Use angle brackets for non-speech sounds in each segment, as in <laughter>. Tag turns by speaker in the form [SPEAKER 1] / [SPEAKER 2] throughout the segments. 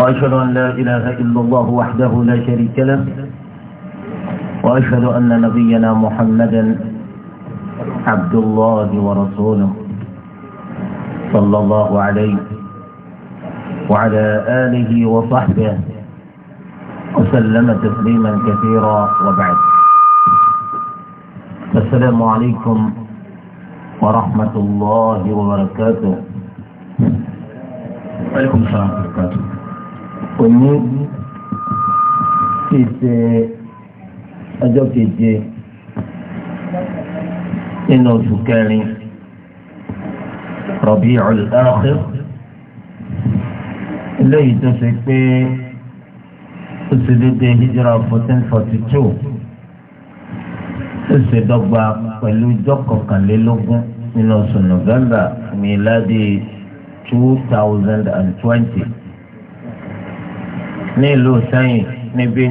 [SPEAKER 1] وأشهد أن لا إله إلا الله وحده لا شريك له وأشهد أن نبينا محمدا عبد الله ورسوله صلى الله عليه وعلى آله وصحبه وسلم تسليما كثيرا وبعد السلام عليكم ورحمة الله وبركاته وعليكم السلام ورحمة الله وبركاته òní ti ṣe ọjọ́ keje nínú oṣù kẹrin Rabi'ul Akhir eléyìí tó ṣe pé ó ṣe déédéé hijra fourteen forty two ó ṣe dọ́gba pẹ̀lú ọjọ́ kọkànlélógún nínú oṣù November miladi two thousand and twenty. nílùú sẹ́yìn níbí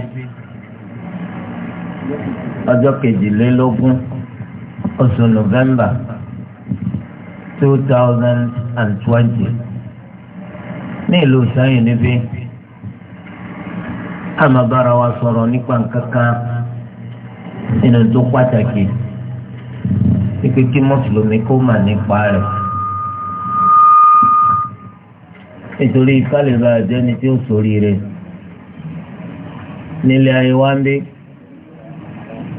[SPEAKER 1] ọjọ́ kejìlélógún oṣù nọ́vẹ́mbà two thousand and twenty nílùú sẹ́yìn níbí àmàbára wa sọ̀rọ̀ nípa nǹkan kan nínú tó pàtàkì pé kí mùsùlùmí kó mà nípa rẹ̀ nítorí kálíbà tí ó nílé ayé wa ń bí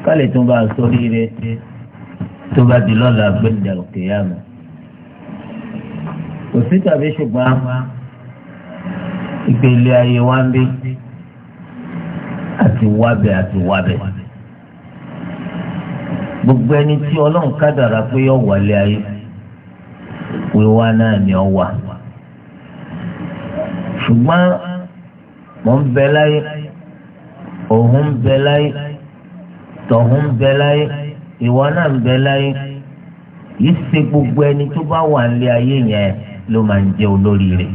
[SPEAKER 1] ká lè tún bá a sórí rẹ tó bá di lọ́la gbẹ̀dẹ̀ òkè yá mi. kò sí tàbí ṣùgbọ́n ìgbélé ayé wa ń bí àti wábẹ̀ àti wábẹ̀. gbogbo ẹni tí ọlọ́run kádàrá pé yọ wálé ayé wíwá náà ni ọ wà. ṣùgbọ́n mò ń bẹ láyé. òun ń bẹ láyé tọ̀hún bẹ láyé ìwọ gbogbo ẹni tó bá wà nílé ayé yẹn ló máa ń jẹ olórí rẹ̀.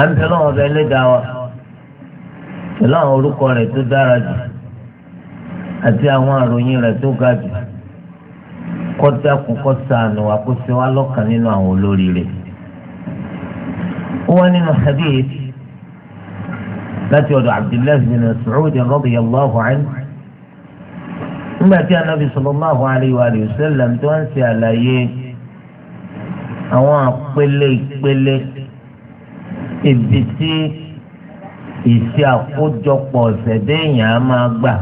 [SPEAKER 1] à ń bẹ lọ́wọ́ bẹ lẹ́dàá wa pẹ̀lú àwọn orúkọ rẹ̀ tó dára jù àti àwọn àròyìn rẹ̀ tó ga jù kọ́dákun kọ́ sànù àkóso wa lọ́kàn nínú àwọn olórí láti ọ̀dọ̀ abdullahi bin Mas'ud radiyallahu anhu nígbà tí anabi sallallahu alayhi wa sallam tó ń ṣe àlàyé àwọn àpele ìpele ibi tí ìṣe àkójọpọ̀ ọ̀sẹ̀ déèyàn á máa gbà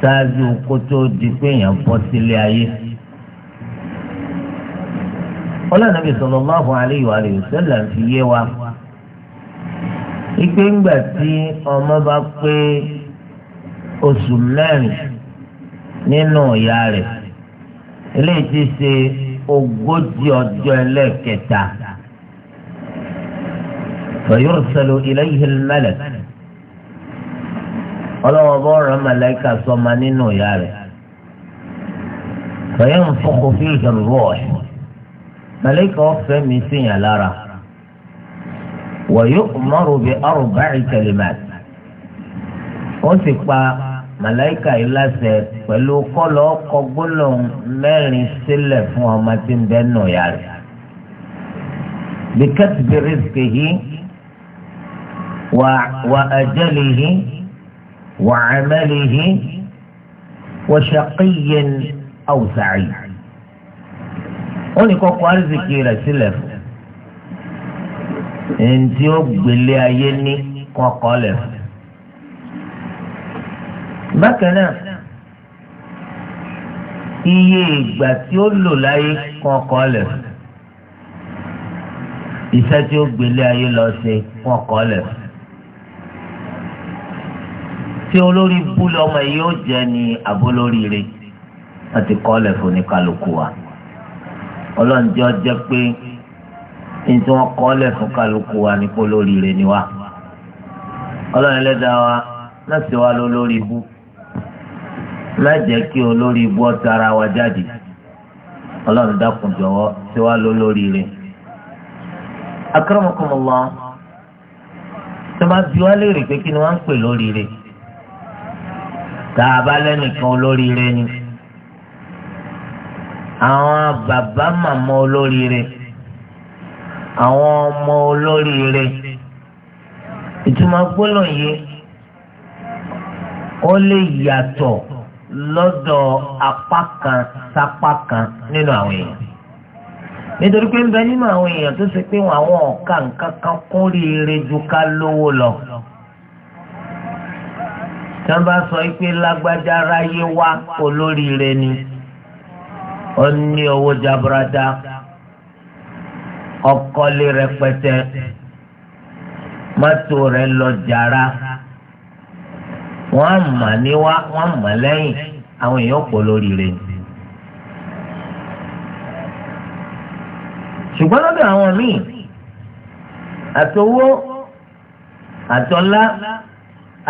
[SPEAKER 1] ṣáájú kó tó di pé èèyàn bọ́ sílé ayé. ọlọ́run anabi sallallahu alayhi wa sallam fi yé wa ike ńgbà tí ọmọ bá pé oṣù mẹ́rin nínú ìyá rẹ̀ eléyìí ti ṣe ogójì ọjọ́ ẹlẹ́ẹ̀kẹta fayursalu ilayhi al-malak ọlọ́wọ́ bá ọ̀rọ̀ màláìka sọ́ma nínú ìyá rẹ̀ fayanfukhu fihi ar-ruh màláìka ọ̀fẹ́ mi sèyàn lára. ويؤمر بأربع كلمات وثق màláìka yìí láṣẹ pẹ̀lú kọ́lọ̀ ọkọ̀ gbólóhùn mẹ́rin sílẹ̀ fún ọmọ tí ń bẹ́ nù ya rẹ̀. bíkẹ́tì bí rìsíkì yìí wà ẹ̀jẹ̀lì yìí wà ẹ̀mẹ́lì yìí wà ṣàkíyìn àwùsàáyì. ó ní kọ́kọ́ rìsíkì rẹ̀ sílẹ̀ fún ẹni tí ó gbélé ayé ní kọ́kọ́ lẹ̀ fún. bákan náà iye ìgbà tí ó lò láyé kọ́kọ́ lẹ̀ fún. iṣẹ́ tí ó gbélé ayé lọ ṣe kọ́kọ́ lẹ̀ tí olórí bú lọ́mọ yìí ó jẹ́ ni àbólóríire láti kọ́ lẹ̀ fún ní wa ọlọ́run jẹ́ ọ jẹ́ nítorí wọn kọ́ lẹ̀ fún kálukú wa ní kó lóríire ni wa ọlọ́run ẹlẹ́dàá wa náà sì wá lọ lórí ibú má jẹ́ kí olórí ibú ọ̀tá ara wa jáde ọlọ́run dákun jọ̀wọ́ sí wá lọ lórí rẹ̀. akramakumullah tó bá bí wá léèrè pé kí ni wọ́n ń pè lórí rẹ̀ tá a bá lẹ́nìkan olórí rẹ̀ ni àwọn bàbá màmá olórí rẹ̀ àwọn ọmọ olóríire ìtumọ̀ gbólóhùn yìí ó lè yàtọ̀ lọ́dọ̀ apá kan sápá kan nínú àwọn èèyàn nítorí pé ń bẹ nínú àwọn èèyàn tó ṣe pé àwọn ọ̀ka nǹkan kan kún ríire ju ká lówó lọ tí wọ́n bá sọ pé lágbájá ráyé wá olóríire ni ó ní owó jaburada ọkọlé rẹpẹtẹ mọ́tò rẹ̀ lọ jàrá wọ́n mà níwá wọ́n mà lẹ́yìn àwọn èèyàn pọ̀ lórí rẹ̀ ṣùgbọ́n lọ́dọ̀ àwọn míì àtowó àtọ́lá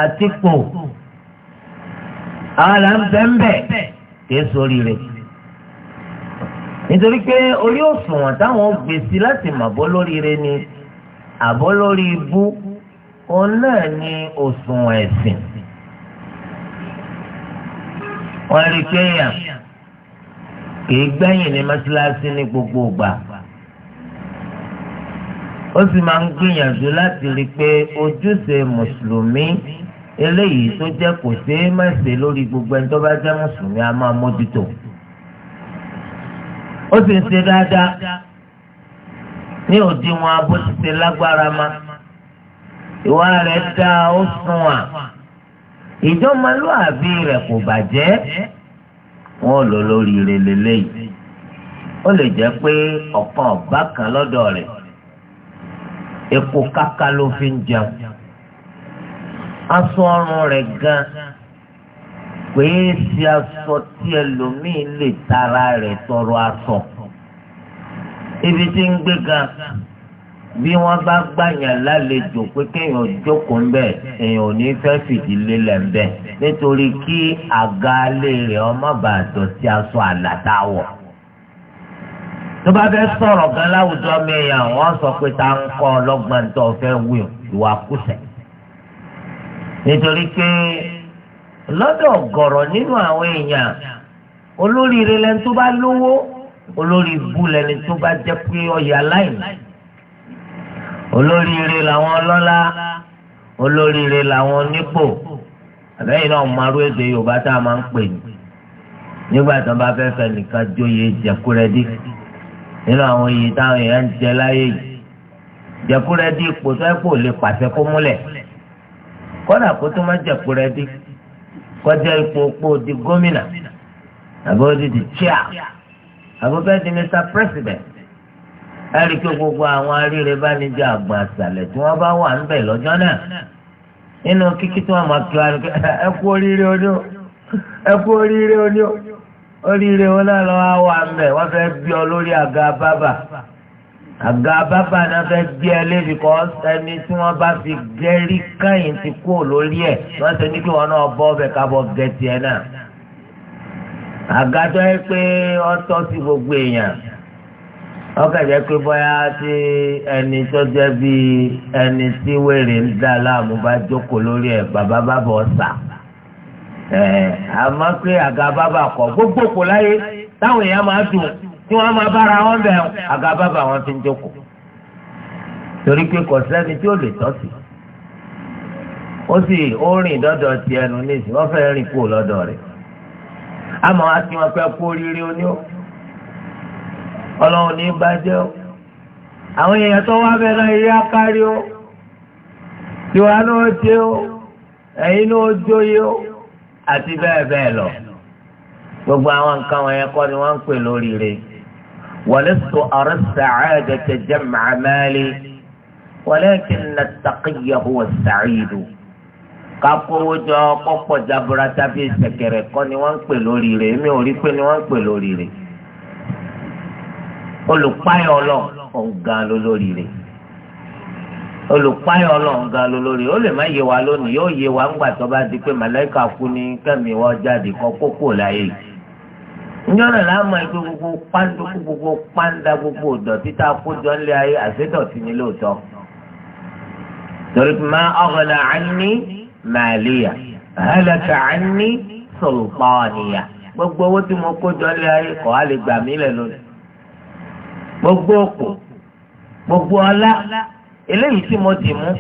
[SPEAKER 1] àtipò àwọn là ń bẹ́ńbẹ́ kìí sórí nítorí pé orí òṣùwọ̀n táwọn gbèsè láti mọ̀ bọ́ lóríire ni àbọ̀ lórí ibú òun náà ni òṣùwọ̀n ẹ̀sìn. wọ́n rí i pé èèyàn kìí gbẹ̀yìn ní mọ́ṣáláṣí ní gbogbo ìgbà. ó sì máa ń gbìyànjú láti rí i pé ojúṣe mùsùlùmí eléyìí tó jẹ́ kò ṣeé má lórí gbogbo ẹni tó bá jẹ́ mùsùlùmí a máa mójútó ó sì ń ṣe dáadáa ní òdiwọ̀n abó ti ṣe lágbára ma ìwà rẹ̀ dá ó sùn à ìjọmọlúàbí rẹ̀ kò bàjẹ́ wọn ò lò lórí rẹ̀ lélẹ́yìí ó lè jẹ́ pé ọ̀kan ọ̀bá kan lọ́dọ̀ rẹ̀ epo káká ló fi ń jẹun aṣọ ọrùn rẹ̀ gan-an pé é ṣe aṣọ tí ẹlòmíì lè tara rẹ̀ tọrọ aṣọ ibi tí ń gbé ga bí wọ́n bá gbàyàn lálejò pé kéèyàn jókòó ńbẹ èèyàn ò ní fẹ́ fìdí lélẹ̀ ńbẹ nítorí kí àga alé rẹ̀ ọmọ bá dọ̀tí aṣọ àlàdáwọ̀ tó bá fẹ́ sọ̀rọ̀ gan láwùjọ mẹ́yàn wọ́n sọ pé ta ń kọ́ ọlọ́gbọ́n tó fẹ́ wí ìwà kùsẹ̀ nítorí pé lọ́dọ̀ gọ̀rọ̀ nínú àwọn èèyàn olóríire lẹni tó bá lówó olórí ibú lẹni tó bá jẹ́ pé ọyẹ aláìní olóríire làwọn ọlọ́lá olóríire làwọn onípò àbẹ́yìn náà marú èdè Yorùbá tá a máa ń pè ní nígbà tí wọ́n bá fẹ́ fẹ́ nìkan jóye jẹkúrẹ́dì nínú àwọn oyè táwọn èèyàn ń jẹ láyé yìí jẹkúrẹ́dì ipò tó ẹ̀ kò lè pàṣẹ kó múlẹ̀ kọ́dà kó tó má jẹkúrẹ́dì kọjá ipò òpó di gómìnà àbí ó di di chair àbí di mr president gbogbo àwọn aríire bá ní jẹ́ àgbọ̀n àṣàlẹ̀ tí wọ́n bá wà níbẹ̀ lọ́jọ́ náà nínú kíkí tí wọ́n máa kí wọn oríire oríire àga bábà náà fẹ́ gbé ẹ lébi kọ́ ẹni tí wọ́n bá fi gẹ́rí káyìn ti kú lórí ẹ̀ wọ́n ṣe ní kí wọ́n náà bọ́ ọbẹ̀ kábọ̀ gẹ̀ẹ́tì ẹ̀ náà. àga tó yẹ pé ọtọ́ sí gbogbo èèyàn ọkà jẹ́ pé bóyá tí ẹni tó jẹ́ bí ẹni tí wèrè ń dá láàmú bá jókòó lórí ẹ̀ bàbá bàbá ọ̀sà. àmọ́ pé àga bábà kọ̀ gbogbo kò láyé táwọn èèyàn máa dùn tí wọ́n máa bára wọn bẹ̀ àga bàbà wọn fi ń jókòó torí pé kò sẹ́ni tí ó lè tọ́ sí ó sì ó rìn dọ́dọ̀ ti ẹnu nísìnyí wọ́n fẹ́ rìn kúrò lọ́dọ̀ rẹ̀ àmọ́ wá sí wọn pé kú oríire oní ó ọlọ́run ní bàjẹ́ ó àwọn èèyàn tó wá bẹ́ẹ̀ náà eré akárí ó tiwa náà dé ó ẹ̀yin náà jóyè ó àti bẹ́ẹ̀ bẹ́ẹ̀ lọ gbogbo àwọn nǹkan wọ̀nyẹn kọ́ ni wọ́n ń pè lóríire. ولست أرى السعادة جمع مالي ولكن التقي هو السعيد kakówó jọ kọ́pọ̀ jaburata bíi ṣẹ̀kẹ̀rẹ̀ kọ́ ni wọ́n ń pè lórí rẹ̀ èmi ò rí pé ni wọ́n ń pè lórí rẹ̀ olùpáyọ̀ ọlọ́ọ̀ ọ̀ǹgàn ló lórí rẹ̀ olùpáyọ̀ ọlọ́ǹgàn ló lórí rẹ̀ ó lè má yé wa lónìí yóò yé wa ńgbà tó bá di pé màláìka kú ní kẹ́mi wọ́n jáde kọ́ kókó láyé yìí njọ́nà láàmú ẹgbẹ́ gbogbo pàǹdà gbogbo pàǹdà gbogbo dọ̀tí tá a kó jọ ń lé ayé àṣetọ̀tí ni lóòótọ́. torí ma ọ̀gọ̀nà àní màlíya hàlàkà àní sọ̀lùpọ̀ọ̀nìyà gbogbo owó tí mo kó jọ ń lé ayé kọ́ á lè gbà gbogbo òkú gbogbo ọlá eléyìí tí mo ti mú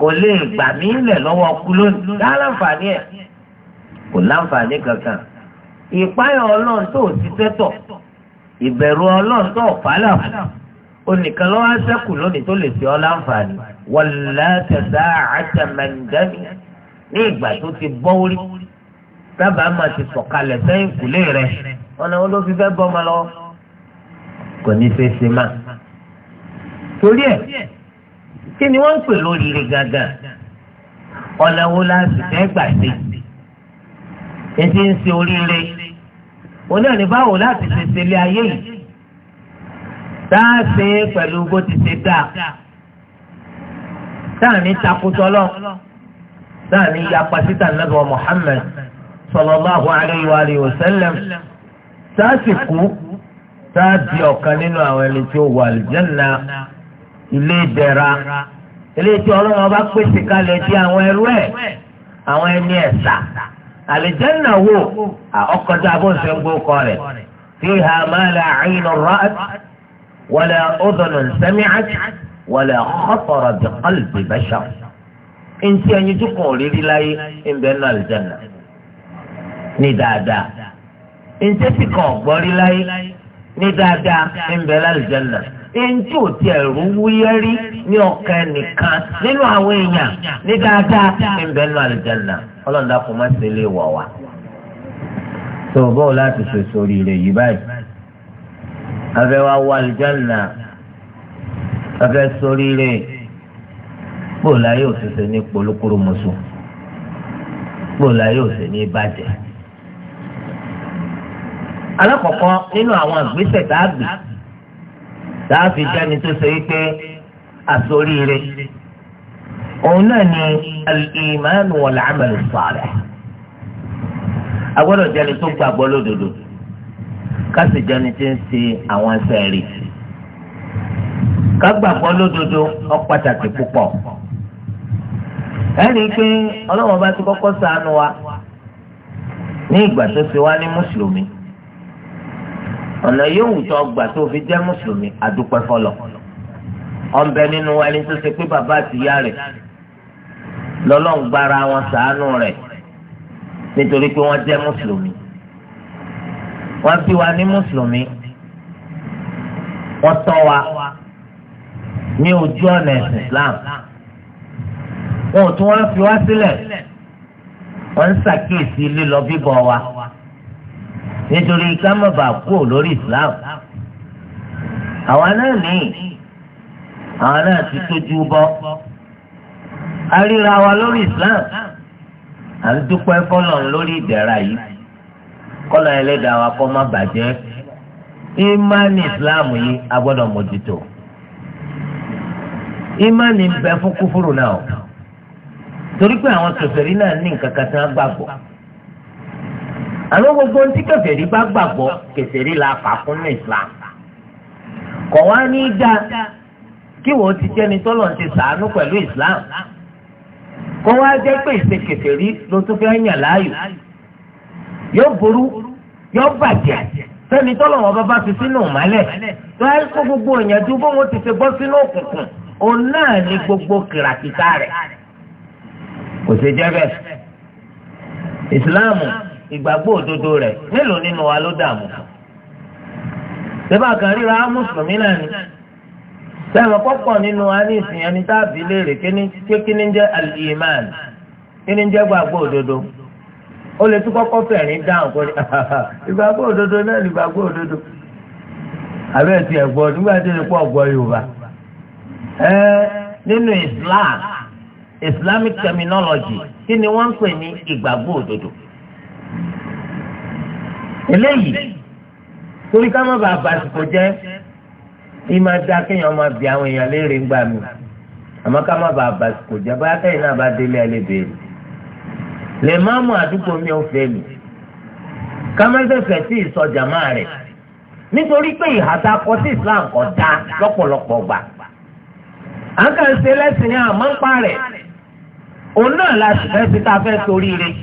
[SPEAKER 1] kò lè gbà mí lẹ̀ lọ́wọ́ kú lónìí. láǹfààní ẹ̀ kò láǹfààní kankan ìpáyà ọlọ́run tó ti tẹ́tọ̀ ìbẹ̀rù ọlọ́run tó fàlà onìkan lọ́wọ́ sẹ́kù lónìí tó lè fi ọ́ láǹfààní wàlá tẹ̀sà àtẹ̀mẹ̀ǹdẹ́ni ní ìgbà tó ti bọ́ orí dábàá máa ti sọ̀kalẹ̀ sẹ́yìn kùlé rẹ̀ wọn wọn ló fi fẹ́ bọ́ ọmọ lọ kò ní fẹ́ ṣe máa. torí ẹ̀ kí ni wọ́n ń pè lóríire gangan ọ̀nà wo la sì fẹ́ gbà sí i. etí ń ṣe oríire òun náà ní báwo láti ṣe ṣe ilé ayé yìí tá a ṣe pẹ̀lú bó ti ṣe dáa táà ní takutọ́lọ́ táà ní yapa síta nàbọ̀ Muhammad sallallahu alayhi wa alihi wa sallam táà sì kú táà ọ̀kan nínú àwọn ẹni tí ó wà àlùjánnà ilé ìdẹ̀ra ilé tí ọlọ́run ọba pèsè kalẹ̀ di àwọn ẹrú ẹ̀ àwọn ẹni ẹ̀sà àlìjẹ́nà wo ọkọjá abóńsẹ̀ ń gbókọ rẹ̀ fiha ma la aynu ra'at wala udhunun sami'at wala khatara bi qalbi bashar. ntí ẹyin tó kàn rírí láyé ńbẹ náà àlìjẹ́nà ní dáadáa ntí tí kàn gbọ́rí láyé ní dáadáa ńbẹ náà àlìjẹ́nà ẹnjí ò tí ẹ̀rù wúyẹ́rí ní ọkàn nìkan nínú àwọn èèyàn ní dáadáa ńbẹ náà àlìjẹ́nà ọlọ́run dákun má ṣe lè wọ̀ wá. tó o bọ́ọ̀ láti ṣèṣò rírè yìí báyìí afẹ́ wa wọ àlùjánnà afẹ́ sóríire bọ́ọ̀ láyé òṣìṣẹ́ ní polúkúrú mọ́sù bọ́ọ̀ láyé òṣìṣẹ́ ní bàjẹ́. alákọ̀ọ́kọ́ nínú àwọn àgbésẹ̀ tá a gbé tá a fi jẹ́ni tó ṣe wípé àsoríire. òun náà ni al-iman wal-amal agbọ́dọ̀ jẹ́ni tó gbàgbọ́ lódodo kásì jẹ́ni tí ń ṣe àwọn sẹ́ẹ̀rì kágbàgbọ́ lódodo ó pàtàkì púpọ̀ ẹni pé ọlọ́wọ́n bá ti kọ́kọ́ wa ní ìgbà tó ṣe wá ní mùsùlùmí ọ̀nà yóò wù tó gbà tó fi jẹ́ mùsùlùmí àdúpẹ́ fọlọ̀ ọ̀nbẹ nínú ẹni tó ṣe pé bàbá àti ìyá rẹ̀ lọ́lọ́run gbára wọn sàánú rẹ̀ nítorí pé wọ́n jẹ́ mùsùlùmí wọ́n bí wa ní mùsùlùmí wọ́n tọ́ wa ní ojú ọ̀nà ẹ̀sìn Islam wọn ò tún wá fi wá sílẹ̀ wọ́n ń ṣàkíyèsí lílọ bíbọ̀ wa nítorí ká má bàa kú lórí Islam àwa náà ní àwa náà ti tójú bọ́. àríra wa lórí islam à ń dúpẹ́ fọlọ́n lórí ìdẹ̀ra yìí kọ́lọ́ ẹlẹ́dàá wa kọ́ má bàjẹ́ ìmánì islam yìí a gbọ́dọ̀ mójútó ìmánì bẹ fún kúfúrú náà o torí pé àwọn náà ní nǹkan kan tí wọ́n gbàgbọ́ gbogbo ohun tí kèfèrí bá gbàgbọ́ la fà islam kọ̀ wá ní í dá kí wọ́n ti islam kó wá jẹ́ pé ìṣe kèfèrí ló tún fẹ́ yàn láàyò yóò burú yóò bàjẹ́ sẹ́ni tọ́lọ̀ wọn bá ti sínú ìmọ́lẹ̀ tó ẹ kó gbogbo ìyànjú bó wọn ti ṣe bọ́ sínú òkùnkùn òun náà ní gbogbo kìràkìtà rẹ̀ kò ṣe jẹ́ bẹ́ẹ̀ ìsìláàmù ìgbàgbọ́ òdodo rẹ̀ mélòó nínú wa ló dààmú. ṣé bá kan ríra mùsùlùmí náà ni. sẹ́wọ̀n pọ́pọ̀ nínú anísìn ẹni tá léèrè pé kí ni jẹ́ al-iman jẹ́ gbàgbọ́ òdodo ó lè tún kọ́kọ́ fẹ̀rín dáhùn kọ́ni ìgbàgbọ́ òdodo náà ní ìgbàgbọ́ òdodo àbẹ́ ti ẹ̀gbọ́ nígbà tí ó pọ̀ gbọ́ Yorùbá ẹ nínú Islam Islamic terminology kí ni wọ́n ń pè ní ìgbàgbọ́ òdodo eléyìí torí ká má bàa bàsìkò jẹ́ yìí máa dá kéèyàn máa bí àwọn èèyàn léèrè ńgbà mi àmọ́ ká má bàa bá kò jẹ́ báyà kẹ́yìn náà bá délé ẹ lè béèrè lè má mú àdúgbò mi ò fẹ́ mi ká má fẹ́fẹ́ sí ìsọjà máa rẹ̀ nítorí pé ìhàtà kọ sí Islam kọ dá lọ́pọ̀lọpọ̀ gbà à ń kàn ṣe lẹ́sìn ní àmọ́ rẹ̀ òun náà la sì fẹ́ sí tá fẹ́ sórí rẹ̀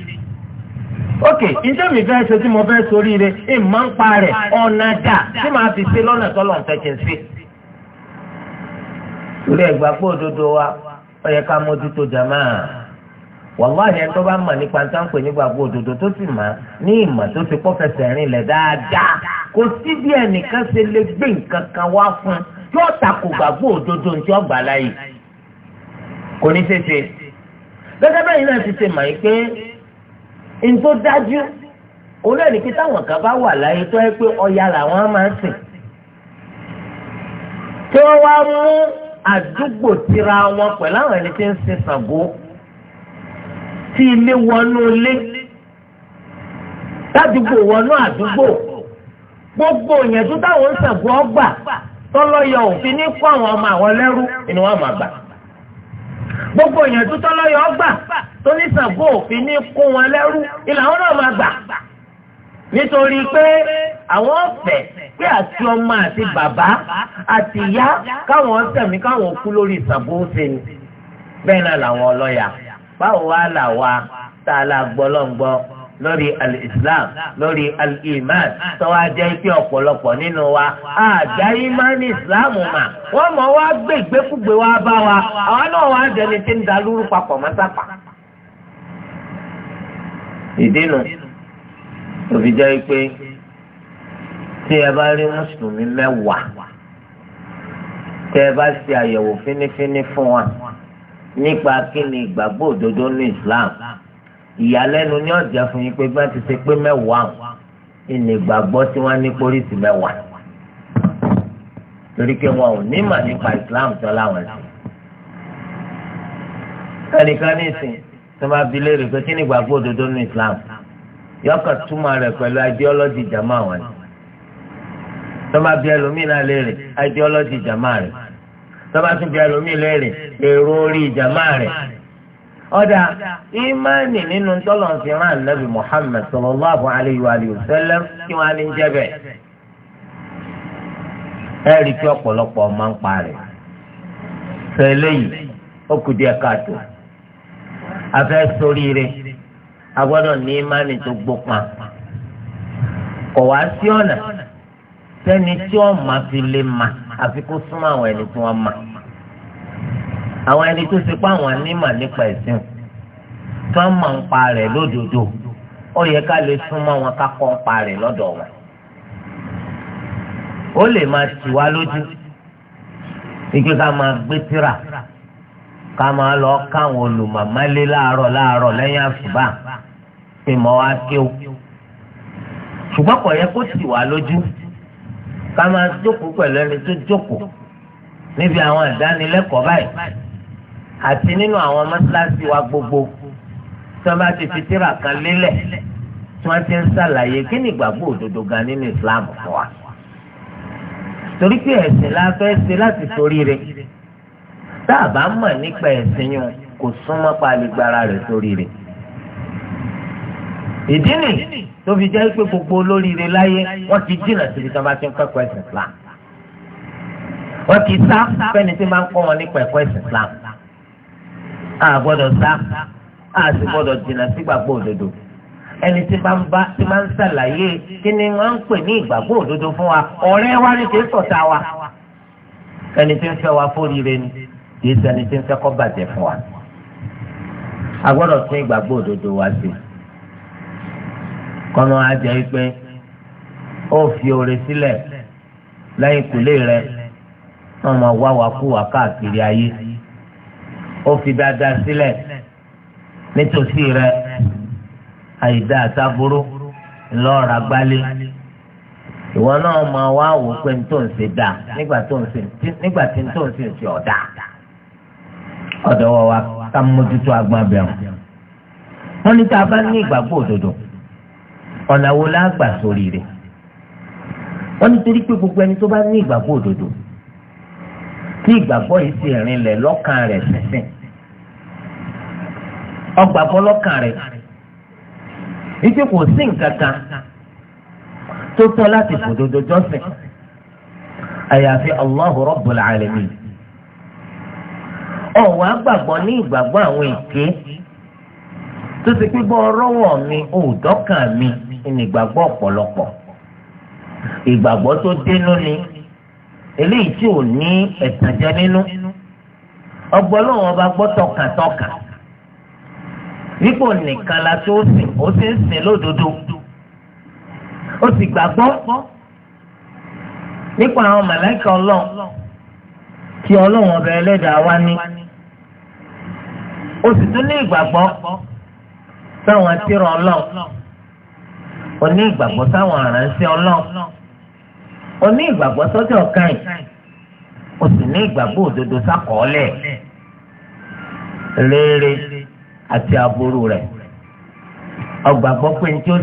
[SPEAKER 1] ok iṣẹ́ mi fẹ́ ṣe tí mo fẹ́ sórí rẹ̀ ìmọ̀ ń pa rẹ̀ ọ̀nà dà tí màá fi ṣe lọ́nà tọ́lọ̀ ń fẹ́ kí n ṣe torí ẹgbà pé òdodo wa ó yẹ ká mójútó jama wàláhì ẹni tó bá mọ̀ nípa ní sáńpẹ̀ nígbà gbọ́ òdodo tó sì mọ̀ ní ìmọ̀ tó ti pọ́fẹsẹ̀ rìn lẹ̀ dáadáa kò sí bí ẹnìkan ṣe lè gbé nǹkan kan wá fún tí ó takò gbàgbọ́ òdodo ní tí ó gbà láàyè kò ní ṣeṣe gẹ́gẹ́ bẹ́ẹ̀ náà ti ṣe mọ̀ yìí pé n tó dájú òun náà ní pé táwọn kan bá wà láyé tó yẹ pé ọ̀yà làwọn máa ń sìn tí wọ́n wá mú àdúgbò tira wọn pẹ̀lú àwọn ẹni tí ń sin Ṣàngó tí ilé wọnú ilé ládùúgbò wọnú àdúgbò gbogbo ìyẹ̀dú táwọn ń Ṣàngó ọgbà tọ́lọ́yọ̀ òfin ní kó àwọn ọmọ àwọn lẹ́rú ni wọ́n máa gbà gbogbo ìyẹ̀dú tọ́lọ́yọ̀ ọgbà tó ní Ṣàngó òfin ní kó wọn lẹ́rú ni làwọn máa gbà nítorí pé àwọn ọ̀fẹ́ pé àti ọmọ àti bàbá àti ìyá káwọn sẹ̀mí káwọn kú lórí ìsàbòsè ni bẹ́ẹ̀ náà làwọn ọlọ́yà báwo wá là wá tá a la gbọ́ lọ́ngbọ́ lórí al-islam lórí al-iman tọ́wọ́ ajẹ́ pé ọ̀pọ̀lọpọ̀ nínú wa àjà imani islam mà wọ́n mọ̀ wá gbégbékúgbé wá bá wa àwọn náà wá jẹni tí ń da lóru papọ̀ mọ́sápà. ìdí nu òfi jẹ́ pé tí ẹ bá rí mùsùlùmí mẹ́wàá tẹ́ ẹ bá ṣe àyẹ̀wò fínífíní fún wa nípa kí ni ìgbàgbọ́ òdodo ní Islam ìyàlẹ́nu ni ọ̀jẹ̀ fún yín pé gbọ́n ti ṣe pé mẹ́wàá ìní ìgbàgbọ́ tí wọ́n ní pólísì mẹ́wàá torí pé wọn ò ní mà nípa Islam tán láwọn ẹ̀sìn ẹnìkan ní ìsìn tó máa bi léèrè pé kí ni ìgbàgbọ́ òdodo ní Islam yọkàn túmọ̀ rẹ̀ pẹ̀lú ideology jama wọn ni tọ́ba bí ẹlòmínà léèrè ideology jama rẹ̀ tọ́ba tún bí ẹlòmínà léèrè èrò orí jama rẹ̀ ọ̀dà ìmánì nínú tọ́lọ̀ nàbì Muhammad sallallahu alayhi wa sallam kí wọ́n á ní jẹ́bẹ̀ ẹ rí ọ̀pọ̀lọpọ̀ máa ń a gbọ́dọ̀ ní imáni tó gbópa kò wá sí ọ̀nà sẹ́ni tí wọ́n máa fi lè mà àfi kó súnmọ́ àwọn ẹni tí wọ́n mà àwọn ẹni tó ṣe pé àwọn anímọ̀ nípa ẹ̀sìn tí wọ́n mọ̀ ń pa lódodo ó yẹ ká lè súnmọ́ wọn ká kọ́ ń pa wọn ó lè máa tì wá lójú ike máa gbé tírà ká máa lọ káwọn olùmọ̀mọ́lé láàárọ̀ láàárọ̀ lẹ́yìn àsùbà pé mọ́ wá kéwù. ṣùgbọ́n kò yẹ kó tì wá lójú ká máa jókòó pẹ̀lú ẹni tó jókòó níbi àwọn ìdánilẹ́kọ̀ọ́ báyìí àti nínú àwọn mọ́sálásí wa gbogbo tí wọ́n bá ti fi tírà kan lélẹ̀ tí wọ́n ti ń ṣàlàyé kí ni ìgbàgbọ́ òdodo gan nínú ìsìláàmù fún wa. torí pé ẹ̀sìn la fẹ́ ṣe láti torí rẹ̀ tá a bá mọ̀ nípa ẹ̀sìn yìí kò súnmọ́ paálí gbára rẹ̀ sórí rẹ̀ ìdí nì tó fi jẹ́ pé gbogbo olóríire láyé wọ́n ti jìnnà síbi tí wọ́n bá ti ń kẹ́kọ̀ọ́ ẹ̀sìn Islam wọ́n ti sá fẹ́ni tí máa ń kọ́ wọn nípa ẹ̀kọ́ ẹ̀sìn Islam a gbọ́dọ̀ sá a sì gbọ́dọ̀ jìnnà sígbàgbọ́ òdodo ẹni tí máa ń bá tí máa ń ṣàlàyé kí ni wọ́n ń pè ní ìgbàgbọ́ òdodo fún wa ọ̀rẹ́ wa ni kì í ṣọ̀tá wa ẹni tí ń fẹ́ wa fóríire ni kìí ṣẹni tí ń fẹ́ kọ́ bàjẹ́ fún wa a gbọ́dọ̀ tún ìgbàgbọ́ òdodo wa sí kọ́nà ajẹ́ wípé ó fi oore sílẹ̀ lẹ́yìn ìkùlé rẹ náà máa wá wa kú wa káàkiri ayé ó fi dáadáa sílẹ̀ nítòsí rẹ àìdá àtàbúrú ńlọ́ọ̀rà gbálé ìwọ náà máa wá wò pé ní tó nígbà tí ní tó ọ̀dà. ọ̀dọ̀wọ̀ wa ká mójútó agbọ́n wọn wọ́n ní bá ní ìgbàgbọ́ òdodo ọ̀nà wo la gbà sórí rẹ̀. wọ́n torí pé gbogbo ẹni tó bá ní ìgbàgbọ́ òdodo tí ìgbàgbọ́ yìí rinle rinlẹ̀ lọ́kàn rẹ̀ sẹ́sìn ọgbàgbọ́ lọ́kàn rẹ̀ kò sí nǹkan kan tó tọ́ láti fòdodo jọ́sìn àyàfi Allahu Rabbul ọ̀wá gbàgbọ́ ní ìgbàgbọ́ àwọn èké tó ti pé bọ́ ọrọ́wọ̀ mi òòdọ́kà mi ní ìgbàgbọ́ ọ̀pọ̀lọpọ̀ ìgbàgbọ́ tó dénú ni eléyìí tí ò ní ẹ̀tànjẹ nínú ọgbọ́n lọ́wọ́ bá gbọ́ tọkàntọkà wípò nìkan la tó sìn ó sì ń sìn lódodo ó sì gbàgbọ́ nípa àwọn màláìka ọlọ́run tí ọlọ́run ọba ẹlẹ́dàá wá ní. o sì tún ní ìgbàgbọ́ sáwọn atírọ̀ o ní ìgbàgbọ́ sáwọn o ní ìgbàgbọ́ sọ́jọ́ o sì ní ìgbàgbọ́ òdodo sákọọ́lẹ̀ rere àti aburú rẹ̀ ọgbàgbọ́ pé ní tí ó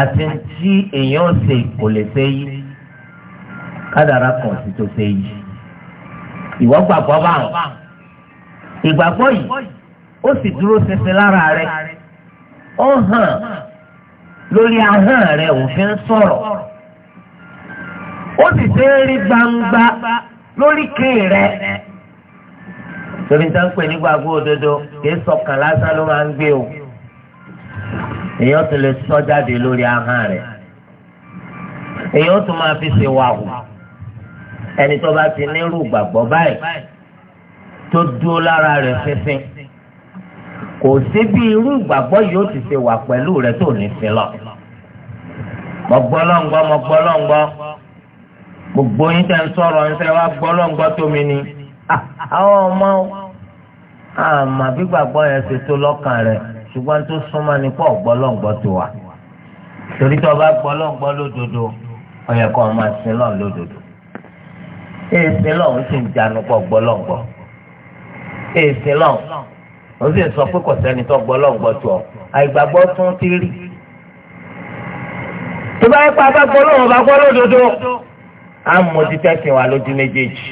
[SPEAKER 1] àti tí èèyàn kan sì tó ṣe yí ìgbàgbọ́ yìí ó sì dúró ṣinṣin lára rẹ̀ ó hàn lórí ahọ́n rẹ̀ òfin sọ̀rọ̀ ó sì ṣe é rí gbangba lórí kéè rẹ̀ torí tá ń pè ní gbàgbọ́ òdodo kìí sọkàn lásán ló máa ń gbé o èèyàn tún lè sọ jáde lórí ahọ́n rẹ̀ èèyàn tún máa fi ṣe wàhù ẹni tó bá ti nírú gbàgbọ́ báyìí tó dúró lára rẹ̀ fífín kò sí bí irú ìgbàgbọ́ yóò ti ṣe wà pẹ̀lú rẹ̀ tó ní sí lọ. mo gbọ́ lọ́ngbọ́ mo gbọ́ lọ́ngbọ́ gbogbo yín tẹ́ ń sọ̀rọ̀ ń sẹ́ wá gbọ́ lọ́ngbọ́ tó mi ni ah, àwọn ọmọ àmà bí gbàgbọ́ yẹn ṣe tó lọ́kàn rẹ̀ ṣùgbọ́n tó súnmọ́ ni pọ̀ gbọ́ lọ́ngbọ́ tó wà torí tó bá gbọ́ lọ́ngbọ́ lódodo ọ̀yẹ̀kọ́ máa sin lọ́n lódodo èèṣin lọ́hún sì ń janu pọ̀ gbọ́ lọ́ngbọ́ èsì lọ́n ó sì ń sọ pé kò sẹ́ni tó gbọ́ lọ́n gbọ́ tó ọ àìgbàgbọ́ tún ti rí. tó bá yẹ pa bá gbọ́ lọ́wọ́ bá gbọ́ lódodo á mú ti tẹ̀sìn wa lójú méjèèjì.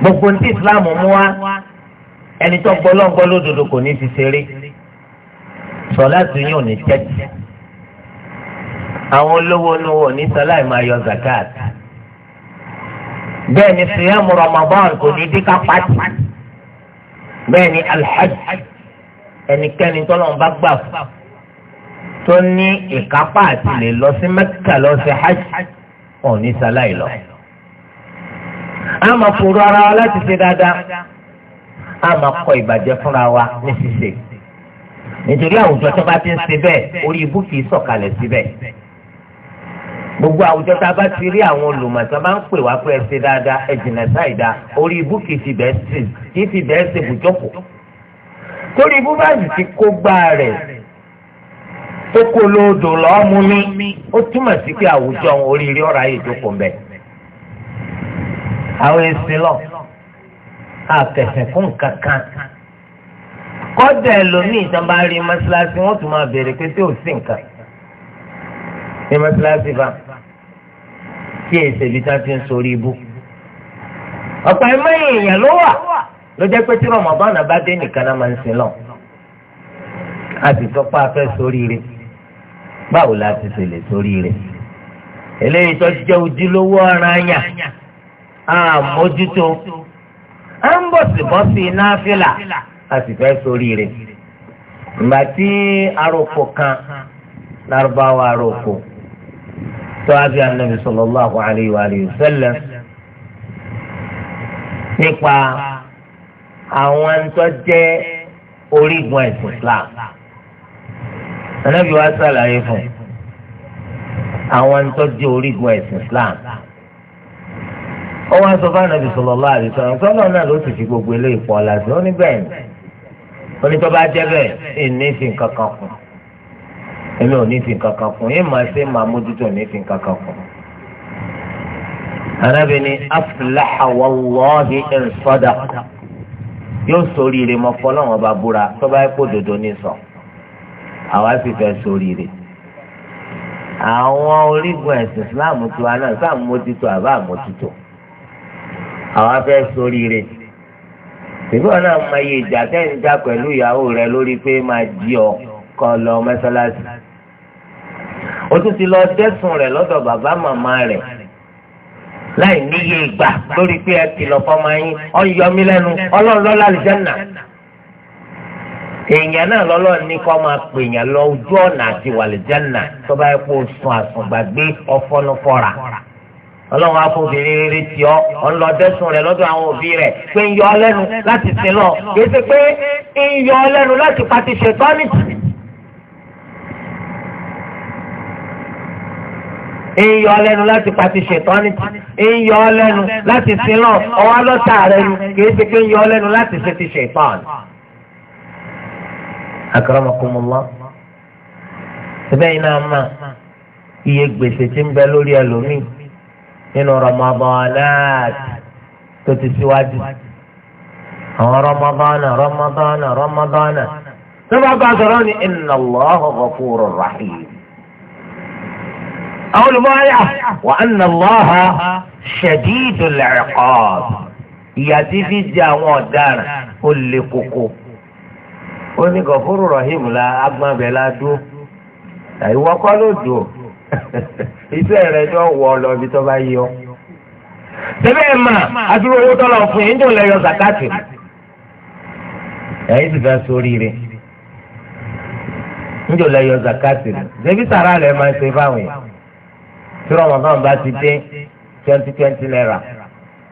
[SPEAKER 1] gbogbo ní ìsìláàmù mú wa ẹni tó gbọ́ lọ́n gbọ́ lódodo kò ní fi ṣeré sọlá tó yín ò ní tẹ́tí àwọn olówó inú wo ní sọlá ìmọ̀ ayọ̀ zakat bẹ́ẹ̀ ni siyamu ramadan kò ní dín ká pàtì bẹ́ẹ̀ ni alhaj ẹnikẹ́ni tọ́lọ́run bá gbà fún tó ní ìkápá àti lè lọ sí mẹ́kà lọ sí hajj ọ̀ ní sáláì lọ. a máa ara wa láti ṣe dáadáa a kọ ìbàjẹ́ fúnra wa ní ṣíṣe nítorí àwùjọ tó bá ti ń ṣe bẹ́ẹ̀ orí ibú kìí sọ̀kalẹ̀ síbẹ̀ gbogbo àwùjọ tá a bá ti rí àwọn olùmọ̀tàn máa ń pè wá pé ẹ ṣe dáadáa ẹ jìnà sáìdá orí ibú kì í fi bẹ́ẹ̀ ṣe kì í fi bẹ́ẹ̀ ṣe bùjọ́pọ̀ torí ibú bá sì ti kó gbá rẹ̀ tó kó lóòdò lọ́ọ́mú mi ó túmọ̀ sí pé àwùjọ oríire ọ̀rọ̀ ayé ìjókòó ń bẹ. àwọn èsì lọ àfẹ̀sẹ̀ fún nǹkan kan kọ́dà ẹlòmíì ìjọba rí mọ́ṣáláṣí wọ́n tún máa béèrè pé tí ò sí nǹkan ní mọ́ṣáláṣí báyìí. tí e bí tá a ti ń sori ibú. ọ̀pọ̀ emeghị èèyàn ló wà ló jẹ́ pé tí rọ̀mọ̀bọ́nà bá dé nìkan náà máa ń sin a sì sọ pé a fẹ́ báwo la ti ṣe lè sóríire. eléyìí tó jẹ́ ojúlówó a sì fẹ́ sóríire. ìgbà tí arọ́pò kan lárúbáwá arọ́pò. sọ́wájú anabi sallallahu alayhi wa sallam nípa àwọn tó jẹ́ orígun ẹ̀sìn Islam anabi wa sàlàyé fún àwọn tó jẹ́ orígun ẹ̀sìn Islam ó wá sọ fún anabi sallallahu alayhi wa sallam sọlọ náà ló sì fi gbogbo eléyìí pọ̀ ọ́ lásìkò ó ní bẹ́ẹ̀ ni ó bá jẹ́ bẹ́ẹ̀ ẹ̀ ní kankan kù èmi ò ní fi kankan fún yín màá ṣe màá mójútó ní fi kankan fún. arábìnrin afúláhà wàlúwàhì ẹ̀rọ̀sọ́dà yóò sóríire mọ́ fọlọ́wọ́n bá búra tó bá kó dodo ní sọ àwa sì fẹ́ sóríire. àwọn orígun ẹ̀sìn islam tiwa náà sáà mójútó àbá mójútó àwa fẹ́ sóríire ṣèlú ọ̀nà àmọ́ iye ìjà tẹ́ ń jà pẹ̀lú ìyàwó rẹ lórí pé máa jí ọ kọ́ lọ mẹ́sálásí o tún ti lọ dẹ́sùn rẹ̀ lọ́dọ̀ bàbá màmá rẹ̀ láì níye ìgbà lórí pé ẹ kìlọ̀ fọmọ yín ọ ń yọ mí lẹ́nu ọlọ́run lọ́la àlùjánnà èèyàn náà lọ́lọ́run ní kọ́ máa pè yàn lọ ojú ọ̀nà àti wàlìjánà tó bá yẹ kó o sun àsùngbàgbé ọfọnufọra ọlọ́run afọbìnrin rere tí ọ ọlọ́dẹ́sùn rẹ lọ́dọ̀ àwọn òbí rẹ pé ń yọ ọ lẹ́nu láti sin lọ kì í ṣe pé ń yọ ọ lẹ́nu láti pati ṣètọ́nìtì. ń yọ ọ lẹ́nu láti pàti ṣètọ́ni tí ń yọ ọ lẹ́nu láti sinlọ ọwọ́ alọ́ta rẹ nu kìí ṣe pé ń yọ ọ lẹ́nu láti ṣe ti ṣètọ́ni. Akramakumullah síbẹ̀ iná máa iye gbèsè tí ń bẹ lórí ẹlòmíì nínú rọmọbọ́ọ̀láàtì tó ti síwájú àwọn rọmọbọ́ọ̀nà rọmọbọ́ọ̀nà rọmọbọ́ọ̀nà tó bá bá sọ̀rọ̀ ní inna Allahu ghafurur àwọn olùmọ̀ọ́yà wà á nà ah, lọ́ha shadidul iqab ìyà tí fi di àwọn ọ̀daràn ó le koko ó ní gọ̀fúrú rahim la agbábẹ́ la dúró ìwọ kọ́ ló dùn <laughs> iṣẹ́ rẹ̀ tó wọ̀ ọ́ lọ́bi tó bá yọ.
[SPEAKER 2] Tẹ́lẹ̀ ẹ̀ máa adúrò owó tọ́lọ̀ fún yín tó lè yọ zakati.
[SPEAKER 1] Ẹ̀yin ti fẹ́ sóríire. Níjò lè yọ zakati. Ṣébí sàrà rẹ̀ máa ṣe fáwọn yẹn tí rọmọbọ́n bá ti dé twenty twenty naira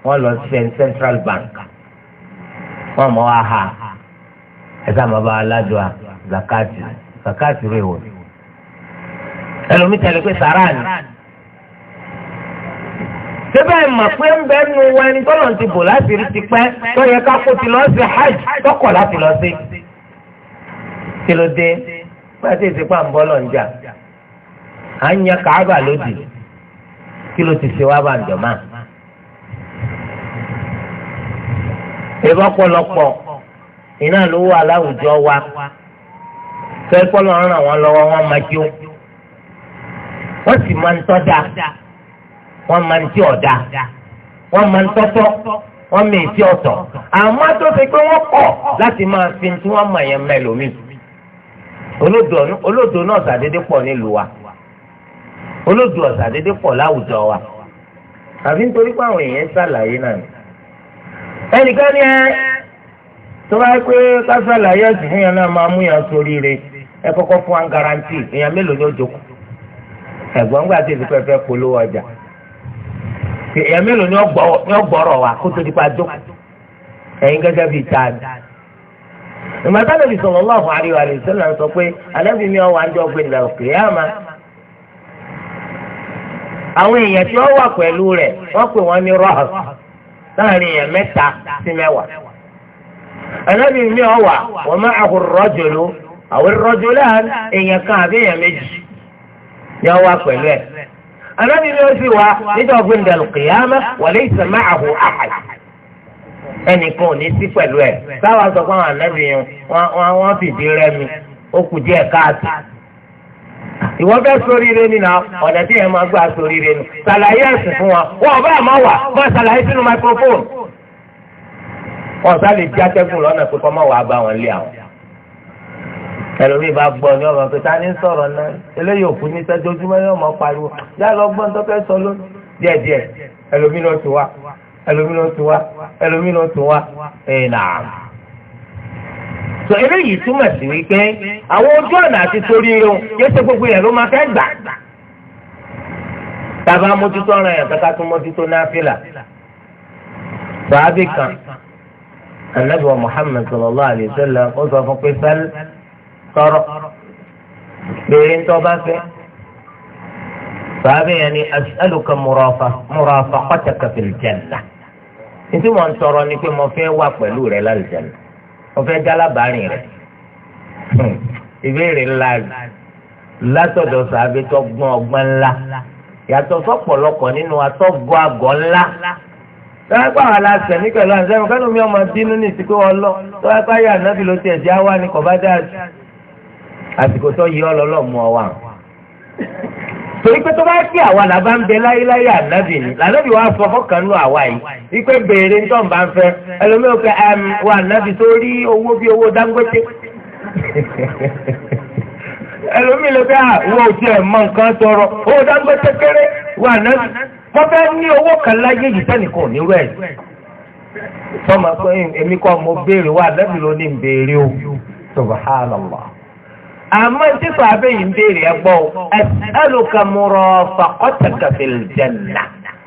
[SPEAKER 1] wọ́n lọ sí central bank wọ́n mọ̀ wá ha ẹ̀sà bàbá aládùá zakati zakati rẹ̀ wọ̀ ẹlòmí tẹ̀lé pé sàrà ni síbẹ̀ mọ̀ pé ń bẹ́ nu wa ẹni tọ́lọ̀ ti bò láti rí ti pẹ́ tó yẹ ká kó ti lọ sí hajj tọkọ̀ láti lọ sí. kí ló dé pàṣẹ ìsìnkú àǹbọ̀lọ̀ ń jà à ń yan kàábà kí ló ti ṣe wá bàjọ́ máa. ìbọn pọ̀lọpọ̀ iná ló wà láwùjọ wa fẹ́ pọlọ ràn wọ́n lọ́wọ́ wọ́n máa jó wọ́n sì máa ń tọ́jà wọ́n máa ń tí ọ̀dà wọ́n máa ń tọ́tọ́ wọ́n mì í tí ọ̀tọ̀ àmọ́ tó fi pé wọ́n kọ̀ láti máa fi tí wọ́n mọ̀ yẹn mẹ́lòmíì olódò náà ṣàdédé pọ̀ nílùú wa. olódù ọ̀sà dédé pọ̀ láwùjọ wa àbí nítorí pé àwọn èèyàn ṣàlàyé náà ẹnìkan ni ẹ tó bá pé ká ṣàlàyé ẹ̀sìn fún yàn náà máa mú yàn sórí ẹ kọ́kọ́ fún garanti èèyàn mélòó ni ó jókòó ẹ̀gbọ́n gbà tí èsìkò ẹ̀fẹ́ polówó ọjà èèyàn ni ó gbọ́rọ̀ wa kó tó di pa jókòó ẹ̀yin gẹ́gẹ́ bíi sọ pé àwọn èèyàn tí wọ́n wà pẹ̀lú rẹ wọ́n pè ní láàrin èèyàn sí ànábì mi ọ̀ wà wọ́n máa àhùrọ̀ rọ́jòló àwọn rọ́jòlá èèyàn kan àbí èèyàn méjì ni wà pẹ̀lú ẹ̀. ànábì mi ò sì wá nítorí ọ̀gbìn dàlùkìyàmẹ́ wọlé ìsẹ̀má àhù àhàj ẹnìkan ò ní sí sáwà sọ fún àwọn ànábì yẹn fìdí ó kù ìwọ fẹ́ sórí ire nínú ọ̀nà tí yẹn máa gbà sórí ire nù ṣàlàyé ẹ̀sìn fún wa wọn ọba àmọ́ wà máa ṣàlàyé sínú microphone. wọn sá lè jákẹ́gùn lọ́nà pé kọ́mọ́ wàá bá wọn lé àwọn. ẹlòmíì bá gbọ́ ní ọmọ pé ta ni ń sọ̀rọ̀ náà eléyìí òkú ní sẹ́jọ́júmọ́ yóò mọ̀ pariwo yá lọ gbọ́n tó fẹ́ sọ lónìí díẹ̀díẹ̀ ẹlòmíì náà ti wá ẹlòmíì náà ti wá ẹlòmíì náà ti wá ẹ̀ náà tò eléyìí túmọ̀ sí wípé àwọn ojú ọ̀nà àti torí irun yóò ṣe gbogbo yẹn ló máa fẹ́ gbà. tàbá mójútó ọ̀ràn yẹn kàkà tún mójútó náfìlà. sàábì kan anabi wa muhammed sallallahu alayhi wa sallam ó sọ fún pé sẹ́l tọrọ béèrè ńtọ́ bá fẹ́. sàábì yẹn ni as'aluka murafa murafaqataka fil janna. nítorí wọn tọrọ ni pé mo fẹ́ wà pẹ̀lú rẹ̀ lálẹ́ jannah wọ́n fẹ́ jálábàárìn rẹ̀ ìbéèrè ńlá rẹ̀ látọ̀dọ̀ sàbí tó gbọ́n ọgbọ́n ńlá yàtọ̀ sọ́pọ̀lọpọ̀ nínú atọ́gbọ́ àgọ́ ńlá
[SPEAKER 3] tọ́wọ́ pé àwọn aláṣẹ
[SPEAKER 1] ní pẹ̀lú àǹsẹ́ mi kánú mi ọmọ bínú ní ìsìnkú wọn lọ tọ́wọ́ pé ayé ànábì ló tiẹ̀ jẹ́ àwa ni kò bá dáa sí àsìkò tó yí ọ lọ́lọ́ mú ọ wà torí pé tó bá kí àwa là bá ń bẹ láyéláyé ànábì ni lànábì wa kanu fọkàn lọ àwa yìí wípé béèrè ń tọ́nba ń fẹ́ ẹlòmíràn pé wa ànábì tó rí owó bí owó Dangote
[SPEAKER 3] <laughs>
[SPEAKER 1] ẹlòmíràn pé àwọn òtí ẹ̀ mọ nǹkan tọrọ owó Dangote kéré wa ànábì wọ́n fẹ́ ní owó kan láyé yìí sẹ́nìkan ò ní rẹ̀ sọ́mọ pé èmi kọ́ mo béèrè wa ànábì ló ní ń béèrè o subhanallah. àmọ́ tí sàbẹ̀ yìí béèrè ẹ gbọ́ ọ as'aluka murafaqataka fil janna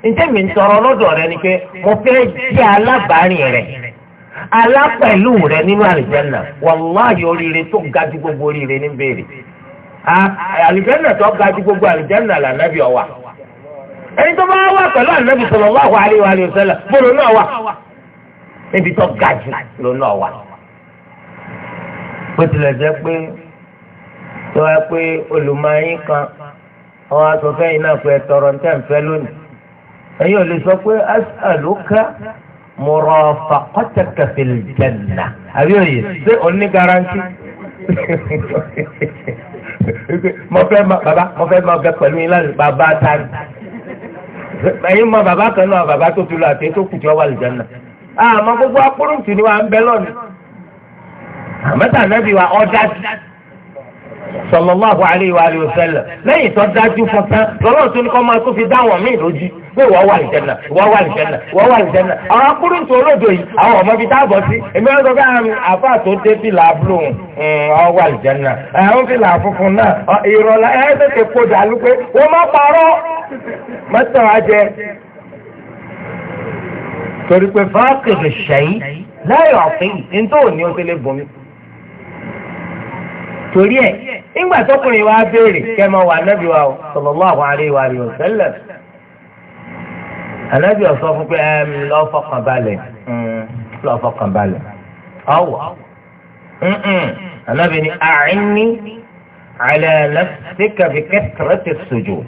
[SPEAKER 1] ǹjẹ́ mi ń tọrọ lọ́dọ̀ rẹ ni pé mo fẹ́ jẹ́ rẹ
[SPEAKER 2] alápẹ̀lú rẹ nínú àlìjẹ́nà
[SPEAKER 1] wàláhì oríire tó ga ju gbogbo oríire ní béèrè àlìjẹ́nà tó ga ju gbogbo lànàbí ẹni tó bá wà pẹ̀lú wa náà wà tó ga lónà tó wá pé olùmọ̀ọ́yìn kan ọ̀hún aṣọ fẹ́yìn náà pé tọrọ ní tẹ̀ǹfẹ́ lónìí ẹ̀yin ò lè sọ pé as'aluka murafaqataka fil janna àbí òye ṣé òun ní garanti <laughs> mo fẹ́ ma baba mo fẹ́ ma bẹ pẹ̀lú yín lánàá baba ta ni ẹ̀yin mọ baba kan náà baba tó ti lọ àti tó kùtì ọwọ́ àlùjáná àmọ́ gbogbo akpọ́rùntì ni wà ń bẹ lọ́nà àmọ́tà náà bí wà ọ́ dájú sallallahu alayhi wa alihi wa sallam lẹ́yìn tó dájú fún tán lọ́lọ́run tó ní kọ́ máa tó fi dáwọn míì lójú pé ìwọ wà lìjẹ́nà ìwọ wà lìjẹ́nà ìwọ wà lìjẹ́nà àwọn akúrú tó olódò yìí àwọn ọmọ ibi tá a bọ̀ sí èmi wọn sọ pé àmì àfa tó dé fìlà blue ọ wà lìjẹ́nà àwọn fìlà funfun náà ìrọ̀lá ẹ tètè kó dàlú pé wọ́n má parọ́
[SPEAKER 3] mọ́tò ajẹ́
[SPEAKER 1] torí pé fáàkì lè ṣẹ́yìn láyọ̀ ọ̀fìn ní tó ní o ti lè bomi torí ẹ̀ nígbà tọkùnrin wa béèrè kẹ́mọ wà ànábì wa sallallahu alaihi wa alihi wasallam ànábì ọ̀sọ́ fún pé ẹ̀m lọ́ fọkàn balẹ̀ mm, lọ́ fọkàn balẹ̀ ọ̀wọ̀ ànábì ni a'inni ala nafsika bi kathrati sujud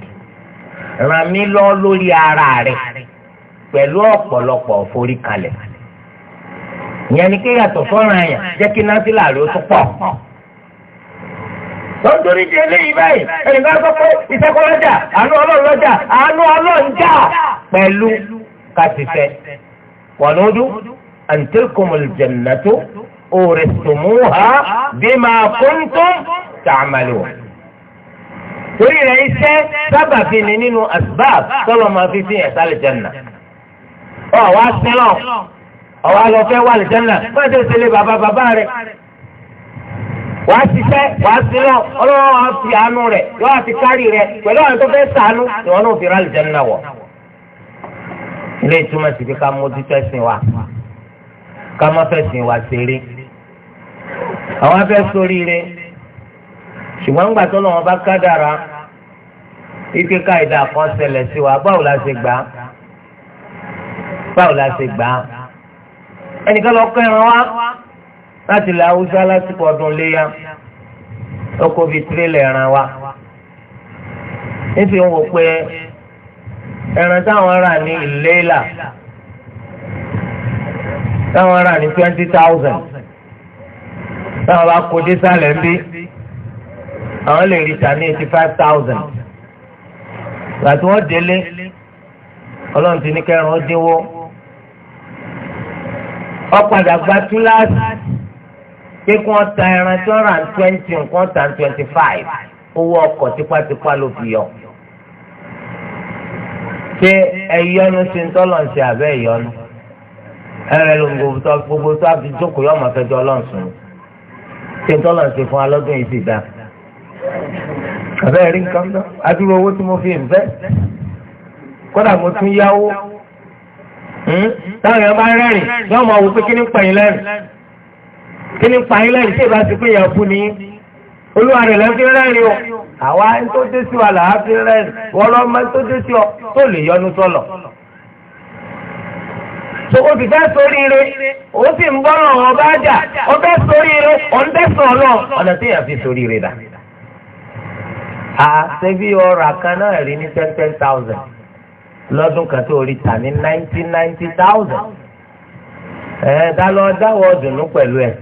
[SPEAKER 1] ràn mí lọ lórí ara rẹ̀ pẹ̀lú ọ̀pọ̀lọpọ̀ foríkalẹ̀ ìyẹn ni kéèyàn tó fọ́ràn àyàn jẹ́ kí násìlà rẹ̀ pọ̀ lọ́dúnrí di eléyìí báyìí ẹnì kan sọ pé ìṣẹ́kọ́ lọ́jà àánú ọlọ́run lọ́jà àánú ọlọ́run jà pẹ̀lú kàtìfẹ́ wọnúdú antilkumul jannatu uristumuha bima kuntum ta'malun. torí rẹ̀ iṣẹ́ sábàbí ni nínú asbab tọ́lọ́ máa fi fi ẹ̀sà lè jẹ́nà. ọ̀ wá sílọ̀ ọ̀ wá lọ fẹ́ wà lè jẹ́nà wọ́n ti ṣe lé bàbá bàbá rẹ̀ wàá ṣiṣẹ́ wàá sílọ ọlọ́wọ́ wàá fi àánú rẹ̀ yóò wá fi kárì rẹ̀ pẹ̀lú àwọn tó fẹ́ sànú ni wọn náà fi rálì jẹ́ nínú wọ̀. ilé ìtumọ̀ sí pé ká mójútó ẹ̀sìn wa ká má fẹ̀sìn wa ṣeré àwọn afẹ́ sóríire ṣùgbọ́n ńgbà tó lọ́wọ́ bá ká dára ike ká ìdá kan ṣẹlẹ̀ sí wa báwo la ṣe gbà báwo la ṣe gbà ẹnìkan lọ kọ́ ẹran wa. láti ilẹ̀ haúsá lásìkò ọdún léyà lóko bíi tirẹ̀lẹ̀ wa nífi ń pé ẹran táwọn rà ní ìléèlà táwọn rà ní twenty thousand táwọn bá kó dé sálẹ̀ ń àwọn lè rí ta ní eighty five thousand gbàtí padà gba pé kí wọ́n ta ẹran tí wọ́n rà ní twenty nǹkan ta ní twenty five owó ọkọ̀ tipátipá ló fi yọ. ṣé ẹ̀yọ́nu ṣe ń tọ́lọ̀ ń ṣe àbẹ́ ẹ̀yọ́nu ẹ̀rẹ́ ló ń gbogbo tó a fi jókòó yọ ọmọ fẹjọ́ ọlọ́run sùn ṣe ń tọ́lọ̀ ń ṣe fún alọ́dún yìí ti dá. àbẹ́ ẹ̀rí nǹkan lọ adúrú owó tí mo fi ń fẹ́ kódà mo tún yáwó hmm? táwọn èèyàn bá rẹ́rìn yọ ọmọ òwò pé kí ní pẹ̀yìn lẹ́rìn. kí ni pààyàn lẹ́yìn tí ìbá ti pé èèyàn fún ni olúwa rẹ̀ lẹ́yìn fi rẹ́rìn o àwa tó dé sí wa là á rẹ́rìn wọ́n lọ́ mọ tó dé sí ọ tó lè yọnu sọ̀lọ̀. so o ti fẹ́ soríire o sì ń bọ́ ọ̀rọ̀ ọba àjà o fẹ́ soríire o ń ọ ọlọ́ ọ̀nà tí èèyàn fi soríire dà. àṣebí ọrọ̀ àkànná rí ní ten ten thousand lọ́dún kan tó rí ta ní ninety ninety thousand ẹ̀ẹ́dá lọ dáwọ́ ọdùnnú pẹ̀lú ẹ̀.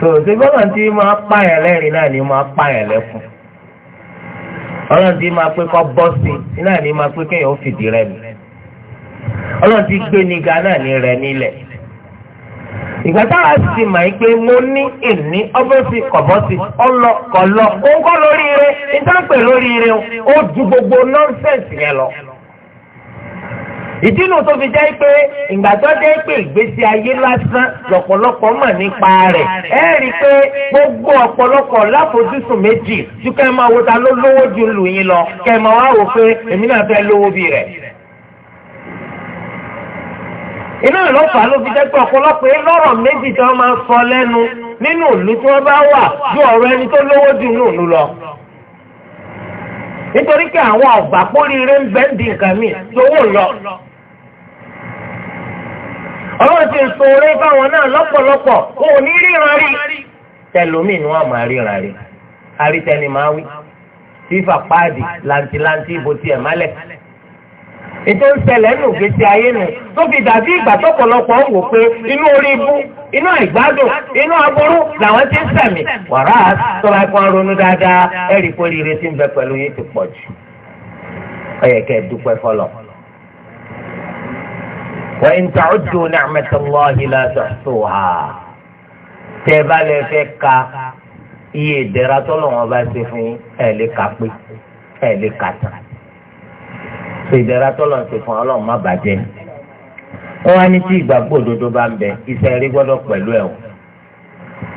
[SPEAKER 1] tó ṣe gbọ́dọ̀ tí máa pààyàn lẹ́rìn náà ni máa pààyàn lẹ́kùn ọlọ́run tí máa pé kọ́ náà ni máa pé kéèyàn ó fìdí rẹ̀ mi ọlọ́run tí gbé ni ga náà ni rẹ̀ nílẹ̀ ìgbà táwa sì pé mo ní ìní ọ́bọ̀sì kọ̀bọ̀sì ọlọ́kọ̀lọ́ òun kọ́ lóríire ìtàn pè lóríire ó ìdínú tó fi jẹ́ pé ìgbà tó jẹ́ pé ìgbésí ayé lásán lọ́pọ̀lọpọ̀ mọ̀ nípa rẹ̀ ẹ rí i pé gbogbo ọ̀pọ̀lọpọ̀ láfojúsùn méjì ju kẹ́ ẹ máa wo ta ló lówó ju lù yín lọ kẹ́ ẹ máa wá wò pé èmi náà fẹ́ lówó bí rẹ̀. iná ìlọ́pàá ló fi jẹ́ pé ọ̀pọ̀lọpọ̀ lọ́rọ̀ méjì tí wọ́n máa ń sọ lẹ́nu nínú ìlú tí wọ́n bá wà ju ọ̀rọ̀ ẹni tó lówó ju nínú nítorí pé àwọn ọ̀gbà póríire ń di nǹkan mi lówó lọ. ọlọ́run ti sọ fáwọn náà lọ́pọ̀lọpọ̀ ò ní ríran rí. tẹlomi ni wọn máa ríran rí arítẹni máa wí fífà páàdì làǹtìlàǹtì tiẹ̀ ètò ìṣẹ̀lẹ̀ nù gbèsè ayé nù tó fi dàbí ìgbà tọ́pọ̀lọpọ̀ ń wò pé inú orí ibú inú àìgbádùn inú aburú làwọn ti ń sẹ̀mí wàrà tọ́ba ẹ̀kọ́ ronú dáadáa ẹ̀rí kó rí retí ń bẹ pẹ̀lú yín ti pọ̀ jù ọ̀yẹ̀ kẹ́ ẹ̀ dúpẹ́ fọlọ́. wa in ta'uddu ni'matallahi la tuhsuha tẹ́ bá lè fẹ́ ka iye ìdẹ̀ra tọ́lọ́wọ́n bá ṣe fún ẹ̀ lè kà pé ẹ̀ lè kà tán so ìdẹ̀ra tọ́lọ̀ ń ṣe fún ọlọ́run má bàjẹ́ wọ́n á ní tí ìgbàgbọ́ òdodo bá ń bẹ iṣẹ́ rí gbọ́dọ̀ pẹ̀lú ẹ̀ o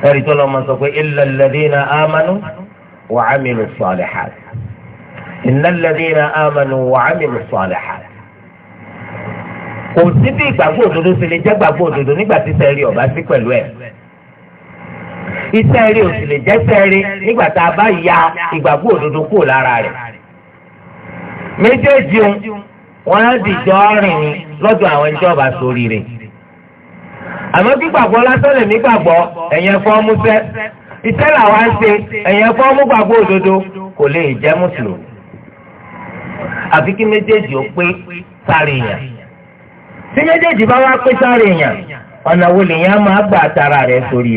[SPEAKER 1] ẹ̀rí tọ́lọ̀ máa sọ pé illal ladina amanu wa amilu salihat innal ladina amanu wa amilu salihat kò sí bí ìgbàgbọ́ òdodo ṣe lè jẹ́ gbàgbọ́ òdodo nígbà tí iṣẹ́ rí ọ̀bá sí pẹ̀lú ẹ̀ iṣẹ́ rí ò sì lè jẹ́ iṣẹ́ rí nígbà tá a bá ya ìgbàgbọ́ òdodo kúrò lára rẹ̀ méjèèjì wọn á dìjọ rìn ní lọ́dọ̀ àwọn ọba sórí rẹ̀ àmọ́ gbígbàgbọ́ lásán lèmi gbàgbọ́ ẹ̀yẹn fọ́ músẹ́ iṣẹ́ làwa ṣe òdodo kò lè jẹ́ mùsùlùmí àfi kí méjèèjì ó pé sáré wo máa gbà tara sórí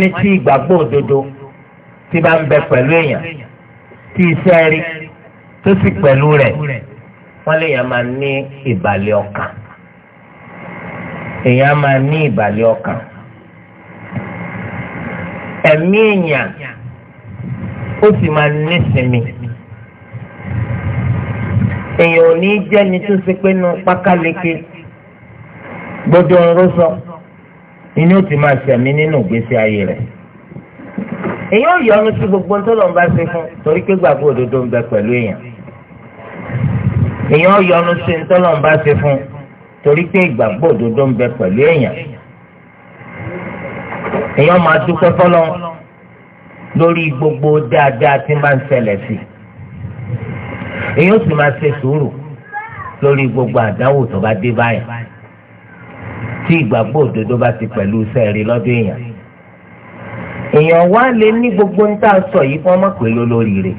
[SPEAKER 1] ní tí òdodo tí bá ń bẹ pẹ̀lú tó sì pẹ̀lú rẹ̀ wọ́n lè yàn máa ní ìbàlẹ̀ ọkàn èèyàn máa ní ìbàlẹ̀ ọkàn ẹ̀mí èèyàn ó sì máa nísinmi èèyàn ò ní jẹ́ni tó ṣe pé nu pákáleke ń sọ ni ti máa ṣẹ̀mí nínú ìgbésí ayé rẹ̀. èyàn yọ ọ́nù sí gbogbo tó lọ́n bá ṣe fún torí pé gbàgbọ́ òdodo ń bẹ pẹ̀lú èèyàn èyàn yọ ọ́nù sí tó lọ́n bá ṣe fún torí pé ìgbàgbọ́ òdodo ń bẹ pẹ̀lú èèyàn èyàn máa dúpẹ́ fọlọ́ lórí gbogbo dáadáa tí máa ń ṣẹlẹ̀ sí èyàn sì máa ṣe sùúrù lórí gbogbo àdánwò tó bá dé báyìí tí ìgbàgbọ́ òdodo bá ti pẹ̀lú sẹ́ẹ̀rí lọ́dún èèyàn èèyàn wá lè ní gbogbo ń tà sọ yìí fún ọmọ pé lólórí rẹ̀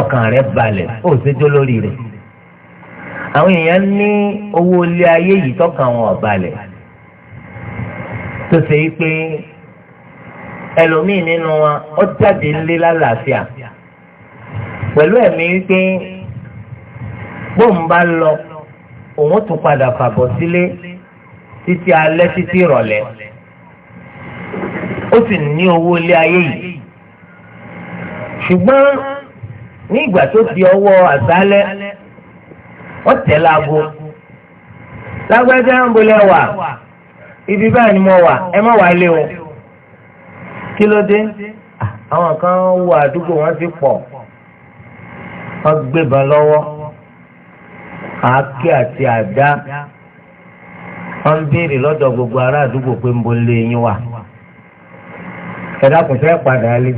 [SPEAKER 1] ọkàn rẹ̀ balẹ̀ ó ṣèjọ lórí rẹ̀ àwọn èèyàn ní owó ilé ayé yìí tọkàn wọn ò balẹ̀ tó ṣe é pé ẹlòmíì nínú wọn ó jáde ńlé lálàáfíà pẹ̀lú ẹ̀mí wípé bóun bá lọ òun tún padà fàbọ̀ sílé títí alẹ́ títí ìrọ̀lẹ́. ó sì ní owó ilé ayé yìí ṣùgbọ́n ní ìgbà tó di ọwọ́ àṣálẹ́ wọ́n tẹ̀ láago lágbájá ń bolẹ̀ wà ibi báyìí ni mo wà ẹ má wà o kí ló dé àwọn kan àdúgbò wọn ti pọ̀ wọ́n gbébọn lọ́wọ́ àáké àti àdá wọ́n ń béèrè gbogbo ará àdúgbò pé ń bolẹ̀ yín wà. ẹ dákun fẹ́ padà lé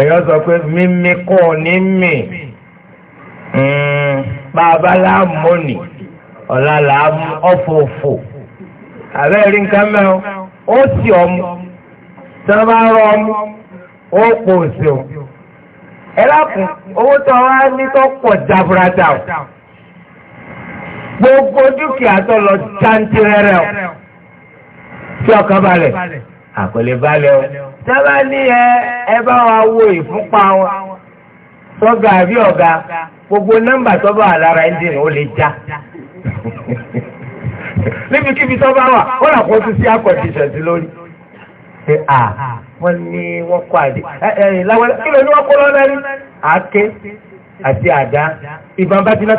[SPEAKER 1] ẹ̀yọ́ sọ pé mímí kọ́ ní mì hmm, bàbá láàmúnì ọ̀la làámú ọ̀fọ̀ọ̀fọ̀ àbẹ́ rí nǹkan mẹ́rin ó sì ọmú tí wọ́n bá rọ ó pò sí o ẹ owó tó wá ní tó pọ̀ jaburata o gbogbo dúkìá tó lọ jántìrẹrẹ o. tí ọkàn balẹ̀ àkọlé balẹ̀ o. sábà ní ẹ ẹ bá wa wo ìfúnpá wọn sọ́gà àbí ọ̀gá gbogbo nọ́mbà tó bá wà lára ẹ́ńjìnì ó lè já. <laughs> níbikíbi tó bá wà ó rà kó tún sí akọ̀díṣẹ̀ sí lórí. ṣe à wọ́n ní wọ́n kọ́ àdé ẹ ẹ láwọn kí ló ní wọ́n kọ́ lọ́wọ́ lẹ́rí. àáké àti àdá ìbọn bá jiná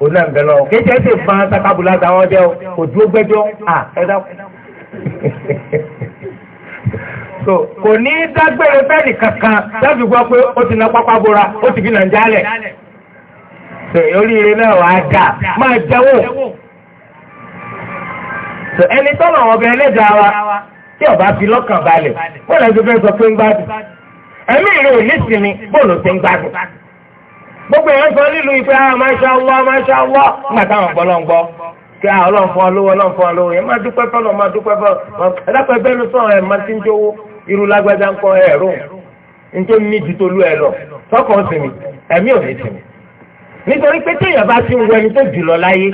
[SPEAKER 1] òun náà ń bẹ lọ. kéjẹ́ ṣe fan sakabula táwọn jẹ́ o à ẹ dákun. so kò ní dágbére fẹ́ẹ̀lì kankan láti gbọ́ pé ó ti na pápá bora ó ti fi nà ń jálẹ̀ so oríire náà wàá dà máa jẹ́wọ́ so ẹni tọ́nà ọbẹ̀ ẹlẹ́dàá wa tí ọba fi lọ́kàn balẹ̀ fẹ́ sọ pé ń gbádùn gbogbo sọ nílùú ah ń kí a ọlọ́run fún ọ lówó ọlọ́run fún ọ lówó yẹn máa dúpẹ́ fọlọ́ máa dúpẹ́ fọlọ́ ẹ̀dàpẹ́ bẹ́ẹ̀ ló sọ̀rọ̀ ẹ̀ máa ti ń jówó irú lágbájá ńkọ ẹ̀ rò ń tó ní ju tolú ẹ lọ tọkàn sinmi ẹ̀mí ò ní nítorí pé téèyàn bá ti ẹni tó láyé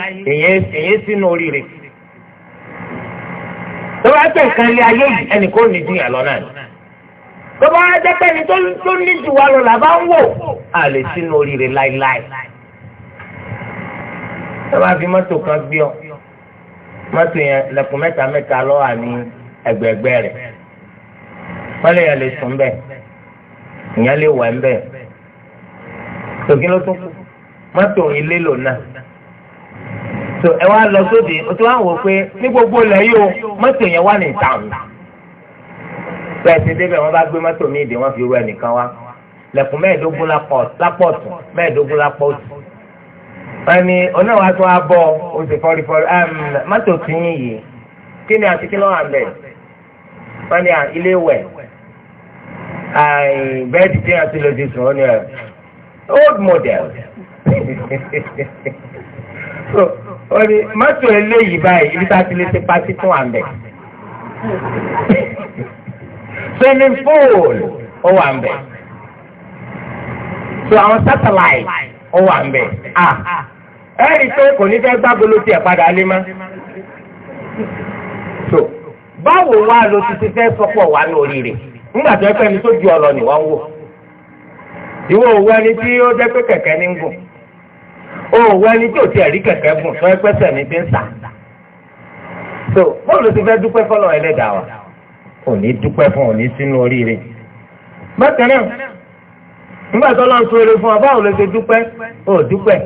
[SPEAKER 1] sínú oríire. tó bá jẹ́ nǹkan ilé ayé yìí ẹnì kò ní náà ni. tó bá jẹ́ pé ẹni tó ní sábà fi mọ́tò kan gbé ọ mọ́tò yẹn lẹ́kùn mẹ́ta mẹ́ta ló wà ní ẹgbẹ̀ẹ̀gbẹ́ rẹ̀ wọ́n lè yàn lè sùn bẹ́ẹ̀ ìyẹn lè wẹ̀ ń bẹ́ẹ̀ tòkí ló tún kù mọ́tò ilé lò náà tó ẹ wá lọ sóde o ti wá wò pé ní gbogbo ilẹ̀ yìí o mọ́tò yẹn wà ní ìtàn bẹ́ẹ̀ ti débẹ̀ wọ́n bá gbé mọ́tò míì dé wọ́n fi wọ ẹnìkan wá lẹ́kùn mẹ́ẹ̀ẹ́dógún lápọ̀ ọ̀tún mẹ́ẹ̀ẹ́dógún lápọ̀ ọ̀tún ẹni onáwó aṣọ abọ oṣù fọrifọri mọ́tò tìyìn yìí kí ni àti kí ló wà bẹ́ẹ̀ wọ́n ní ilé wẹ̀ bẹ́ẹ̀dì tí a ti lò ti sùn ó ní old model <laughs> so ó ní mọ́tò eléyìí báyìí ibi tá a ti lè ṣe pátí tún wà
[SPEAKER 3] <laughs>
[SPEAKER 1] swimming pool ó wà bẹ́ẹ̀ so àwọn satellite ó wà bẹ́ẹ̀ ah ẹ̀rí pé kò ní fẹ́ gbábolo tiẹ̀ padà lé má. so báwo wá ló ti ti fẹ́ sọ́pọ̀ wá ní oríire nígbà tó ẹgbẹ́ mi tó ju ọ̀lọ́ ni wọ́n ń wò. ìwọ òwú ẹni tí ó jẹ́ pé kẹ̀kẹ́ ní ń gùn òwú ẹni tí ò tiẹ̀ rí kẹ̀kẹ́ gùn tó ẹgbẹ́ sẹ̀mí ti ń sà. so báwo ló ti fẹ́ dúpẹ́ fọlọ́ ẹlẹ́dàá wa ò ní dúpẹ́ fún ò ní sínú oríire. bákan náà nígbà tó lọ́n sọ èrè fún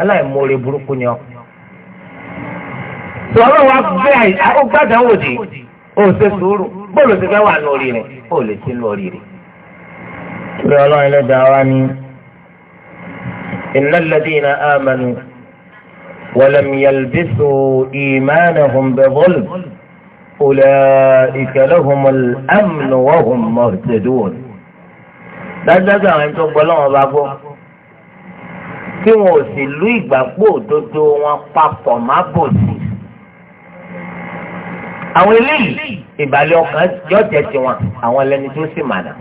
[SPEAKER 1] aláìmoore burúkú ni ọ. sọ̀rọ̀ wa gbé àìsàn ó gbàdán òdì ó ṣe sùúrù bóòlù ti fẹ́ wà lórí rẹ̀ ó lè sí lórí rẹ̀. ìrẹ̀ ọlọ́run ẹlẹ́dàá wa ni innal ladina amanu walam yalbisu imanahum bizulm ulaika lahumul amnu wa hum muhtadun. dájúdájú àwọn ẹni tó gbọ́ lọ́wọ́ bá gbọ́ kí wọn ò sì lú ìgbàgbọ́ òdodo wọn papọ̀ má bòsì. àwọn eléyìí ìbàlẹ̀ ọkàn yóò jẹ́ tiwọn àwọn ẹlẹ́ni tó sì mànà.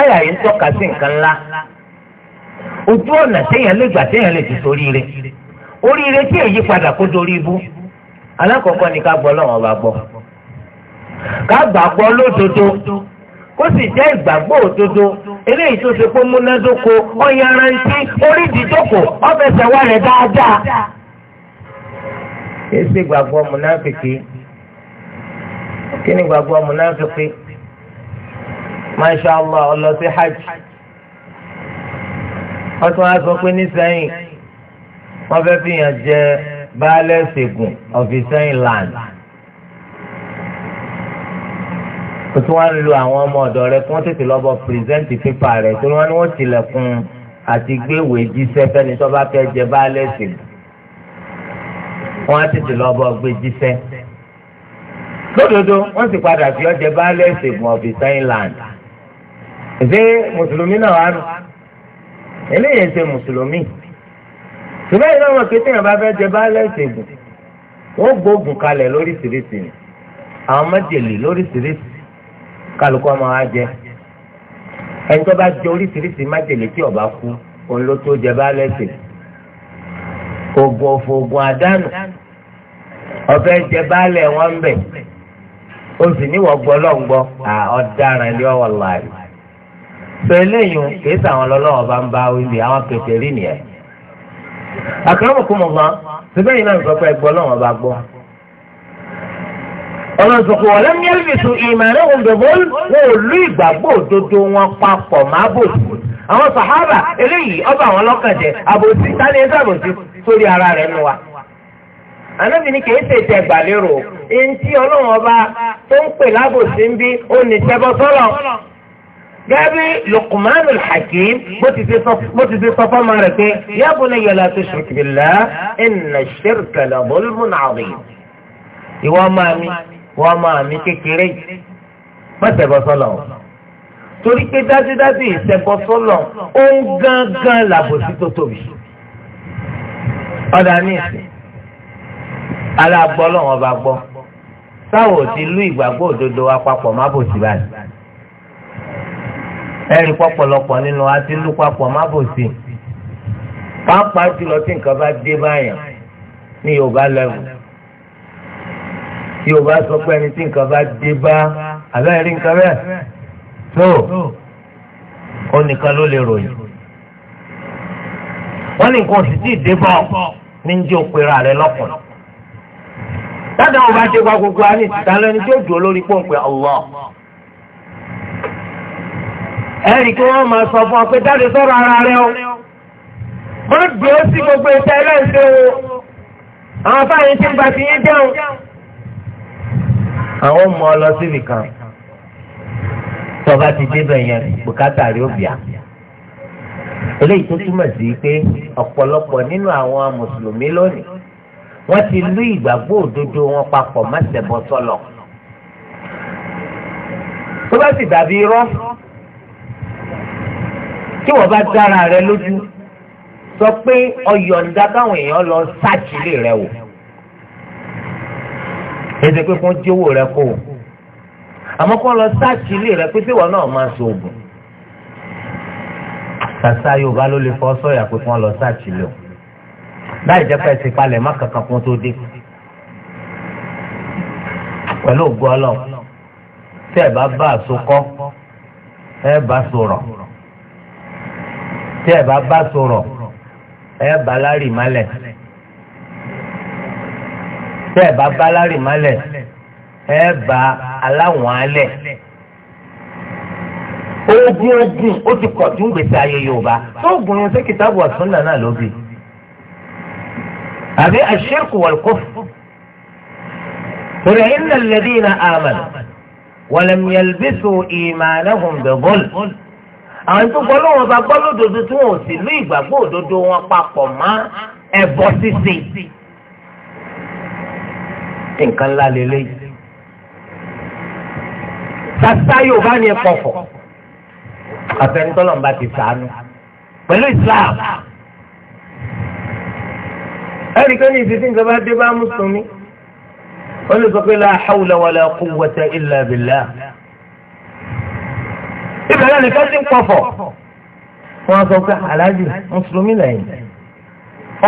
[SPEAKER 1] àyà yìí ń tọ́ka sí nǹkan ńlá ojú ọ̀nà téèyàn lè gbà téèyàn lè ti ṣoríire oríire tí èyí padà kó dorí ibú alákọ̀ọ́kọ́ ni ká gbọ́ lọ́wọ́n bá gbọ́ ká gbàgbọ́ lódodo kó sì jẹ́ ìgbàgbọ́ òdodo eléyìí tó ṣe pé múnádóko ọ̀yanrantí orídìídóko ọ̀fẹsẹ̀ wà rẹ̀ dáadáa. kí ni gbàgbọ́ múnáfìkì kí ni gbàgbọ́ múnáfìkì masha allah ọlọ́sí hajj wọ́n tún á sọ pé nísẹ́yìn wọ́n fẹ́ fi hàn jẹ baálé ṣègùn of his land. o tún wá ń lo àwọn ọmọ ọ̀dọ̀ rẹ kí wọ́n tètè lọ bọ pírẹsẹ́ǹtì pépà rẹ tó wọ́n ní wọ́n tilẹ̀kùn àti gbéwèé jíṣẹ́ fẹ́ni tó bá fẹ́ jẹ baálé sí wọ́n á tètè lọ bọ gbé jíṣẹ́ lódodo wọ́n sì padà fi ọjẹ baálé sí ọ̀fìsẹ́ inland ṣé mùsùlùmí náà wà nù eléyìí ṣe mùsùlùmí ṣùgbọ́n ìlú àwọn kékeré bá fẹ́ jẹ baálé ìṣègùn wọ́n gbóògùn kalẹ̀ lóríṣiríṣi àwọn májèlé lóríṣiríṣi kálukú ọmọ wa jẹ ẹni tó bá jẹ oríṣiríṣi májèlé tí ọba kú òun ló tó jẹ bá lẹsẹ oògùn òfò oògùn àdánù ọbẹ jẹ baálẹ̀ wọn bẹ o sì ní wọgbọ lọgbọ à ọ̀daràn ilé ọwọ láàyè sọ eléyìí kìí sàwọn bá ń bá wíwí àwọn kẹsẹ rí nìyẹn àkàrà mọ̀kúmọ̀ gan síbẹ̀ yìí náà ń sọ pé lọ́wọ́ bá gbọ́ ọlọ́sọ̀kò wọ́n lẹ́nu yẹ́lẹ́bìsù ìmọ̀ràn òun bẹ̀bọ́n wọn ò lú ìgbàgbọ́ òdodo wọn papọ̀ máa bò sí. àwọn sàhábà eléyìí ọba àwọn ọlọ́kàn jẹ àbòsí tani ẹ̀sẹ̀ àbòsí sórí ara rẹ̀ nu wa. ànábì ni kìí ṣe tẹ gbàlérò ẹni tí ọlọ́run ọba tó ń pè lábòsí ń bí ó ní tẹ́bọ́ sọ́lọ̀. gẹ́bí Luqman al-Hakim bó ti ṣe sọ fọ́mọ rẹ̀ pé ya bunayya la tushrik billah inna ash-shirka la dhulmun 'azim ìwọ máa mi wọ́n máa mi kékeré mọ́sẹ̀bọ sọ́lọ̀ o torí pé dájúdájú ìṣẹ̀bọ sọ́lọ̀ ó ń gángan làbòsí tó tóbi ọ̀dà ní ìsìn aláàgbọ́ lọ́wọ́n bá gbọ́ sáwọ́ ti lú ìgbàgbọ́ òdodo wa papọ̀ má bòsí báyìí ẹ̀rí pọ̀pọ̀lọpọ̀ nínú wa ti lú papọ̀ má bòsí pápá jùlọ tí nǹkan bá dé báyà ní Yorùbá lẹ́wọ̀n tí o bá sọ pé ẹni tí nǹkan bá dé bá àbẹ́ rí nǹkan bẹ́ẹ̀ tó ó nìkan ló lè ròyìn. wọ́n ní nǹkan sì tí ì dé bá ọ ní ń jẹ́ òpèrà rẹ lọ́kùnrin. dáadáa wọn bá dé bá gbogbo á ní ìtìta lẹ́ni tí ó dùn lórí pọ́ǹpẹ́ Allah. ẹnì kí wọ́n máa
[SPEAKER 2] sọ fún ọ pé dáadé sọ̀rọ̀ ara rẹ o. wọ́n dùn ó sí gbogbo ìtẹ́ lẹ́sẹ̀ o. àwọn fáyẹn ti ń gbà sí yín jẹun àwọn
[SPEAKER 1] mọ ọ lọ síbi kan tọba ti débẹ̀ yẹn bùkátà rí òbíà eléyìí tó túmọ̀ sí pé ọ̀pọ̀lọpọ̀ nínú àwọn mùsùlùmí lónìí wọ́n ti lú ìgbàgbọ́ òdodo wọn papọ̀ mọ́sẹ̀bọ sọlọ tó bá sì dàbí irọ́ tí wọ́n bá dára rẹ lójú sọ pé ọ̀yọ̀ǹda káwọn èèyàn lọ sáàkì rẹ wò ètò pé kó jówó rẹ kó àmọ́ kó lọ sáàtì ilé rẹ pé síwọ náà máa so oògùn sàṣà yorùbá ló lè fọ sọyà pé kó lọ sáàtì ilé o láì jẹ́ pé ẹsẹ̀ palẹ̀ má kankan kó tó dé pẹ̀lú ògùn ọlọ́run tẹ́ ẹ bá bá àsokọ́ ẹ bá sọ̀rọ̀ tẹ́ ẹ bá bá sọ̀rọ̀ ẹ bá lárì málẹ̀ tẹ́ ẹ̀ bá bálárì málẹ̀ ẹ̀ bá aláwọ̀n alẹ̀ ogun ogun ó ti kọ̀ tún gbèsè ayé yorùbá tó ogun yẹn sí kìtàbù àtúndà náà ló bì àbí àṣírkù wàlúkọ́fù torí innal ladina amanu walam yalbisu imanahum bidhulm àwọn tó gbọ́ lọ́wọ́ bá gbọ́ lódodo tí wọn ò sì lú ìgbàgbọ́ òdodo wọn papọ̀ mọ́ ẹbọ ṣíṣe nǹkan ńlá lélẹ̀ yìí. sàṣà yorùbá ni ẹ pọ̀fọ̀ àfẹnitọ́lọ́mùbá ti sàánú pẹ̀lú islam ẹnìkan ní ìsìsì nǹkan bá dé bá mùsùlùmí wọ́n lè sọ pé la hawla wala quwwata illa billah ìbẹ̀rẹ̀ nìkan ti ń pọ̀fọ̀ wọ́n sọ pé aláàjì mùsùlùmí lẹ́yìn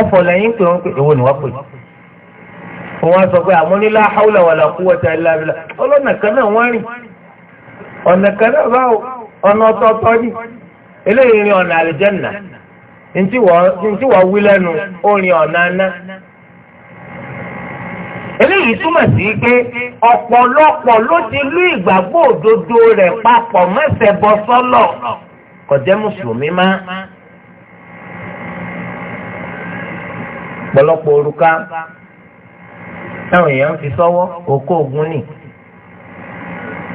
[SPEAKER 1] ọ̀fọ̀ lẹ́yìn pé wọ́n pé èwo ni wọ́n pè é wọ́n sọ pé àmọ́ ní la hawla wala quwwata illa billah ọlọ́nà kan náà wọ́n rìn ọ̀nà kan náà báwo ọ̀nà ọ̀tọ̀ọ̀tọ̀ ni eléyìí rin ọ̀nà àlùjẹ́nà ntí wọ́n wí lẹ́nu ó rin ọ̀nà aná. eléyìí túmọ̀ sí pé ọ̀pọ̀lọpọ̀ ló ti lú ìgbàgbọ́ òdodo rẹ̀ papọ̀ mẹ́sẹ̀ bọ́ sọ́lọ̀ kò mùsùlùmí má. ọ̀pọ̀lọpọ̀ òrùka táwọn èèyàn fi sọ́wọ́ òkú ògùn nì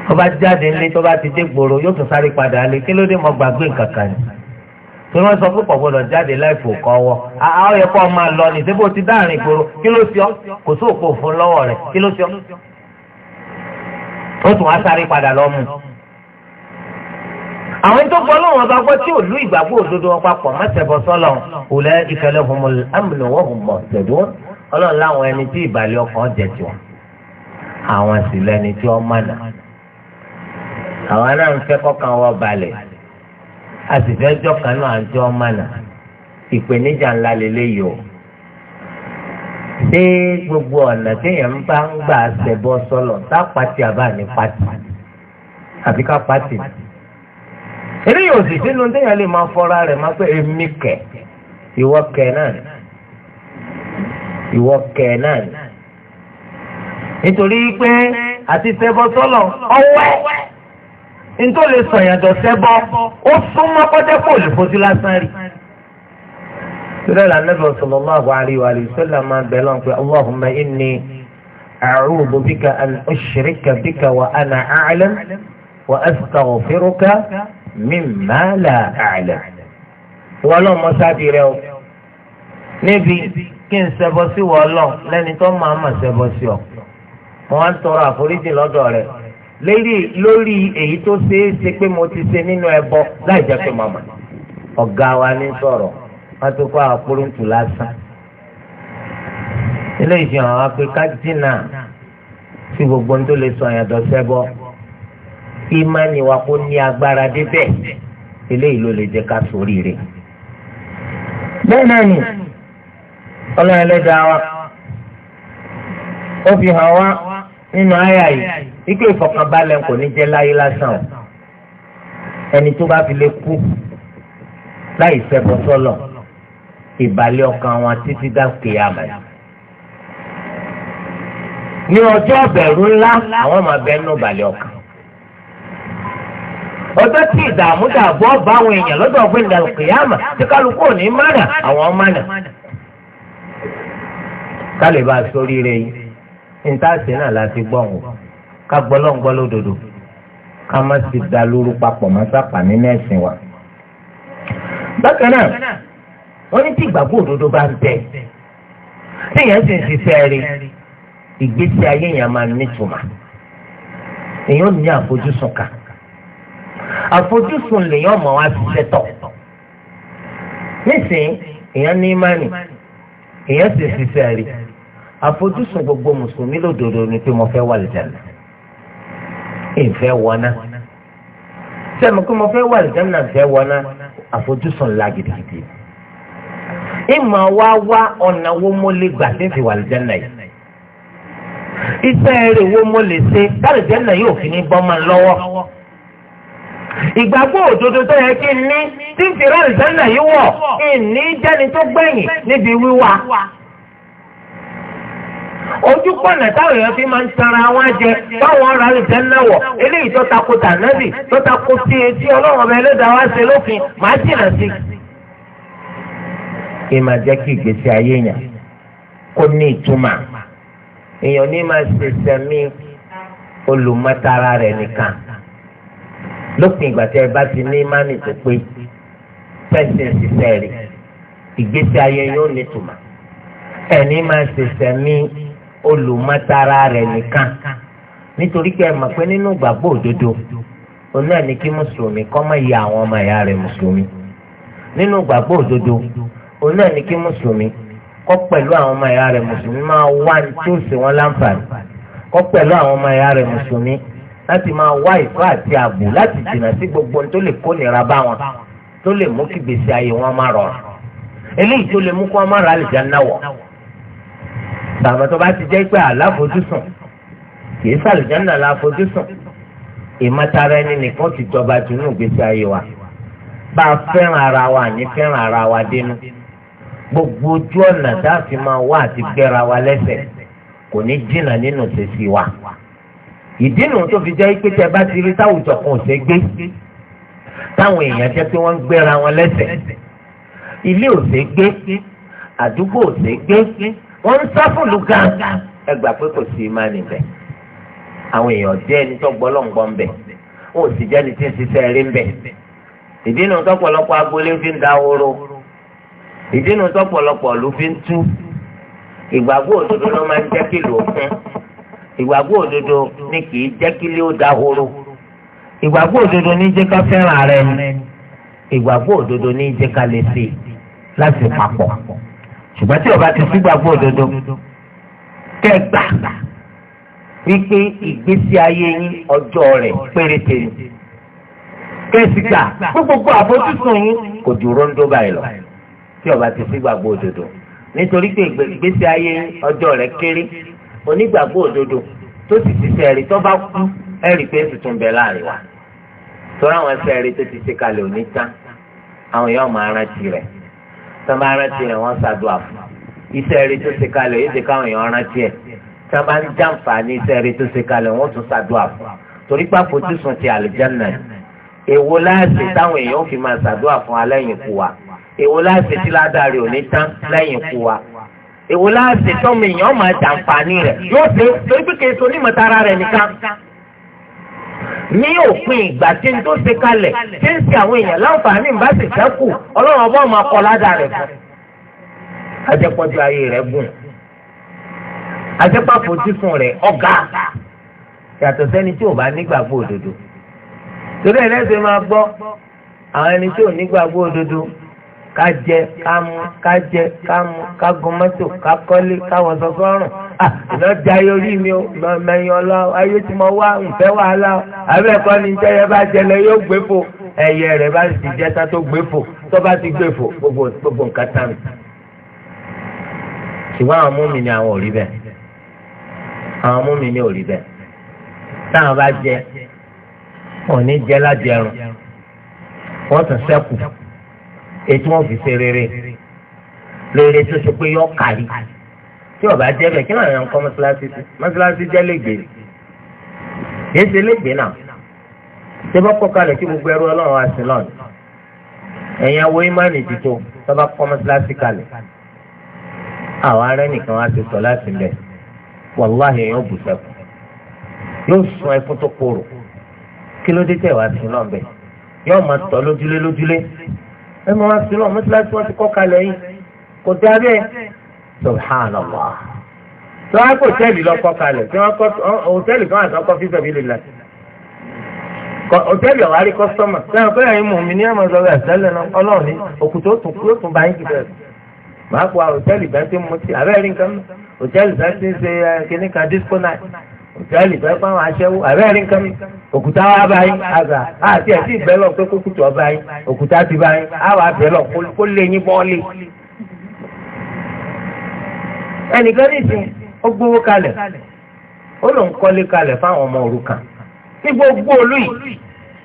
[SPEAKER 1] tó bá jáde ńlé tó bá ti dé gbòòrò yóò tún sáré padà lé kí ló dé mọ gbàgbé nǹkan kan ni tí wọ́n sọ púpọ̀ gbọ́dọ̀ jáde láìfò kọ́wọ́ àwọn yẹ kó o máa lọ ní síbò ti dáàrin ìgboro kí ló sọ kò sí òkú òfin lọ́wọ́ rẹ̀ kí ló sọ ó tún wá sáré padà lọ mú àwọn tó gbọ́ lọ́wọ́ bá gbọ́ tí ò lú ìgbàgbọ́ òdodo wọn papọ̀ mọ́tẹ̀bọ̀ sọ́lọ̀ òlẹ́ ìfẹ́lẹ́ ọlọ́run láwọn ẹni tí ìbàlẹ̀ ọkàn jẹ tiwọn àwọn sì lẹni tí wọ́n mànà àwọn náà ń fẹ́ kọ́kàn wọ́n balẹ̀ a sì fẹ́ jọ́kan náà àti wọ́n mànà ìpèníjà ńlá lélẹ́yìí o ṣé gbogbo ọ̀nà téèyàn ń bá ń gbà ṣẹ̀bọ sọlọ̀ tá pati àbá ní pati àbí ká pati eré yóò sì sínú téèyàn lè máa fọ́ra rẹ̀ máa pé èmi kẹ̀ ìwọ kẹ̀ náà ìwọ kẹ̀ náà ni. nítorí pé àti ṣẹbọ sọ́lọ̀ ọwẹ́ nítorí lè sọ̀yàdọ̀ ṣẹbọ ó súnmọ́ pọ́tẹ́pọ̀ lè fojú lásán rí. sọ́dọ̀ lànàbẹ̀ sallallahu alaihi wa sallam máa bẹ̀ lọ́n pé Allahumma inni a'udhu bika an ushrika bika wa ana a'lam wa astaghfiruka mimma la a'lam. wọ́n lọ́ mọ́ sáà kí n ṣẹbọ sí wọ lẹni tó máa mà ṣẹbọ sí ọ mo wá ń tọrọ àforíjì lọ́dọ̀ rẹ lérí lórí èyí tó ṣeé ṣe pé mo ti ṣe nínú ẹbọ láì gbogbo ń tó lè sọ àyàdọ̀ wa kó ní agbára débẹ̀ lè jẹ́ ká sórí rẹ̀ bẹ́ẹ̀ náà ni. ọlọ́run ẹlẹ́dàá wa ó fi hàn wá
[SPEAKER 3] nínú àyà yìí
[SPEAKER 1] wípé ìfọkànbalẹ̀ kò ní jẹ́ láyé lásán o ẹni tó bá fi lè kú láì ṣẹbọ sọ́lọ̀ ìbàlẹ̀ ọkàn wọn títí dákè àmà ní ọjọ́ ọ̀bẹ̀rù ńlá àwọn ọmọ abẹ́ nù ìbàlẹ̀ ọkàn ọjọ́ tí ìdààmú dàbọ̀ bá àwọn èèyàn lọ́dọ̀ ọ̀gbìn dàkè àmà tí kálukú ò ní mánà àwọn mánà kálíbà sórí rẹ̀ yìí nítaàsì náà láti gbọ́ wọn ká gbọ́lọ́ngbọ́ lódodo ká má sì da lóru papọ̀ má sápà nínú ẹ̀sìn wa. bákan náà wọ́n ní tí ìgbàgbọ́ òdodo bá ń bẹ téèyàn sì ń ṣiṣẹ́ rí ìgbésí ayé yẹn máa nítumọ̀ èèyàn ní àfojúsùn kan àfojúsùn lèèyàn mọ̀ wá ṣiṣẹ́ tọ̀ nísìnyí èèyàn ní ìmánì èèyàn sì ṣiṣẹ́ rí àfojúsùn gbogbo mùsùlùmí lòdòdó ni pé mo fẹ́ wà lìjànà ìfẹ́ wọná sẹ́mi pé mo fẹ́ wà lìjànà ìfẹ́ wọná àfojúsùn ńlá gidigidi ìmọ̀ wá wá ọ̀nà wo mo lè gbà sí fi wà lìjànà yìí iṣẹ́ rẹ̀ wo mo lè ṣe dálìjànà yóò fi ní bọ́mọ lọ́wọ́ ìgbàgbọ́ òdodo tó yẹ kí n ní tí n fi yìí wọ̀ ìní jẹ́ni tó gbẹ̀yìn níbi wíwá. ojú pọ̀nà táwọn èèyàn fi máa ń sara wọn jẹ báwọn ọ̀rọ̀ àlùfẹ́ náwọ̀ eléyìí tó takò tànẹ́bì tó takò sí etí ọlọ́run ọba ẹlẹ́dàá wá ṣe lófin màá jìnà sí. kí máa jẹ́ kí ìgbésí ayé yàn kó ní ìtumọ̀ èèyàn ní máa ṣe sẹ́mi olùmọ̀tara rẹ̀ nìkan lópin ìgbà tí ẹ bá ti ní mánì tó pé fẹsẹ̀ ṣiṣẹ́ rẹ̀ ìgbésí ayé yóò máa olùmọ̀tara rẹ̀ nìkan nítorí pé ẹ mọ̀ pé nínú ìgbàgbọ́ òdodo òun náà ní kí mùsùlùmí kọ́ mọ̀ yẹ àwọn ọmọ ìyá rẹ̀ mùsùlùmí nínú ìgbàgbọ́ òdodo òun náà ní kí mùsùlùmí kọ́ pẹ̀lú àwọn ọmọ ìyá rẹ̀ mùsùlùmí máa wá tí ó sì wọ́n láǹfààní kọ́ pẹ̀lú àwọn ọmọ ìyá rẹ̀ mùsùlùmí láti máa wá ìfọ́ àti ààbò láti jìnnà sí gbogbo tó lè kó bá wọn tó lè mú kí gbèsè ayé wọn má rọrùn eléyìí tó lè mú kó wọn má ra àlùjánnà wọ̀ tàbí tó bá ti jẹ́ pé àláfojúsùn kìí sàlùjánà láfojúsùn ìmọ̀tara ẹni nìkan ti jọba jù ní ìgbésí ayé wa bá a fẹ́ràn ara wa ní fẹ́ràn ara wa dénú gbogbo ojú ọ̀nà tá máa wá àti gbẹ́ra wa lẹ́sẹ̀ kò ní jìnnà nínú ìṣesí wa ìdínà tó fi jẹ́ pé tẹ bá ti rí táwùjọ kan ò ṣe gbé táwọn èèyàn jẹ́ pé wọ́n ń gbẹ́ra wọn lẹ́sẹ̀ ilé ò ṣe gbé àdúgbò ò ṣe gbé wọ́n ń sáfùlù gan ẹ gbà pé kò sí ìmánì bẹ̀ àwọn èèyàn jẹ́ ẹni tó gbọ́ lọ́ngbọ́n bẹ̀ wọn ò sì jẹ́ ẹni tí ń ṣiṣẹ́ rí ń bẹ̀ ìdínú tọ́pọ̀lọpọ̀ agboolé fi ń dahoro ìdínú tọ́pọ̀lọpọ̀ ìlú fi ń tú ìgbàgbọ́ òdodo ló máa ń jẹ́ kí lò ó kún ìgbàgbọ́ òdodo ni kì í jẹ́ kí lé ó dahoro ìgbàgbọ́ òdodo ní jẹ́ ká fẹ́ràn rẹ̀ ìgbàgbọ́ òdodo ní jẹ́ ká lè ṣe láti papọ̀
[SPEAKER 3] ṣùgbọ́n tí ọba ti sígbàgbọ́ òdodo
[SPEAKER 1] kẹgbà wípé ìgbésí ayé yín ọjọ́ rẹ̀ péréte kẹsì gbà gbogbo àfojúsùn yín kò ju rondo báyìí lọ tí ọba ti sígbàgbọ́ òdodo nítorí pé ìgbésí ayé ọjọ́ rẹ̀ kéré onígbàgbọ́ òdodo tó sì ti ṣe ẹ̀rí tó bá kú ẹ̀rí pé èsì tún bẹ láàrin wa tọ́ra àwọn ẹsẹ̀ ẹ̀rí tó ti ṣe kalẹ̀ òní tán àwọn èèyàn máa rántí rẹ̀ tán bá rántí rẹ̀ wọ́n ṣàdúrà fún iṣẹ́ rẹ̀ tó ṣe kalẹ̀ yóò ṣe káwọn èèyàn rántí ẹ̀ tán bá ń jàǹfààní iṣẹ́ rẹ̀ tó ṣe kalẹ̀ wọ́n tún ṣàdúrà fún torí pàfojúsùn ti àlùjánnà èwo láàṣẹ táwọn èèyàn fi máa ṣàdúrà fún alẹ́yìn kú wa èwo láàṣẹ tí ládàrí ò ní tán lẹ́yìn kú wa èwo láàṣẹ tọ́mọ èèyàn máa jàǹfààní rẹ̀ yóò ṣe torí pé kèso onímọ̀tara rẹ̀ nìkan ní òpin ìgbà tí n tó ṣe kalẹ̀ tí ń ṣe àwọn èèyàn láǹfààní ń bá sì sẹ́kù ọlọ́run ọba ọmọ akọ ládà rẹ̀ fún. ajẹ́pọ̀jù ayé rẹ̀ gùn ajẹ́pàfojúsùn rẹ̀ ọ̀gá yàtọ̀ sẹ́ni tí ò bá nígbàgbọ́ òdodo torí ẹ̀ lẹ́sẹ̀ máa gbọ́ àwọn ẹni tí ò nígbàgbọ́ òdodo ká jẹ ká mu ká jẹ ká mu ká gun mọ́tò ká kọ́lé ká wọ̀ sọ́sọ́ ọ̀rùn iná jẹ ayé orí mi o mẹ̀yìn ọlá ayé tí mo wá nfẹ́ wàhálà o abẹ́ẹ̀kọ́ ni jẹ́ yẹ bá jẹ lọ yóò gbé fò ẹ̀yẹ rẹ̀ bá sì jẹ́ tá tó gbé fò tó bá ti gbé fò gbogbo gbogbo nǹkan tán mi. ṣùgbọ́n àwọn mú mi ni àwọn ò rí bẹ́ẹ̀ àwọn mú mi ni ò rí bẹ́ẹ̀ táwọn bá jẹ wọn ò ní jẹ lájẹrun wọn tún sẹ́kù ètò wọn fi ṣe rere rere tó ṣe pé yọ kárí tí ọba jẹ bẹ́ẹ̀ kí lóòrán kọ́ mọ́ṣáláṣí sí mọ́ṣáláṣí jẹ́ lẹ́gbẹ̀ẹ́ yéé ṣe lẹ́gbẹ̀ẹ́ náà ṣé bá kọ́ kalẹ̀ kí gbogbo ẹrú ọlọ́run wá sí lọ́nà ẹ̀yin awo imáàni dìtò tó bá kọ́ mọ́ṣáláṣí kalẹ̀ àwọn ará nìkan wá ti sọ láti mbẹ wàláhì èèyàn bù sẹ́kù yóò sun ẹkún tó korò kí ló dé tẹ̀ wá sí lọ́nbẹ̀ yóò máa tọ́ lójúlé lójúlé ẹ máa wá sí náà mọ́tíláṣí wọ́n ti kọ́ kalẹ̀ yìí kò dá bẹ́ẹ̀ subhanallah tí wọ́n á kó hòtẹ́ẹ̀lì lọ kọ́ kalẹ̀ tí wọ́n kọ́ hòtẹ́ẹ̀lì kan àti ọkọ̀ fífẹ́ bíi lèlà hòtẹ́ẹ̀lì ọ̀hárí kọ́sítọ́mà lẹ́yìn pé ẹ̀yin mọ̀ mí ní ẹ̀mọ́ ìlọrin àtẹ́lẹ̀ náà ọlọ́run ní òkùtò yóò tún bá yín jù máa kó hòtẹ́ẹ̀lì bá ti mú ti àbẹ́rẹ́ nǹkan hòtẹ́ẹ̀lì bá ti ṣe eh, kíníkan disco night òtẹ́ẹ̀lì fẹ́ fún àwọn aṣẹ́wó àbẹ́rẹ́ nǹkan mi òkúta wa bá yín àgbà àti ẹ̀sì ìbẹ́lọ̀ pé kókùtù ọba yín òkúta ti bá yín àwọn abẹ́lọ̀ kó lé yín bọ́ọ̀lì. ẹnìkan ní ìsìn ó gbówó kalẹ̀ ó lòún kọ́lé kalẹ̀ fáwọn ọmọ òrukàn
[SPEAKER 2] ní gbogbo olú yìí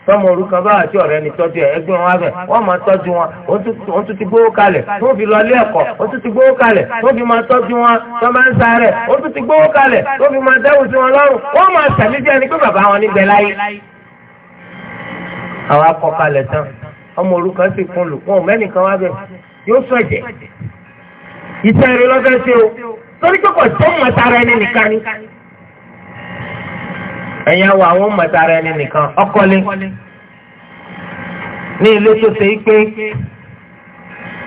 [SPEAKER 1] fọmọ orúkọ báwa tí ọ̀rẹ́ ni tọ́jú ẹ̀ ẹgbẹ́ wọn abẹ wọ́n máa tọ́jú wọn wọ́n tún ti gbówó kalẹ̀ wọ́n fi lọ ilé ẹ̀kọ́ wọ́n tún ti gbówó kalẹ̀ wọ́n fi máa tọ́jú wọn wọ́n máa ń sáré wọ́n tún ti gbówó kalẹ̀ wọ́n fi máa dáwọ́ sí wọn lọ́rùn wọ́n máa sàmì ẹni pé bàbá wọn níbẹ̀ láyé. àwọn akọ kalẹ̀ tán ọmọ orúkọ sì fún lùpọ̀ mẹ́nìkan wá bẹ̀ yóò sọ ẹ̀jẹ̀ iṣẹ́ rẹ lọ́fẹ́ ṣe o torí pé kò ẹ̀yin awọ àwọn mọ̀tara ẹni nìkan ọkọlẹ ní ilé tó ṣe pé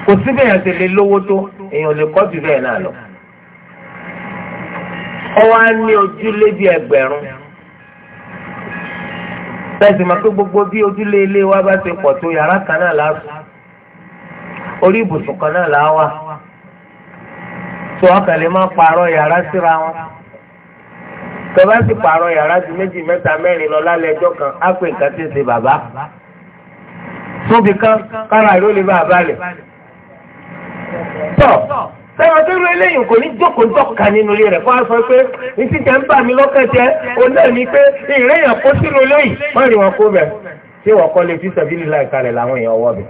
[SPEAKER 1] kò síbẹ̀ yẹn ti lè lówó tó èèyàn lè kọ́ ju bẹ́ẹ̀ náà lọ. ọwọ́ á ní ojúlé bíi ẹgbẹ̀rún tẹ̀sí ma pé gbogbo bí ojúlé ilé wa bá ti pọ̀ tó yàrá kan náà tọ́ba sì pààrọ̀ yàrá ju méjì mẹ́ta mẹ́rin lọ lálẹ́ ẹjọ́ kan á pè nǹkan tí ń ṣe bàbá tóbi kan kára ló lè bàbá lẹ̀. tọ́ sẹ́wọ́n tó rú eléyìí kò ní jókòó-jọ́ka nínú ilé rẹ̀ fún aṣọ pé ìsì jẹ́ ń bà mí lọ́kàn jẹ́ òun náà ni pé ìrẹ́yàn kó sínú eléyìí má rí wọn kó bẹ̀ ṣé wọ́n kọ́ lè fi sẹ́bílì láìkalẹ̀ làwọn èèyàn wọ́ bẹ̀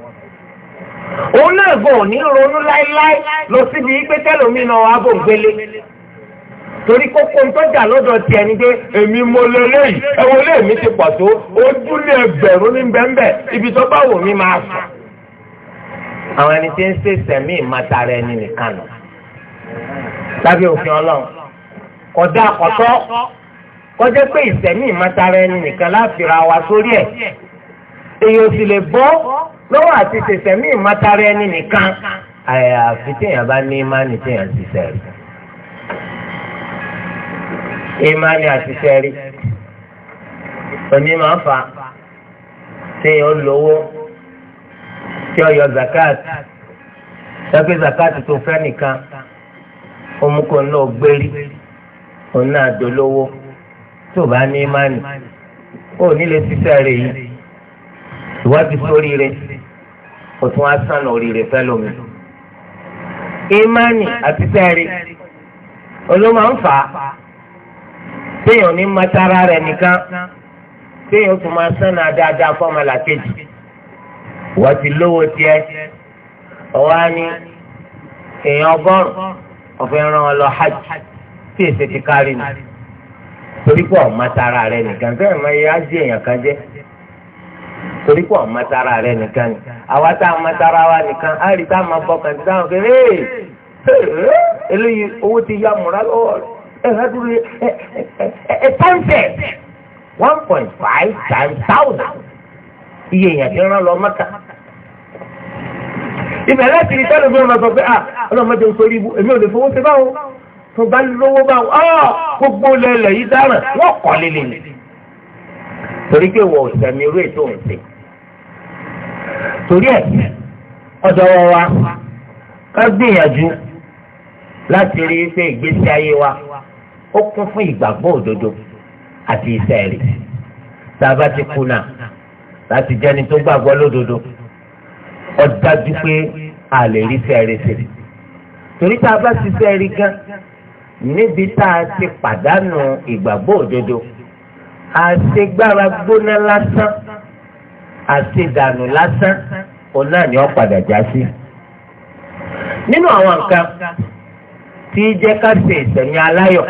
[SPEAKER 1] òun náà gbọ́ òní ronú
[SPEAKER 3] láéláé lọ
[SPEAKER 1] síbi pé tẹ́lómi náà wà bò ń gbélé torí kókó ntọ́jà lọ́dọ̀ tiẹ̀ ni pé èmi mo lè léyìí ẹ̀wọ̀n lé mi ti pọ̀ tó ojúlé ẹgbẹ̀rún ní bẹ́ńbẹ́ ibi tó bá wù mí máa sùn. àwọn ẹni tí ń ṣe sẹ̀mí ìmọ̀tara ẹni nìkan nù. lábẹ́ òfin ọlọ́run kọjá àkọ́tọ́ kọjá pé ìsẹ̀mí ìmọ̀tara ẹni nìkan láfìrà wa sórí ẹ̀ èyí ò sì lè bọ́ lọ́wọ́ àti ṣẹ̀ṣẹ̀mí ìmọ̀tara ẹni nìkan àyàfi téèyàn bá ní ìmánì àti sẹ́rí òní máa fà ṣé ó lówó tí ó yọ zakat sẹ́gbẹ́ zakat tó fẹ́ nìkan omukọ náà gbérí òun náà dolówó tó bá ní ìmánì ó nílé ṣiṣẹ́ rẹ̀ yìí ìwádìí sórí rẹ̀ kò tún wá sànà oríire fẹ́ lómi. ìmánì àti sẹ́rí olóma ń fà téèyàn ní mọ́tara rẹ̀ nìkan téèyàn tún máa sánà dáadáa fọ́ọ̀mù làkejì wọ́n ti lówó tiẹ̀ ọ̀wá ni èèyàn ọgọ́rùn-ún ọ̀fẹ́ ràn án lọ hajj tí èsì ti kárí ni torí pé ọ̀mọ́tara rẹ̀ nìkan tẹ́lẹ̀ máa yẹ ájí èèyàn kan jẹ́ torí pé ọ̀mọ́tara rẹ̀ nìkan ni àwa tá a wa nìkan á rí tá a máa bọ́ kàn sí táwọn kéré eléyìí owó ti yá múra lọ́wọ́ rẹ̀. hundred times ten one point five times thousand iye èèyàn ti rán lọ mọ́ta. ibẹ̀ láti rí mi sọ pé ah ń èmi ò lè fowó ṣe báwo tó bá lówó ah, gbogbo lẹ́lẹ̀ yìí dáràn wọ́n kọ́ torí pé ètò torí ẹ̀ ọ̀dọ̀ wa ká gbìyànjú láti rí pé wa. ó kún fún ìgbàgbọ́ òdodo àti iṣẹ́ rẹ̀ tá a bá ti kùnà láti jẹ́ni tó gbàgbọ́ lódodo ó dájú pé a lè rí iṣẹ́ rẹ̀ ṣe torí tá a bá ṣiṣẹ́ rí gan níbi tá a ti pàdánù ìgbàgbọ́ òdodo àṣegbára gbóná lásán àṣedànù lásán òun náà ni ó padà já sí. nínú àwọn nǹkan tí jẹ́ ká ṣe ìsẹ̀mí aláyọ̀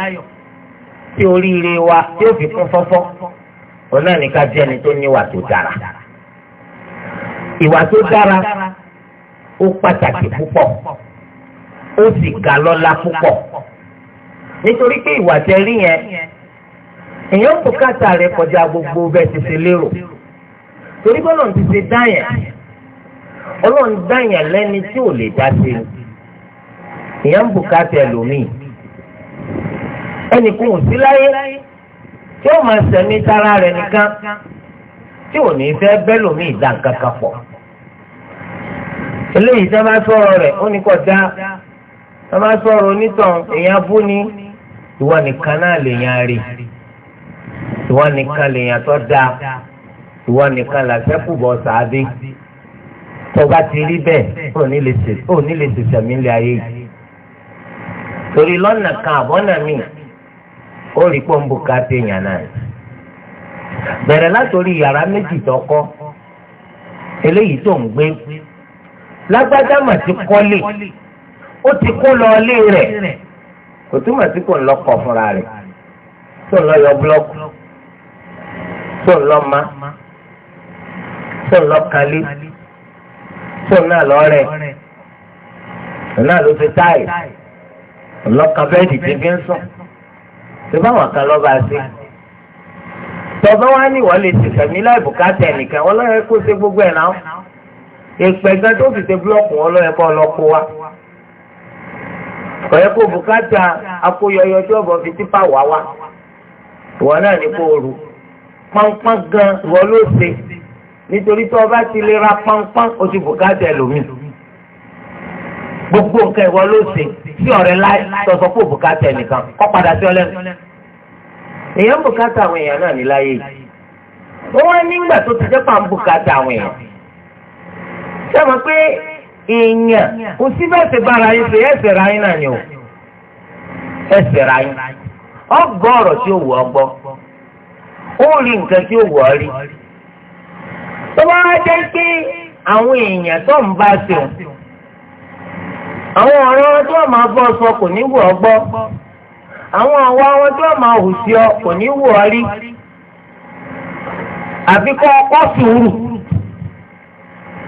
[SPEAKER 1] tí oríire wa tí ó fi kún fọ́fọ́ òun náà ní ká jẹ́ ẹni tó ní ìwà tó dára. ìwà tó dára ó pàtàkì púpọ̀ ó sì ga lọ́lá púpọ̀ nítorí pé ìwà tẹ rí yẹn èèyàn bùkátà rẹ kọjá gbogbo bẹ́ẹ̀ ti ṣe lérò torí bọ́lọ̀ ti ṣe dá yẹn ọlọ́run dá yẹn lẹ́ni tí ò lè dá sí i èèyàn bùkátà ẹlòmíì ẹnì kan ò sí láyé tí ó máa sẹ̀mí tara rẹ̀ nìkan tí ò ní fẹ́ bẹ́ẹ̀ lómi ìdá nǹkan kan pọ̀ eléyìí tí a bá sọ̀rọ̀ rẹ̀ ó ní kò dá a bá sọ̀rọ̀ onítàn èèyàn bú ni ìwọ nìkan náà lèèyàn rí ìwọ nìkan lèèyàn tó dáa ìwọ nìkan làṣẹ́kù bọ̀ sáadé tó bá ti rí bẹ́ẹ̀ ó ní lè ṣèṣẹ̀mí ilé ayé yìí torí lọ́nà kan àbọ̀nà míì ó rí pọ́ ń bu káàtì èèyàn náà bẹ̀rẹ̀ látòrí yàrá méjì tọkọ eléyìí tó ń gbé lágbájá mà ti kọ́lé ó ti kó lọ ilé rẹ̀ kò túmọ̀ sí kò ń lọ́kọ̀ fúnra rẹ̀ tó ń lọ yọ búlọ́ọ̀kù tó ń lọ ma tó ń lọ kalé tó ń náà lọ rẹ̀ náà ló fi táyì ńlọ́kà bẹ́ẹ̀dì tí fi ń sùn ṣùgbọ́n àwọn kan lọ́ba sí. tọ́gbọ́n wá ní ìwọ́n lè ṣèṣẹ̀ mí láì bùkátà ẹnìkan wọ́n lọ́yẹ kó ṣe gbogbo ẹ̀ náà. ìpè gan tó fi ṣe búlọ́ọ̀kù wọn lọ́yẹ kó lọ kó wa. kò yẹ kó bùkátà akóyọyọ tí ọ̀bọ̀n fi tipa wá wa. ìwọ náà ní kó rú. pọ́npọ́n gan ìwọ ló ṣe nítorí tó ti lè ra pọ́npọ́n o ti bùkátà ẹlòmíì gbogbo nǹkan ìwọ ló ṣe sí ọ̀rẹ́ láì sọsọ fún bùkátà ẹnìkan kọ padà sí ọlẹnu èèyàn bùkátà àwọn èèyàn náà ní láyé yìí wọn wá nígbà tó ti jẹ́ pà ń bùkátà àwọn èèyàn ṣé mo pé èèyàn kò sí bẹ́ẹ̀ ṣe bára yín ṣe ẹsẹ̀ ra yín náà ni o ẹsẹ̀ ra yín ọgbọ́ ọ̀rọ̀ tí ó wù ọ gbọ́ ó rí nǹkan tí ó wù ọ rí tó bá wá jẹ́ pé àwọn èèyàn tó ń bá ṣe àwọn ọ̀rọ̀ wọn tí wọ́n máa bọ́ sọ kò ní wù ọ́ gbọ́ àwọn wọn tí wọ́n máa hù sí ọ kò ní wù ọ́ rí àfi kọ́ ọkọ́ sùúrù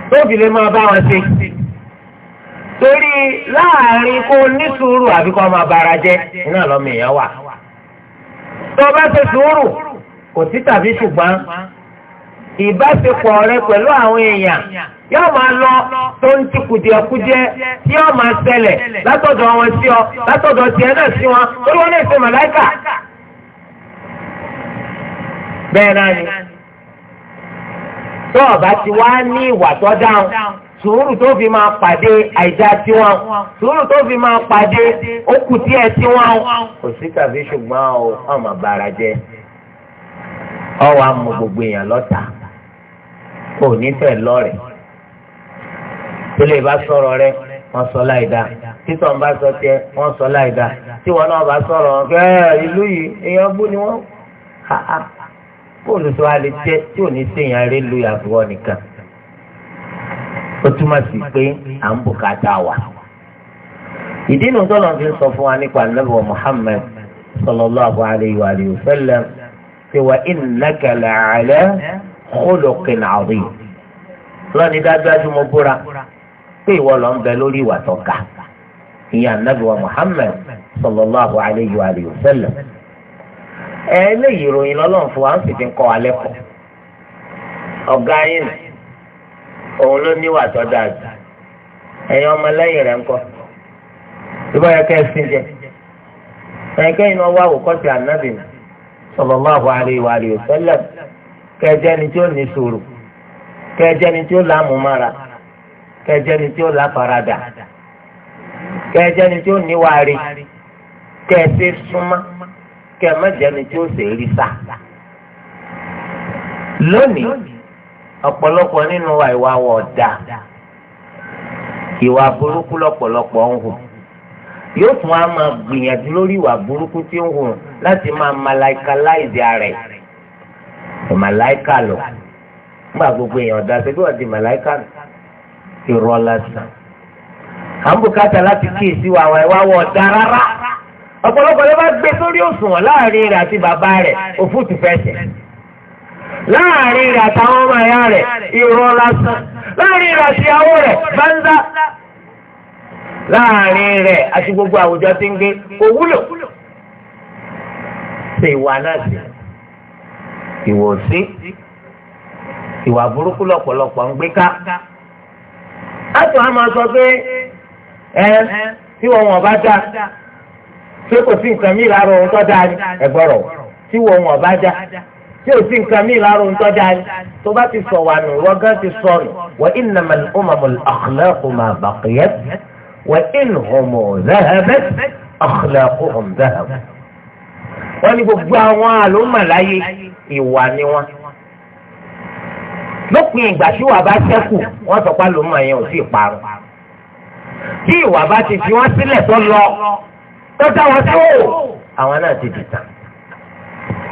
[SPEAKER 1] tóbi lè máa bá wọn ṣe torí láàrin ní sùúrù kọ́
[SPEAKER 3] yóò máa lọ
[SPEAKER 1] tó ń ti tí yóò máa látọ̀dọ̀ wọn sí ọ látọ̀dọ̀ tiẹ̀ náà sí wọn lórí wọn lè ṣe màláìkà. bẹ́ẹ̀ náà ni tó ọba ti wá ní ìwà tó dáhùn sùúrù tó fi máa pàdé àìjà tiwọn sùúrù tó fi máa pàdé okùn tiẹ̀ tiwọn kò sí tàbí ṣùgbọ́n ọ ọmọ bàrà jẹ ọwọ́ àmọ́ gbogbo èèyàn lọ́ta kò ní fẹ́ lọ́rẹ̀ẹ́. tẹ́lẹ̀ bá sọ̀rọ̀ rẹ wọ́n sọ láìda títọ̀ ń bá sọ tiẹ̀ wọ́n sọ láìda tí wọn náà bá sọ̀rọ̀ gẹ́ẹ́ ìlú yìí èèyàn bú ni wọ́n ha ha bóòlù sọ alẹ́ jẹ́ tí ò ní sèyàn rẹ lu àbúrò nìkan ó túmọ̀ sí pé à ń bùkátà wà. ìdí nu tó lọ́n fi sọ fún wa nípa ànábì Muhammad sallallahu alayhi wa sallam ṣe wà innaka la'ala khuluqin 'azim lọ́ni dájúdájú pé ìwọ lọ ń bẹ lórí ìwà tọ́ka ìyá anabi wa muhammed sallallahu alayhi wa sallam ẹ eléyìí ìròyìn lọ́lọ́run fún wa ń sì fi kọ́ alẹ́ kọ́ ọ̀gá yín òun ló jù ẹ̀yin ọmọ lẹ́yìn rẹ̀ ń kọ́ ìbá yẹ kẹ́ ẹ sí jẹ ẹ̀yin kẹ́yìn náà wá kẹjẹ ni tí ó láfaradà kẹjẹ ni tí ó níwárí kẹsẹ súnmọ́ kẹmẹjẹ ni tí ó sì rí sá. lónìí ọ̀pọ̀lọpọ̀ nínú wa ìwà wọ̀ ọ̀dà ìwà burúkú lọ́pọ̀lọpọ̀ ń hù yóò fún á máa gbìyànjú lórí ìwà burúkú tí ń hù láti máa malaikaláìsì ààrẹ màláìka lọ nígbà gbogbo èèyàn ọ̀dà ṣe bí wọ́n di màláìka irọ́ lásán. à ń bùkátà láti kíyèsí wa àwọn ẹ̀wá wọ̀ ọ̀dà rárá. ọ̀pọ̀lọpọ̀ ló bá gbé sórí òṣùwọ̀n láàrin rẹ̀ àti bàbá rẹ̀ òfútù fẹsẹ̀. láàrin rẹ̀ àtàwọn ọmọ ẹ̀yà rẹ̀ irọ́ lásán. láàrin rẹ̀ àti ìyàwó rẹ̀ bánzá. láàrin rẹ̀ àti gbogbo àwùjọ tí ń gbé kò ṣe ìwà náà sí ìwòsí ìwà burúkú lọ́pọ̀lọpọ̀ ń gbé ká
[SPEAKER 2] àti wọn máa sọ pé
[SPEAKER 1] ẹ tí wọn wọn bá dá ṣé kò sí nǹkan mí lára ohun tó dáa ni ẹgbọrọ tí wọn wọn bá dá tí o sì nǹkan mí lára ohun tó dáa ni tó bá ti sọ wà nù wọn gán ti sọ nù wa innama al-umamu al-akhlaqu ma baqiyat wa inhumu dhahabat akhlaquhum dhahab wọn ni gbogbo àwọn àlùmọ̀ ìwà ni wọn lópin ìgbà tí ìwà bá ṣẹ́kù wọ́n sọ pé àlùmọ̀ yẹn ò sí ìparun tí ìwà bá ti fi wọ́n sílẹ̀ tó lọ
[SPEAKER 3] tó dá wọn tó
[SPEAKER 1] àwọn náà ti dìtàn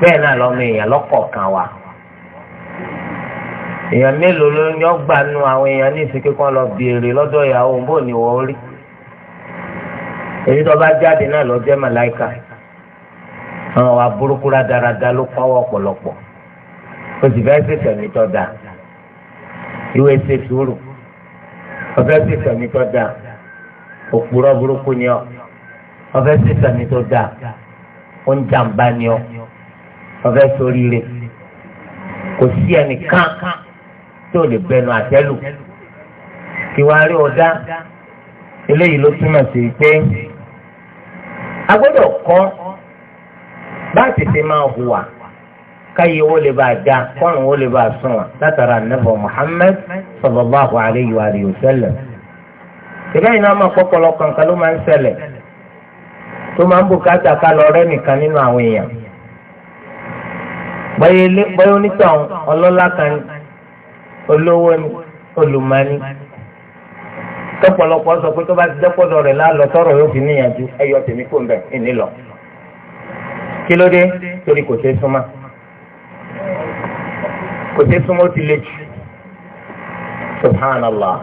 [SPEAKER 1] bẹ́ẹ̀ náà lọ́mọ èèyàn lọ́kọ̀ọ̀kan wa èèyàn mélòó ló ń yọ gbà nu àwọn èèyàn ní ìsìnkú kan lọ béèrè lọ́dọ̀ ìyàwó ń bò ní wọ́n rí èyí tó bá jáde náà lọ jẹ́ màláìka àwọn wa burúkú ló pọ́wọ́ ọ̀pọ̀lọpọ̀ ìwé ṣe sùúrù ọ̀fẹ́ ṣe sàmì tó dáa òpùrọ̀ burúkú ni ọ́ ọ̀fẹ́ ṣe sàmì tó dáa ó ń jàǹbá ni ọ́ ọ̀fẹ́ ṣoríire kò sí ẹnìkan tó lè bẹnu àtẹ́lù ìwárí ọ̀dá eléyìí ló túmọ̀ sí pé a gbọ́dọ̀ kọ́ bá tètè máa hùwà káyé wo lè bá da kọ́run wo lè bá sùn wa látara nebà Muhammad sallallahu alayhi wa sallam. ìbẹ́ iná máa kọ́kọ́lọ́ kankan ló máa ń ṣẹlẹ̀ tó máa ń bùkátà ká lọ rẹ́ nìkan nínú àwọn èèyàn. bọ́yá onítàn ọlọ́lá kan olówó ni olùmọ́ni tọ́pọ̀lọpọ̀ sọ pé tó ti dẹ́pọ̀dọ̀ rẹ̀ lálọ́ tọ́rọ̀ yóò fi níyànjú ẹ̀yọ́ tèmi kò ń bẹ̀ ẹ̀ nílọ. torí kò ṣeé súnmọ́. كتير في سبحان الله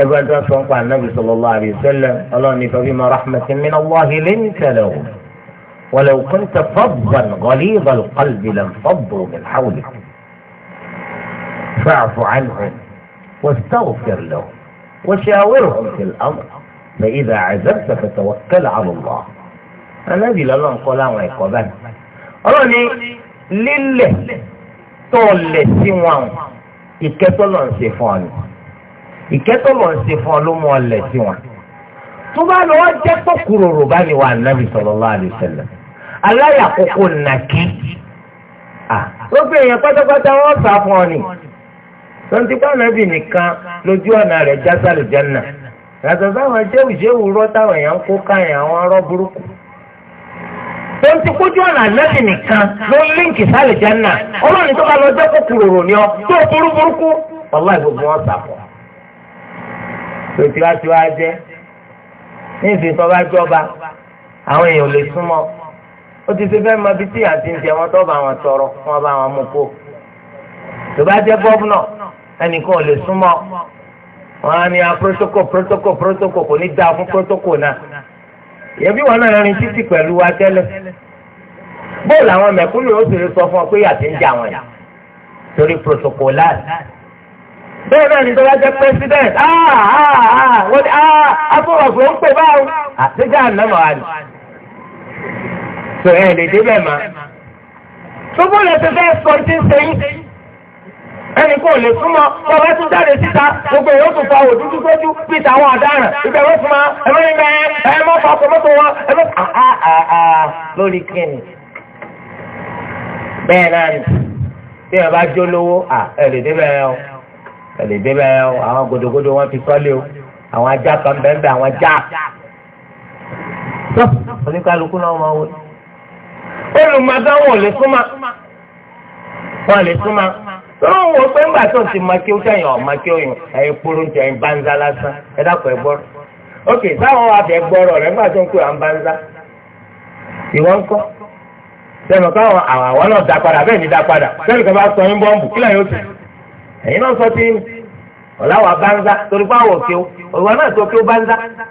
[SPEAKER 1] أبدا سنقع النبي صلى الله عليه وسلم الله أني فبما رحمة من الله لنت له ولو كنت فظا غليظ القلب لانفضوا من حولك فاعف عنهم واستغفر لهم وشاورهم في الامر فاذا عزمت فتوكل على الله النبي لله قلام ويقبل الله لله tọ̀ọ̀lẹ̀ sí wọn ìkẹ́tọ́lọ̀ ń ṣe fún ọ ni ìkẹ́tọ́lọ̀ ń ṣe fún ọ ló mú ọ lẹ̀ sí wọn. tó bá lọ wọ́n jẹ́ pọ̀kúròrò bá ní wa nàbì sallallahu alaihi wasallam aláyàkókò nàkí. gbogbo èèyàn pátápátá wọ́n sá fún ọ ni tontigbà nàbì nìkan lójú ọ̀nà rẹ̀ jásàlù jẹ́nà yàtọ̀ sáwọn jẹ́wùjẹ́wù rọ́ táwọn èèyàn kó káyàn àwọn ọ̀rọ̀ burúkú tó ń ti kójú ọ̀nà ànábì nìkan ló ń líǹkì sálẹ̀ jẹ́nà ọlọ́run tó bá lọ jẹ́ ọ tó burú burúkú wàlá ìgbòho wọn sàpọ̀. tòtí wá sí jẹ́ ní ìfìsọ́ bá jọba àwọn èèyàn lè súnmọ́ ó ti ṣe fẹ́ mọ bí ń jẹ wọn tó bá wọn tọrọ wọn bá wọn mú kó. tó bá jẹ́ gọ́vnà ẹnìkan ò lè súnmọ́ wọn á ní a protocol protocol protocol kò ní dáa protocol náà. yẹbi wọn náà rin títì pẹ̀lú wa tẹ́lẹ̀ bóòlù làwọn mẹ̀kúnnù ó sì lè sọ fún ọ pé yàtí ń jà wọn yà torí protocolat bẹ́ẹ̀ náà ní tọ́lá jẹ́ president wọ́n ní afọwọ́fọ́ ń pè báwo àtijọ́ ànámọ́ wa ni tó ẹ̀ lè débẹ̀ ma
[SPEAKER 2] tó bóòlù ẹ̀ ti fẹ́
[SPEAKER 1] sọ ti ń sẹ́yìn ẹnì kan ò lè súnmọ́ kọ́ bá tún jáde síta gbogbo èèyàn tún fa òwò dúdú sójú bí tàwọn ọ̀daràn ibẹ̀ wọ́n tún máa ẹ̀mọ́ nígbà ẹ̀ mọ́ fa ọkọ̀ mọ́tò wọn ẹ̀mọ́ ah, ah, ah, lórí kíni. bẹ́ẹ̀ náà ni bí ẹ bá jó lówó ẹ lè débẹ̀ ẹ o ẹ lè débẹ̀ ẹ o àwọn gòdògòdò wọn fi sọ́lé o àwọn ajá kan bẹ́ẹ̀ bẹ́ẹ̀ àwọn ajá. tó oníkálukú náà máa wọ
[SPEAKER 3] olùmọ̀dánwò
[SPEAKER 1] lè súnmọ́ wọn lè súnmọ́. lọ́wọ́ ụmụ pé ńgbà tó ti máa kí ó sẹ́yìn ọ̀ma kí ó yùn ẹ̀yin kúrú ń lásán ẹ dákọ̀ ẹ gbọ́rọ̀ ok sáwọn abẹ gbọ́rọ̀ rẹ̀ ńgbà tó ń pè à ń bánzá ìwọ ńkọ́ sẹ́nu káwọn àwọn náà dá padà bẹ́ẹ̀ ni dá padà sẹ́nu sọ yín bọ́ǹbù ẹ̀yin náà sọ ọ̀làwà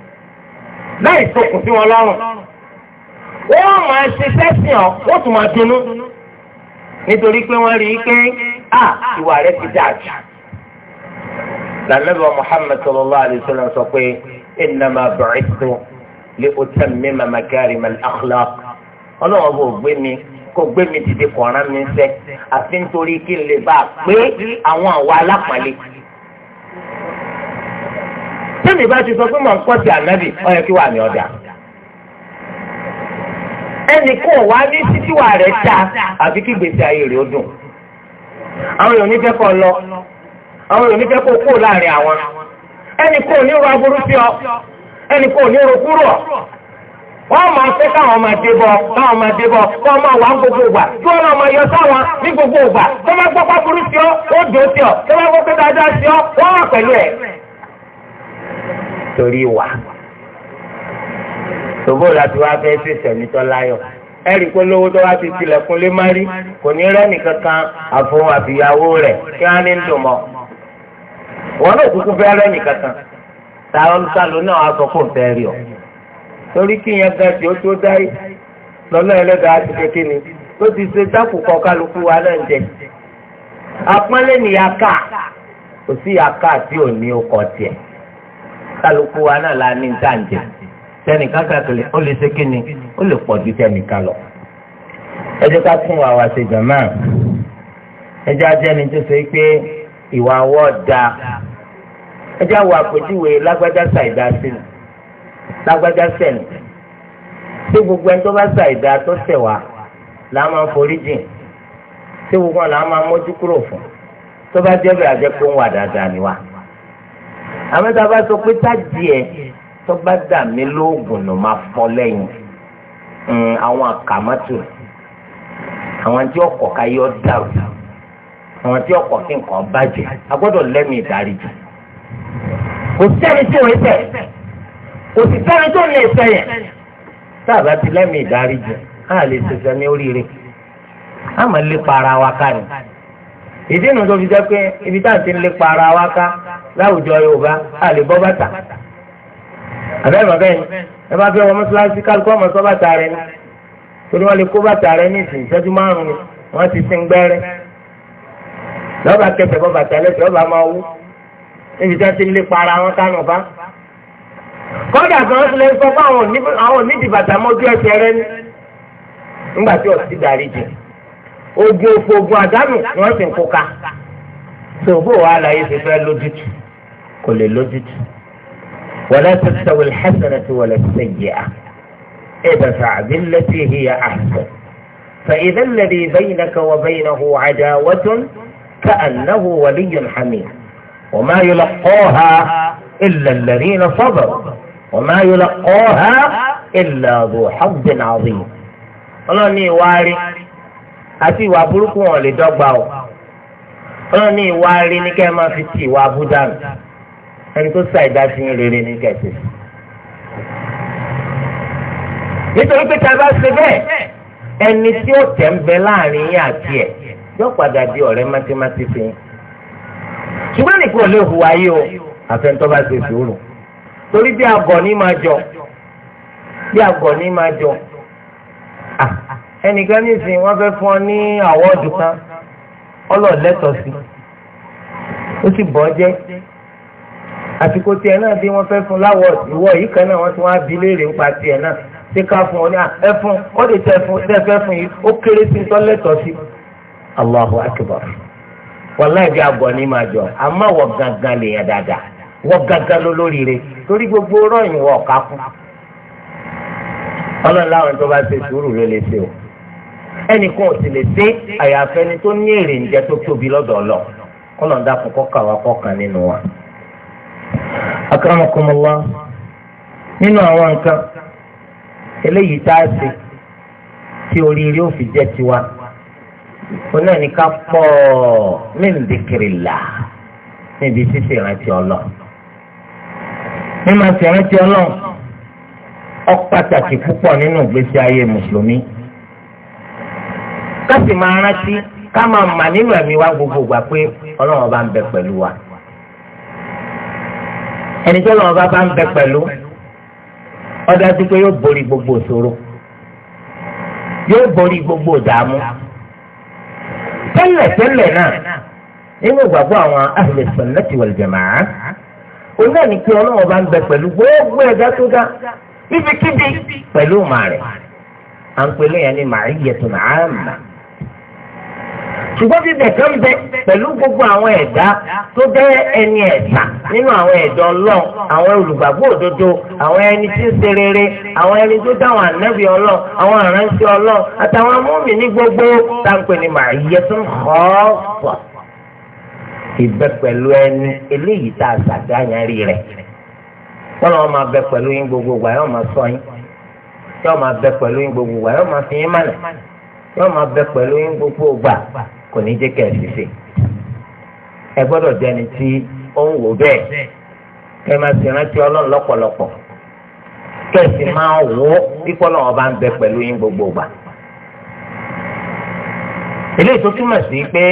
[SPEAKER 1] láì sokùn sí wọn lọ́rùn wọ́n máa ṣiṣẹ́ sìn ọ́ wọ́n tún máa dunnú nítorí pé wọ́n rí i pé à ìwà rẹ̀ ti dáa jù lànàbà Muhammad sallallahu alayhi wa sallam sọ pé innama bu'ithtu li utammima makarim al-akhlaq ọlọ́wọ́n bò gbé mi kò gbé mi dìde kọ̀ọ̀rán mi sẹ́ àfi nítorí kí n lè bá a pé
[SPEAKER 2] àwọn àwa alápàlẹ́.
[SPEAKER 1] tẹ́mi bá ti sọ pé mọ̀ nǹkan ti ànábì kí wà ní ọ̀dà. ẹnì kan wá ní títí rẹ̀ ta àfi kí gbèsè ayé rẹ̀ dùn. àwọn èèyàn onífẹ́ lọ àwọn èèyàn onífẹ́ kó láàrin àwọn. ẹnì ní ro aburú ọ ẹnì ní ro kúrò wọ́n máa fẹ́ káwọn máa káwọn máa kọ́ máa gbogbo ìgbà kí wọ́n máa yọ sáwọn ní gbogbo ìgbà
[SPEAKER 2] máa gbọ́ ọ ó dùn ọ
[SPEAKER 1] torí ìwà tòbó láti wá fẹ́ ṣe sẹ̀mítọ́ láyọ̀ ẹ̀rí pé lówó tó wá ti tilẹ̀kùn lé má rí kò ní rẹ́nì kankan àfọwọ́ àfìyàwó rẹ̀ kí wọ́n ní ń dùn mọ́ wọn náà kúkú fẹ́ rẹ́nì kankan táwọn sálọ náà wá sọ fún fẹ́ rí ọ torí kí yẹn gan tí ó tó dáyé lọ́nà ẹlẹ́dàá ti kékeré ni ló ti ṣe dákùkọ kálukú wa náà ń jẹ àpọ́nlé ni yàká kò sí yàká tí ò ní ọkọ̀ tiẹ̀ kálukú wa náà la ní ntàǹjẹ tẹnìkan kàkiri ó lè ṣe kíni ó lè pọ̀ ju tẹnìkan lọ. ẹ jẹ́ ká tún wàá wá ṣe jàmá ẹ jẹ́ ajẹ́ni tó ṣe pé ìwà wọ́ da ẹ jẹ́ àwọn àpèjúwe lágbájá ṣàìdá sí ni lágbájá sẹ́ni tí gbogbo ẹni tó bá ṣàìdá tó ṣẹ̀ wá là máa forí jìn tí gbogbo ẹ̀ là máa mójú kúrò fún tó bá jẹ́ bẹ̀rẹ̀ àjẹpọ̀ ń wà dáadáa ni wa àmọ́ tá a bá sọ pé tájì ẹ̀ tó bá dà mí lóògùn ló máa fọ́ lẹ́yìn hmm, àwọn àkàmọ́tò àwọn tí ọkọ̀ ká yọ dàrú àwọn tí ọkọ̀ kí nǹkan bàjẹ́ a gbọ́dọ̀ lẹ́mìí ìdáríjì kò sẹ́ni tí ò ń tẹ̀ kò sì sẹ́ni tó lè sẹ́yẹ̀ tá a bá ti lẹ́mìí á lè ṣẹṣẹ ní oríire á lépa ara wa ká ni ìdí ìnù tó fi jẹ́ pé ibi tá à ń lépa ara wa ká. láwùjọ yorùbá a lè bọ́ bàtà àbẹ́rẹ́ bẹ́ẹ̀ ni ẹ bá fẹ́ bàtà rẹ ni torí lè kó bàtà rẹ ní ìsìn ìṣẹ́jú márùn wọ́n ti sin gbẹ́rẹ́ lọ́ba kẹsẹ̀ bọ́ bàtà lẹ́sẹ̀ ọba máa wú níbi tí wọ́n ti lé para wọn kánú bá kọ́dà wọ́n ti lè bàtà mọ́jú ẹsẹ̀ rẹ ni nígbà tí dàrí jẹ ogun kò lè lójútì wala tastawi al-hasanatu wala as-sayyi'ah idfa' billati hiya ahsan فإذا الذي بينك وبينه عداوة كأنه ولي حميم وما يلقاها إلا الذين صبروا وما يلقاها إلا ذو حظ عظيم Ọlọ́run ní ìwà rí àti ìwà burúkú wọn lè dọ́gba o Ọlọ́run ní ìwà ní kẹ́ ẹ máa fi ti ìwà abúdá nù ẹni tó ṣàìdá sí rere ní kẹsì. nítorí pé tá a bá ṣe bẹ́ẹ̀ ẹni tí ó tẹ̀ ń bẹ láàrin yín àti ẹ̀ yóò padà di ọ̀rẹ́ mátímátí fi yín. ṣùgbọ́n nìkan ò lè hùwà yìí o àfẹ́ntọ́ bá ṣe sùúrù torí bí agọ̀ ní máa jọ bí agọ̀ ní máa jọ ẹnìkan nísìnyí wọ́n fẹ́ fún ọ ní àwọ́dù kan ọlọ́ọ̀lẹ́tọ̀ sí ó sì bọ́ jẹ́ àsìkò tiẹ̀ náà bí wọ́n fẹ́ fún láwọ̀ ìwọ yìí kan náà wọ́n ti wá bi léèrè ń pa tiẹ̀ náà ṣé ká fún ọ ní ẹfun ó lè tẹ fún tẹ fẹ́ fún yìí ó kéré sí tọ́lẹ̀tọ̀ sí. Allahu akbar ní wọ gangan lè yàn dáadáa torí gbogbo rọyìn wọ ọ̀ka fún. ọlọ́run láwọn tó bá sùúrù ló o ò sì lè ṣe àyàfẹ́ni tó ní èrè tó tóbi lọ́dọ̀ ọlọ́ akramakumullah nínú àwọn nǹkan eléyìí tá a ṣe tí oríire ó fi jẹ́ tiwa òun náà ní ká pọ̀ min dhikrillah níbi ṣíṣe ìrántí ọlọ́run mímọ ṣe ìrántí ọlọ́run ó pàtàkì púpọ̀ nínú ìgbésí ayé mùsùlùmí ká sì máa rántí ká máa mà nínú wa gbogbo gba pé ọlọ́run ọba ń bẹ pẹ̀lú wa. ẹni tó lọ́wọ́ bá bá ń bẹ pẹ̀lú ọdọ yóò borí gbogbo ìṣòro yóò borí gbogbo ìdààmú tẹ́lẹ̀ tẹ́lẹ̀ náà nínú ìgbàgbọ́ àwọn ahlu sunnati wal jamaa òun náà ní pé ọlọ́wọ́ bá ń bẹ pẹ̀lú gbogbo ẹ̀dá tó dá
[SPEAKER 3] níbikíbi pẹ̀lú màrẹ̀
[SPEAKER 1] à ń ṣùgbọ́n bí bẹ̀tẹ̀ ń bẹ pẹ̀lú gbogbo àwọn ẹ̀dá tó jẹ́ ẹni ẹ̀sà nínú àwọn ẹ̀dọ́ ọlọ́run àwọn olùgbàgbọ́ òdodo àwọn ẹni tí ń ṣe rere àwọn ẹni tó dáwọn ànábì ọlọ́run àwọn aránṣẹ́ ọlọ́run àtàwọn amúmi ní gbogbo táǹpẹ̀ ni màá yẹ tó ń kọ́ ọ̀pọ̀ ìbẹ pẹ̀lú ẹni eléyìí tá a ṣàdáyàn rí rẹ̀ wọ́n lọ́wọ́ máa bẹ pẹ̀lú yín gbogbo wà yóò máa sọ yín yóò máa bẹ pẹ̀lú yín gbogbo wà yóò máa fi yín mánà yóò máa bẹ pẹ̀lú yín gbogbo ògbà kò ní jẹ́ kẹ́ ẹ̀ ṣiṣẹ́ ẹ gbọ́dọ̀ jẹ́ ẹni tí ó ń wò bẹ́ẹ̀ kẹ́ ẹ máa sì rántí ọlọ́run lọ́pọ̀lọpọ̀ kẹ́ ẹ sì máa wò ó pípọ́ náà ọba ń bẹ pẹ̀lú yín gbogbo ògbà. eléyìí tó túmọ̀ sí pé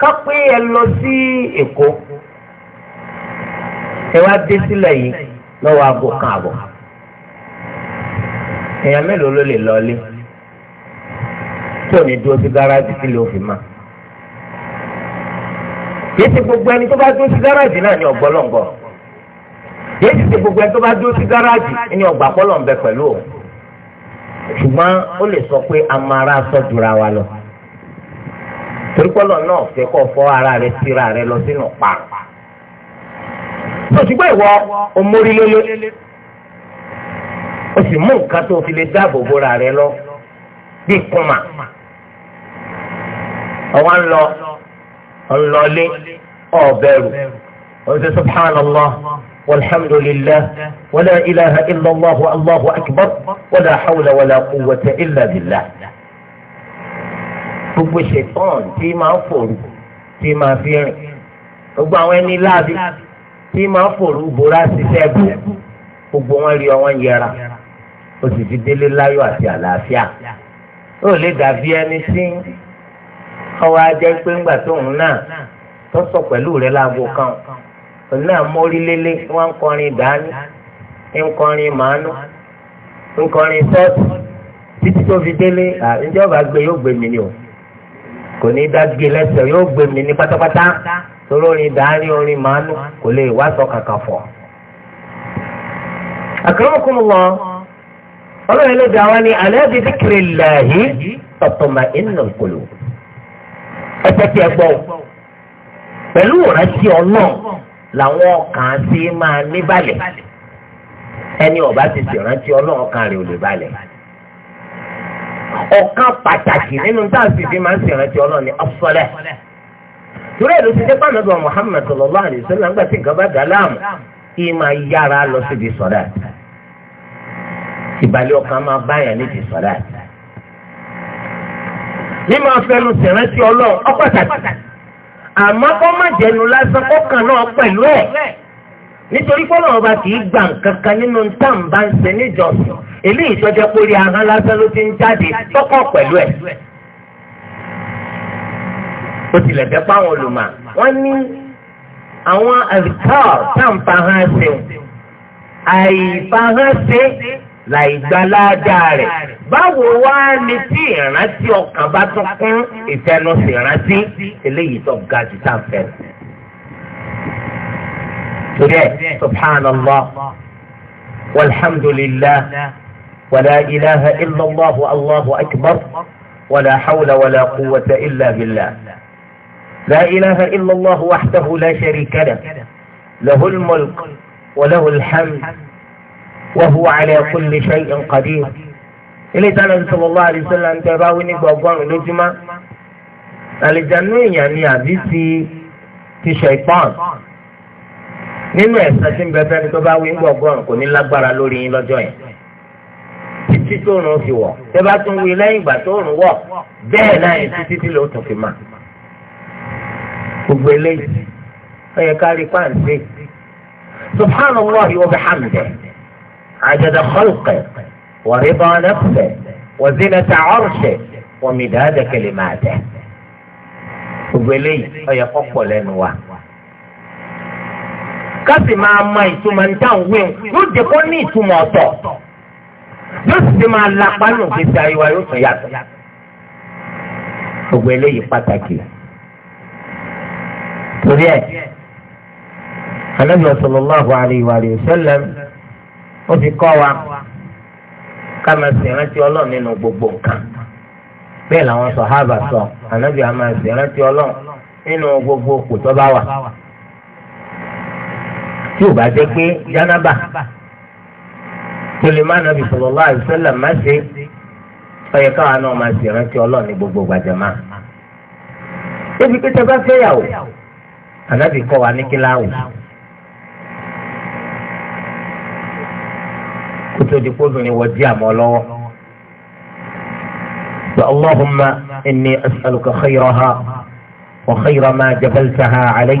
[SPEAKER 1] ká pé ẹ lọ sí Èkó ẹ wá dé sílẹ̀ yìí lọ́wọ́ aago kan àbọ̀ èèyàn mélòó ló lè lọ ilé tí ò ní dúró sí gáràjì tí lè fi má. yìí ti gbogbo ẹni tó bá dúró sí gáràjì náà ní ọ̀gbọ́lọ́ngbọ̀ yìí ti ti gbogbo ẹni tó bá dúró sí gáràjì ní ọgbà pọ́lọ̀ ń bẹ pẹ̀lú òun ṣùgbọ́n ó lè sọ pé amara sọ́jura wa lọ torípọ́lọ̀ náà fẹ́ kọ́ fọ́ ara rẹ síra rẹ lọ sínú pa ṣùgbọ́n ìwọ omórílélé o sì mú nǹkan tó fi lè dáàbò bóra rẹ lọ bí kùmà ọwọ́ ń lọ ọ̀nlọ́lé ọ̀bẹ̀rù ọ̀sẹ̀ subhanallah walhamdulillah wala ilaha illallah allahu akbar wala hawla wala quwwata illa billah. gbogbo ṣetán tí máa ń fòrò tí máa fi rìn gbogbo àwọn ẹni láàbí tí máa ń fòrò bora ṣiṣẹ́ bù gbogbo wọn rí ọwọ́n yẹra o sì fi délé láyọ̀ àti àlàáfíà ó lè dàbí ẹni tí ọwọ́ ajẹ́ pé ńgbà tóun náà tó sọ pẹ̀lú rẹ̀ láago kan òun náà mórí lélẹ̀ wọ́n ń kọrin dání ń kọrin màánú ń kọrin sọ́ọ̀tù títí tó fi délé ìjọba gbé yóò gbé mi ni o kò ní dágbé lẹ́sẹ̀ yóò gbé mi ní pátápátá torí orin dání orin màánú kò lè wá sọ kàkà fọ̀. akramakumullah ọlọ́run ló dá wa ní ala bi dhikrillahi tatma'innul qulub ẹsẹ̀ tí ẹ gbọ́ pẹ̀lú ìrántí ọlọ́ọ̀ làwọn ọkàn ti máa ní balẹ̀ ẹni ọba ti sì rántí ọlọ́ọ̀ ọkàn rẹ̀ ò lè balẹ̀ ọ̀kan pàtàkì nínú táàsì fi máa ń sì rántí ọlọ́ọ̀ ní ọ̀fọ́lẹ̀ torí ẹ̀ ló ti dé pàmẹ́bí wa Muhammad sallallahu alaihi wasallam nígbà tí nǹkan bá dà láàmú kí máa yára lọ síbi sọ̀dá ìbàlẹ̀ ọkàn máa báyà níbi sọ̀dá àti mímọ afẹnu sẹrántí Ọlọ́run ọpàtàkì àmọ́ kọ má jẹnu lásán kọkàn náà pẹ̀lú ẹ nítorí fọlọ ọba kì í gbà kankan nínú ntàǹbà ń ṣe níjọsìn eléyìí tọjá pórí ahọ́n lásán ló ti ń jáde tọkọ pẹ̀lú ẹ ó tilẹ̀ fẹ́ páwọn olùmọ̀ wọ́n ní àwọn àzùkọ́ tàǹfà hàn ṣe àìfà hàn láìgbàládà rẹ̀ báwo wá ni tí ìrántí ọkàn bá tún kún ìfẹnusí ìrántí eléyìí tó ga jù tá a fẹ́. torí ẹ subhanallah walhamdulillah wàlá ilaha illallah allahu akbar wàlá hawla wàlá quwwata illa billah. la ilaha إلا الله la لا شريك له له الملك وله الحمد وهو على كل شيء قدير ilé ìtàn صلى الله عليه وسلم ń tẹ bá wí nígbà ọgọ́rùn lójúmọ́ àlìjánu èèyàn ni àbí ti ti ṣẹ̀pọ̀n nínú ẹ̀sán tí ń bẹ fẹ́ni tó bá wí nígbà ọgọ́rùn kò ní lágbára lórí yín lọ́jọ́ yẹn títí tó rùn fi wọ̀ tẹ bá tún wí lẹ́yìn ìgbà tó rùn wọ̀ bẹ́ẹ̀ náà yẹn títí tí lóòótọ́ fi mà gbogbo eléyìí ó yẹ ká rí pàǹtí subhanallahi wa bihamdihi. عدد خلقه ورضا نفسه وزنة عرشه ومداد كلماته gbogbo eléyìí ọyọ kọpọ lẹ́nu wa kásì máa ma ìtumọ̀ nǹkan wíwọ̀n yóò jẹ́ kó ní ìtumọ̀ ọ̀tọ̀ yóò sì ti máa lapa nù gbèsè àyíwá yóò tún yàtọ̀ gbogbo eléyìí pàtàkì torí ẹ alẹ́ bí ọ̀sán lọ́wọ́ àwọn àríwá rẹ̀ sẹ́lẹ̀mù ó fi kọ́ wa ká máa sì rántí ọlọ́run nínú gbogbo nǹkan bẹ́ẹ̀ làwọn sọ̀hábà sọ ànábì á máa sì rántí ọlọ́run nínú gbogbo òkú tó bá wà tí ò bá jẹ́ pé jánábà tó lè má nàbì sallallahu alaihi wasallam má ṣe ọyẹ káwọn náà máa sì rántí ọlọ́run ní gbogbo gbàjẹ́má. débi pé tẹ bá fẹ́yàwó ànábì kọ́ wa ní kíláàwó. tó di kóbìnrin wọ díà mọ́ lọ́wọ́. اللهم إني أسألك خيرها وخير ما جبلتها علي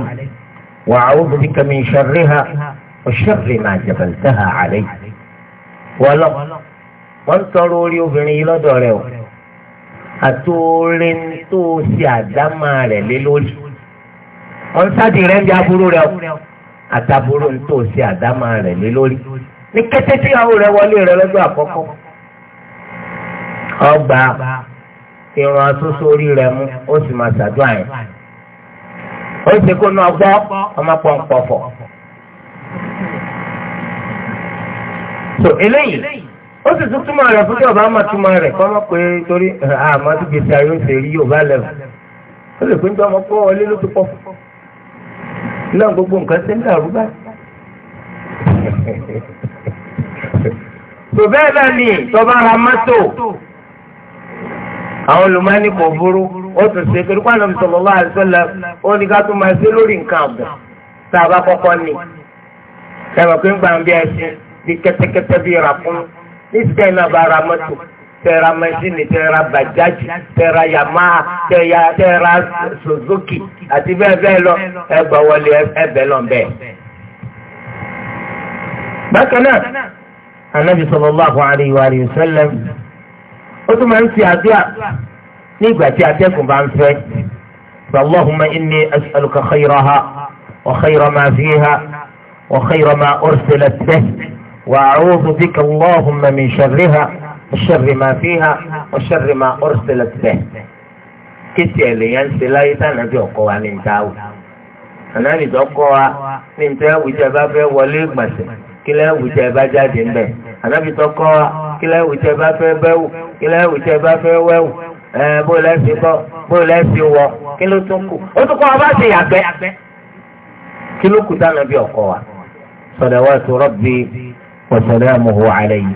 [SPEAKER 1] وأعوذ بك من شرها وشر ما جبلتها علي ولو wọ́n tọrọ orí obìnrin lọ́dọ̀ rẹ̀ o àtòrin tó ṣe àdámà rẹ̀ lé lórí wọ́n sáàdì rẹ̀ ń bí aburú rẹ̀ o àtàbúrò tó ṣe àdámà rẹ̀ lé lórí ní kété tí ìyàwó rẹ̀ wọlé rẹ̀ lọ́jọ́ àkọ́kọ́ ọgbà ìrùn àtúnṣe orí rẹ̀ mú ó sì máa ṣàdúrà yẹn ó sì kó náà gbọ́ ọmọ pọ̀npọ̀fọ̀. so eléyìí ó sì tún túmọ̀ rẹ̀ fún tí ọba máa túmọ̀ rẹ̀ kọ́ mọ̀ pé torí àmọ́ tó gbèsè ayé ó ṣe rí yorùbá lẹ́wọ̀ ó lè pé ń tọ́ ọmọ pọ́ wọlé ló ti pọ̀ fún náà gbogbo nǹkan ṣe ń dàrú báyìí. <laughs> tó bẹ́ẹ̀ bẹ́ẹ̀ ni tọ́ba ra mọ́tò àwọn olùmọ́ni kò burú ó tún ṣe torí pàánù sallallahu alaihi wasallam ó ní ká tún máa ṣe lórí nǹkan àgbọ̀n tá a bá kọ́kọ́ ni ẹ̀rọ pé ń gbà ń bí ẹṣin bí kẹ́tẹ́kẹ́tẹ́ bí ra fún ní ìsìkẹ́ iná bá ra mọ́tò tẹ́ra mẹ́ṣíìnì tẹ́ra bàjáàjì tẹ́ra yamaha tẹ́ya tẹ́ra suzuki àti bẹ́ẹ̀ bẹ́ẹ̀ lọ ẹgbà wọlé ẹbẹ̀ lọ bẹ́ẹ̀. bákan náà anabi sallallahu alayhi wa sallam ó tún máa ń ṣe àdúrà ní ìgbà tí atẹ́kùn bá ń fẹ́ allahumma inni as'aluka khayraha wa khayra ma fiha wa khayra ma ursilat bihi wa a'udhu bika allahumma min sharriha wa sharri ma fiha wa sharri ma ursilat bihi kéèsì ẹ̀ lè yẹn ń ṣe láyé tá ànábì ọkọ wa ní ntáwù ànábì tó kọ́ wa ní ntáwù kílẹ̀ wùjẹ́ bá jáde ń bẹ̀ ànábì tó kọ́ wa kílẹ̀ wùjẹ́ bá fẹ́ bẹ́wù kílẹ̀ wùjẹ́ bá fẹ́ wẹ́wù ẹ̀ bó lẹ́sìn bọ́ bó lẹ́sìn wọ kí ló tún kù ó tún kọ́ wa bá ṣe yàgbẹ́ kí ló kù dáná bí ọkọ wa salawatu rabbi wa salamuhu alayhi.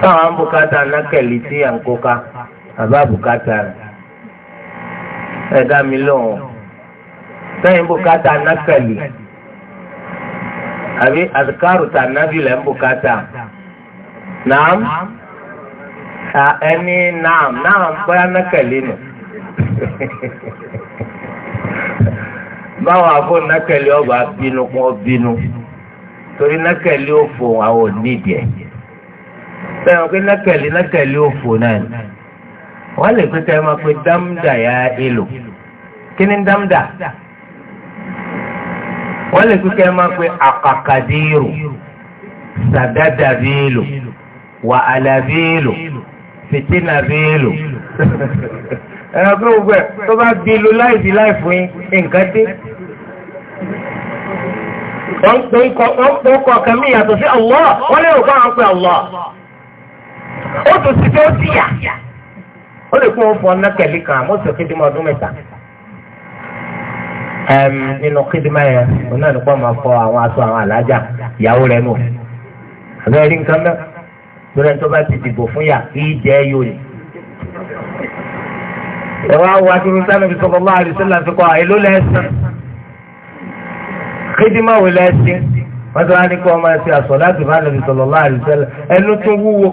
[SPEAKER 1] táwọn àbùkátà nákẹ́lì tí à ń kóka àbá àbùkátà ẹ̀dá mi lóhùn sẹ́yìn bùkátà nákẹ́lì àbí àtikárù tà nábì lẹ́ ń bùkátà naam ẹni naam naam bóyá nákàlí nù <laughs> báwọn àbò nákàlí ọba bínú kún ọ bínú torí nákàlí òfò àwọn ò nídìí ẹ bẹ́ẹ̀ wọ́n pé nákàlí nákàlí òfò náà ni wọ́n lè pété ẹ máa pe dámdà yá èlò kí ni dámdà wọ́n lè kíkẹ́ máa pe àkàkàdírù sàdádàbílù wà àlàbílù fìtínàbílù <laughs> ẹ̀rọ pé gbogbo ẹ̀ tó bá bílù láìsí láìfún yín nǹkan dé
[SPEAKER 2] wọ́n pè ń kọ kẹ́mí yàtọ̀ sí Allah wọ́n lè rò pé àwọn
[SPEAKER 1] pé Allah
[SPEAKER 3] ó tún ti fẹ́ ó ti yà
[SPEAKER 1] ó lè kó wọn fọ ọ náà kẹ̀lé kan àmọ́ sọ kéde ọdún mẹ́ta nínú kídìmá yẹn òun náà nípa máa fọ àwọn aṣọ àwọn alájà ìyàwó rẹ nù àbẹ́ rí nǹkan mẹ́ lórí ẹni tó bá ti dìbò fún yà kí í jẹ́ yóò ní. ẹ wá wo akíní sanu bí sọ̀rọ̀ lọ́wọ́ àdìsílà ti kọ́ èló lẹ́sìn kídìmá wò lẹ́sìn wọ́n ti wá ní kí wọ́n máa ṣe àṣọ láti bá nàbì sọ̀rọ̀ lọ́wọ́ àdìsílà ẹnu tún wúwo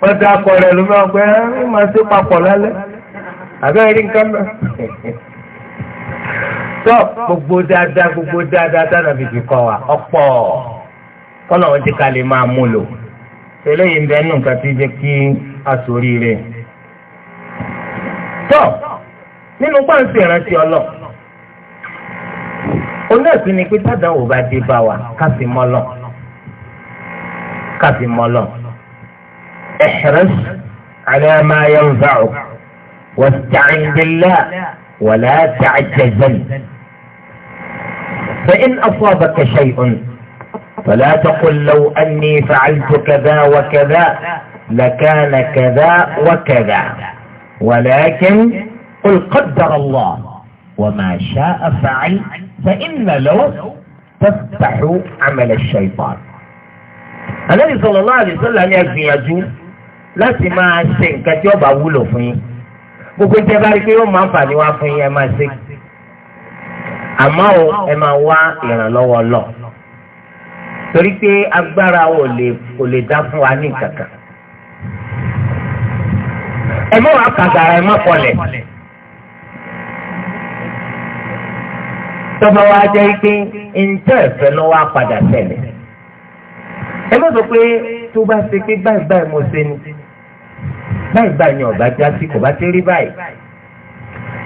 [SPEAKER 1] wọ́n ti akọ rẹ̀ lómi ọgbẹ́ máa ṣe papọ̀ lálẹ́ <laughs> tó gbogbo dáadáa gbogbo dáadáa dáadáa fi fi kọ́ wa ọ̀pọ̀ kọ́nà wọn ti ka lè máa mú lò eléyìí ń bẹ nù nǹkan tí jẹ́ kí a sórí rẹ̀. tó nínú pàǹsì ìrántí ọlọ́ onídàásí ni pé tádàá ò bá dé bá wa ká fi mọ́ lọ ká fi mọ́ lọ ihris ala ma yanfa'uk wasta'in billah wala ta'jazan. فإن أصابك شيء فلا تقل لو أني فعلت كذا وكذا لكان كذا وكذا ولكن قل قدر الله وما شاء فعل فإن لو تفتح عمل الشيطان النبي صلى الله عليه وسلم يجب láti máa لا nǹkan tí ó bá wúlò fún yín ما ìjẹba rí pé ما máa àmọ́ o ẹ máa wá ìrànlọ́wọ́ lọ torí pé agbára o lè kò lè dá fún wa ní kankan
[SPEAKER 3] ẹ mọ wàá kàgàrà ẹ mọ kọlẹ̀
[SPEAKER 1] tọ́ba wa jẹ́ pé ǹjẹ́ ẹ̀fẹ́ ló wá padà tẹ̀lé ẹ mọ̀ sọ pé tó bá ṣe pé báyìí báyìí mo ṣe ni báyìí báyìí ni ọ̀bá já sí kò bá ti rí báyìí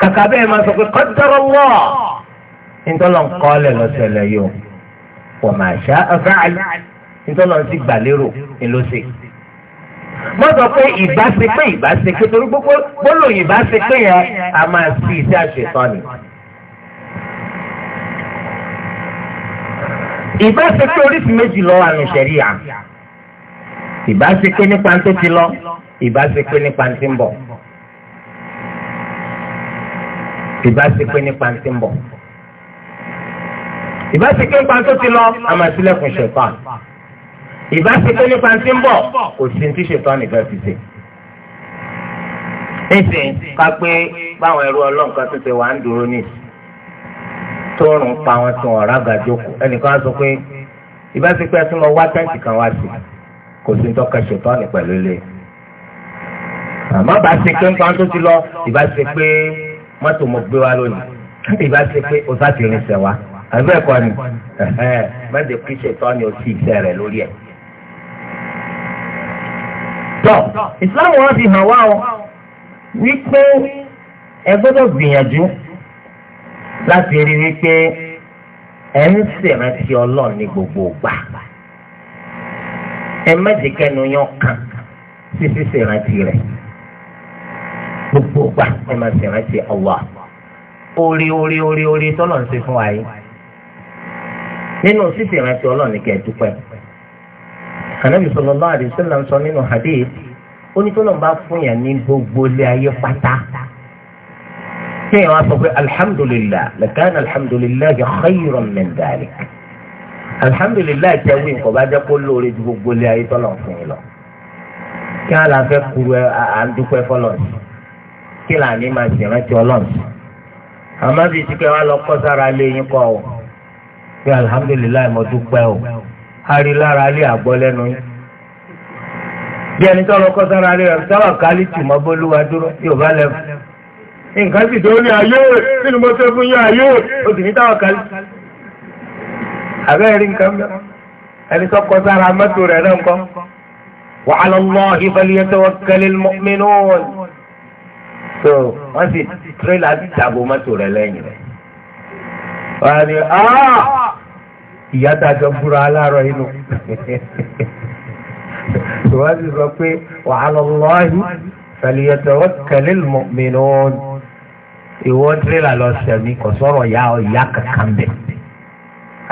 [SPEAKER 1] kàkà bẹ́ẹ̀ máa sọ pé qadarallah ntọ́lọ̀ ń kọ́ lẹ̀ lọ́sẹ̀lẹ̀ yìí o wọ́n máa ṣá fa'al ntọ́lọ̀ ń sì gbà lérò ńlọ sí.
[SPEAKER 3] wọ́n sọ pé ìbá ṣe pé ìbá ṣe pé torí gbogbo gbólóyìn ìbá ṣe pé yẹn a máa sí iṣẹ́ àṣetán ni.
[SPEAKER 1] ìbá ṣe pé oríṣi méjì lọ wà ní ṣẹ̀ríà ìbá ṣe pé nípa tó ti lọ ìbá ṣe pé nípa tí ń bọ̀ ìbá ṣe pé nípa tí ń bọ̀ ìbáṣepé nípa tó ti lọ àmà sílẹ̀kùn ṣẹ̀fàn ìbáṣepé nípa tí ń bọ̀ kò sí ti ṣẹ̀fàn nìkan ti ṣe. nísìnyí ká pé báwọn ẹrú ọlọ́nkan tó ti wà ń dúró ní tóorùn pa wọn tún ọ̀rá gàjókòó ẹnìkan á sọ pé ìbáṣepé tí lọ wá tẹ́ǹtì kan wá sí kò sí tọ́ka ṣẹ̀fàn pẹ̀lú ilé. àmọ́ bá ṣe pé nípa tó ti lọ ìbáṣepé mọ́tò mo gbé wá lónìí ìbáṣepé o sá àbẹ́ ẹ̀kọ́ ni mẹ́jọ kí ṣètọ́ ni o sì iṣẹ́ rẹ̀ lórí ẹ̀. tọ́ Islam wọn fi hàn wá o wípé ẹ gbọ́dọ̀ gbìyànjú láti rí wípé ẹ ń ṣèrántí Ọlọ́run ní gbogbo ìgbà ẹ mẹ́jọ kẹ́nu yàn kan sí ṣíṣèrántí rẹ̀ gbogbo ìgbà ẹ máa ṣèrántí Allah orí orí orí orí tọ́lọ̀ ń ṣe fún wa yìí nínú sísè ìrántí ọlọ́run ní kẹ́ẹ̀ dúpẹ́ ànábì sallallahu alaihi wasallam sọ nínú hadith onítọ́lọ́n bá fún yàn ní gbogbo ilé ayé pátá kí yàn wá sọ pé alhamdulilah lakana alhamdulilah yà khayran min dhalik alhamdulilah tẹ wí nǹkan bá jẹ́ kó lóore ju gbogbo ilé ayé tọ́lọ̀ fún yín lọ kí á la fẹ́ kuru ẹ à ń dúpẹ́ fọlọ́ọ̀sì kí là ní máa sì rántí ọlọ́ọ̀sì àmọ́ bíi ti kẹ́ lọ kọ́ sára lé yín kọ́ ọ̀ pé alihamudulilayi mo dúpẹ́ o ari lára alẹ́ àgbọ́ lẹ́nu yín. bí ẹni tó lọ kọ́ sára alẹ́ rẹ̀ sábà kálí tì mọ́ bólúwa dúró yóò bá lẹ́nu. nǹkan sì tó ní ayé nínú mo ṣe fún yín ayé o sì ní táwọn kálí. àbẹ́rẹ́ rí nǹkan mẹ́ta ẹni tó kọ́ sára rẹ̀ náà kọ́. wàhálà Allahi falyatawakkalil mu'minun. so wọ́n sì tírélà ti dàbò mọ́tò rẹ̀ lẹ́yìn rẹ̀. wọ́n á ní ah! ìyá dájọ́ búra aláàrọ̀ inú ìwádìí <laughs> sọ pé wa ala Allahi falyatawakkalil mu'minun ìwọ tírélà lọ sẹ̀mí kò sọ̀rọ̀ ya ìyá kankan bẹ̀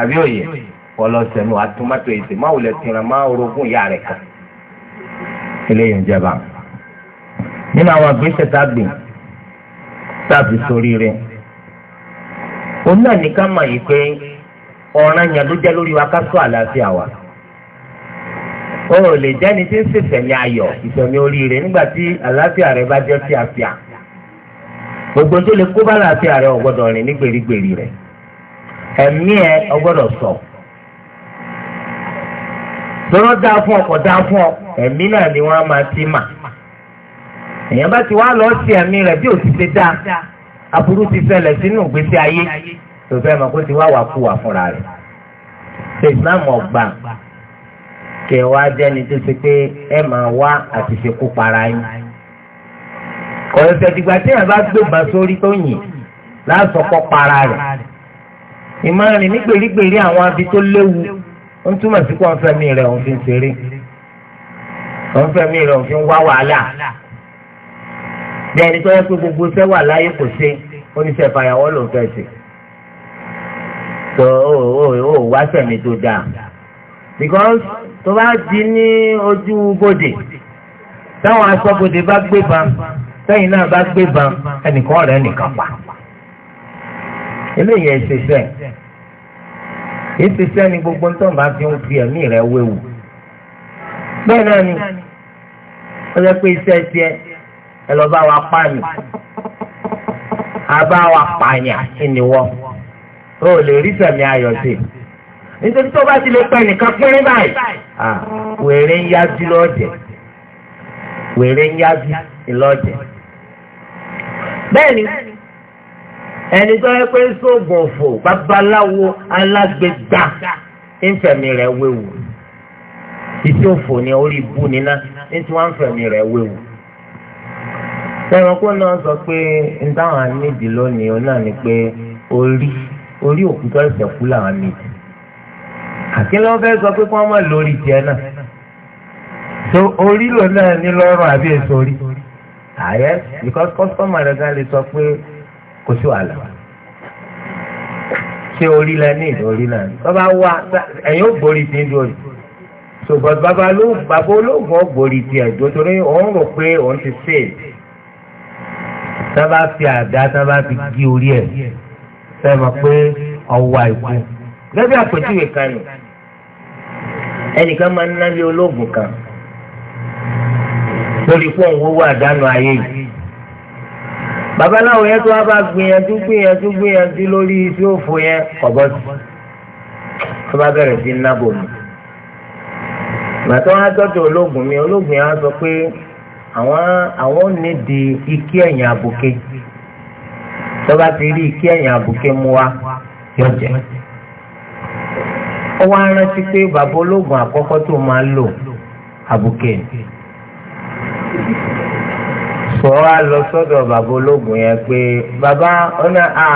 [SPEAKER 1] àbí òye wọ́n lọ sẹ̀mí wàá tún mọ́tò èsì máa wulẹ̀ tìǹrà máa orogún ìyá rẹ̀ kan eléyìí ń jẹba nínú àwọn àgbéṣe tá a gbìn tá a fi sórí rẹ̀ òun náà ní ká mọ̀ yìí pé. ọ̀ràn yẹn ló jẹ́ lórí wa ká àlàáfíà wa o ò lè jẹ́ni tí ń ṣèṣẹ̀mí ayọ̀ ìfẹ̀mí oríire nígbà tí àlàáfíà rẹ bá jẹ́ fíàfíà gbogbo tó lè kó bá àlàáfíà rẹ ọ̀gbọ́dọ̀ rìn ní gbèrígbèrí sọ dá fún ọkọ̀ dá fún ọ ẹ̀mí náà ni wọ́n á máa ti mà èèyàn bá ti wá lọ sí ẹ̀mí rẹ̀ bí ò tó fẹ́ mọ̀ kó ti wá wà kú wà fúnra rẹ̀ ṣe islam ọgbà kẹ wá jẹ́ni tó ṣe pé ẹ máa wá àti ṣe kú para yín kọ̀ọ̀sẹ̀ dìgbà tí yàrá bá gbébà sórí tó yìn lásọpọ̀ para rẹ̀ ìmọ̀rin ní gbèrígbèrí àwọn abi tó léwu ń túmọ̀ sí kó ń fẹ́mi rẹ̀ òun fi ń ṣeré òun fẹ́mi rẹ̀ òun fi ń wá wàhálà bẹ́ẹ̀ ni tó yẹ pé gbogbo sẹ́wà láyé kò ṣe oníṣẹ́ fàyàwọ́ lòún fẹ́ ṣe so o o o wá sẹ̀mí tó dáa because tó bá di ní ojú bodè táwọn aṣọ́bodè bá gbé ba sẹ́yìn náà bá gbé ba ẹnìkan rẹ̀ nìkan pa eléyìí ẹ̀ ṣe fẹ́ ẹ̀ ṣe fẹ́ ni gbogbo ń tàn bá fi ń fi ẹ̀mí rẹ̀ wéwu bẹ́ẹ̀ náà ni ó yẹ pé iṣẹ́ tiẹ̀ ẹ lọ bá wa pààyàn àbá wa pààyàn kí ni wọ́n o lè rí sàmì ayọ̀ sí i nítorí tó bá ti lè pẹ́ nìkan pínrín báyìí wèrè ń yájú lọ́jẹ̀ wèrè ń yájú lọ́jẹ̀ bẹ́ẹ̀ ni ẹni tó yẹ pé sóògùn òfò babaláwo alágbègbà ńfẹ̀mí rẹ̀ wéwu iṣẹ́ òfò ni orí ibú níná ní tí wọ́n ń fẹ̀mí rẹ̀ wéwu ẹranko náà sọ pé ní táwọn àníjì lónìí ó náà ni pé orí orí òkúta ẹsẹ̀ kú làwọn méjì àti lọ́wọ́ fẹ́ sọ pé kí wọ́n má lórí tiẹ̀ náà so orí lò náà ní lọ́rùn àbí èso orí àyẹ because customer rẹ̀ gan lè sọ pé kò sí wàhálà ṣé orí la ní ìdórí náà ni bàbá wa ẹ̀yin ò borí ti ń dórí so but bàbá ló bàbá olóògùn ò borí ti ẹ̀ dó torí òun rò pé òun ti save tá bá fi àdá tá bá fi gé orí ẹ̀ sẹ́mọ̀ pé ọwọ́ àìkú. gẹ́gẹ́ àpèjúwe kan nù ẹnìkan máa ń nálé olóògùn kan lórí fún òun owó àdánù ayé yìí. babaláwo yẹn tó wá bá gbìyànjú gbìyànjú gbìyànjú lórí iṣẹ́ òfò yẹn kọ̀bọ́ sí tó bá bẹ̀rẹ̀ sí nábò mi. ìgbà tó wá tọ́jú olóògùn mi olóògùn yẹn wá sọ pé àwọn àwọn ò ní di ikí ẹ̀yìn àbòké. lọ́ba ti rí kí ẹ̀yìn àbùké mu wa yọ ó wá rántí pé bàbá ológun àkọ́kọ́ tó máa lò àbùké ni. sọ wá lọ sọ́dọ̀ bàbá ológun yẹn pé bàbá ọ̀nà à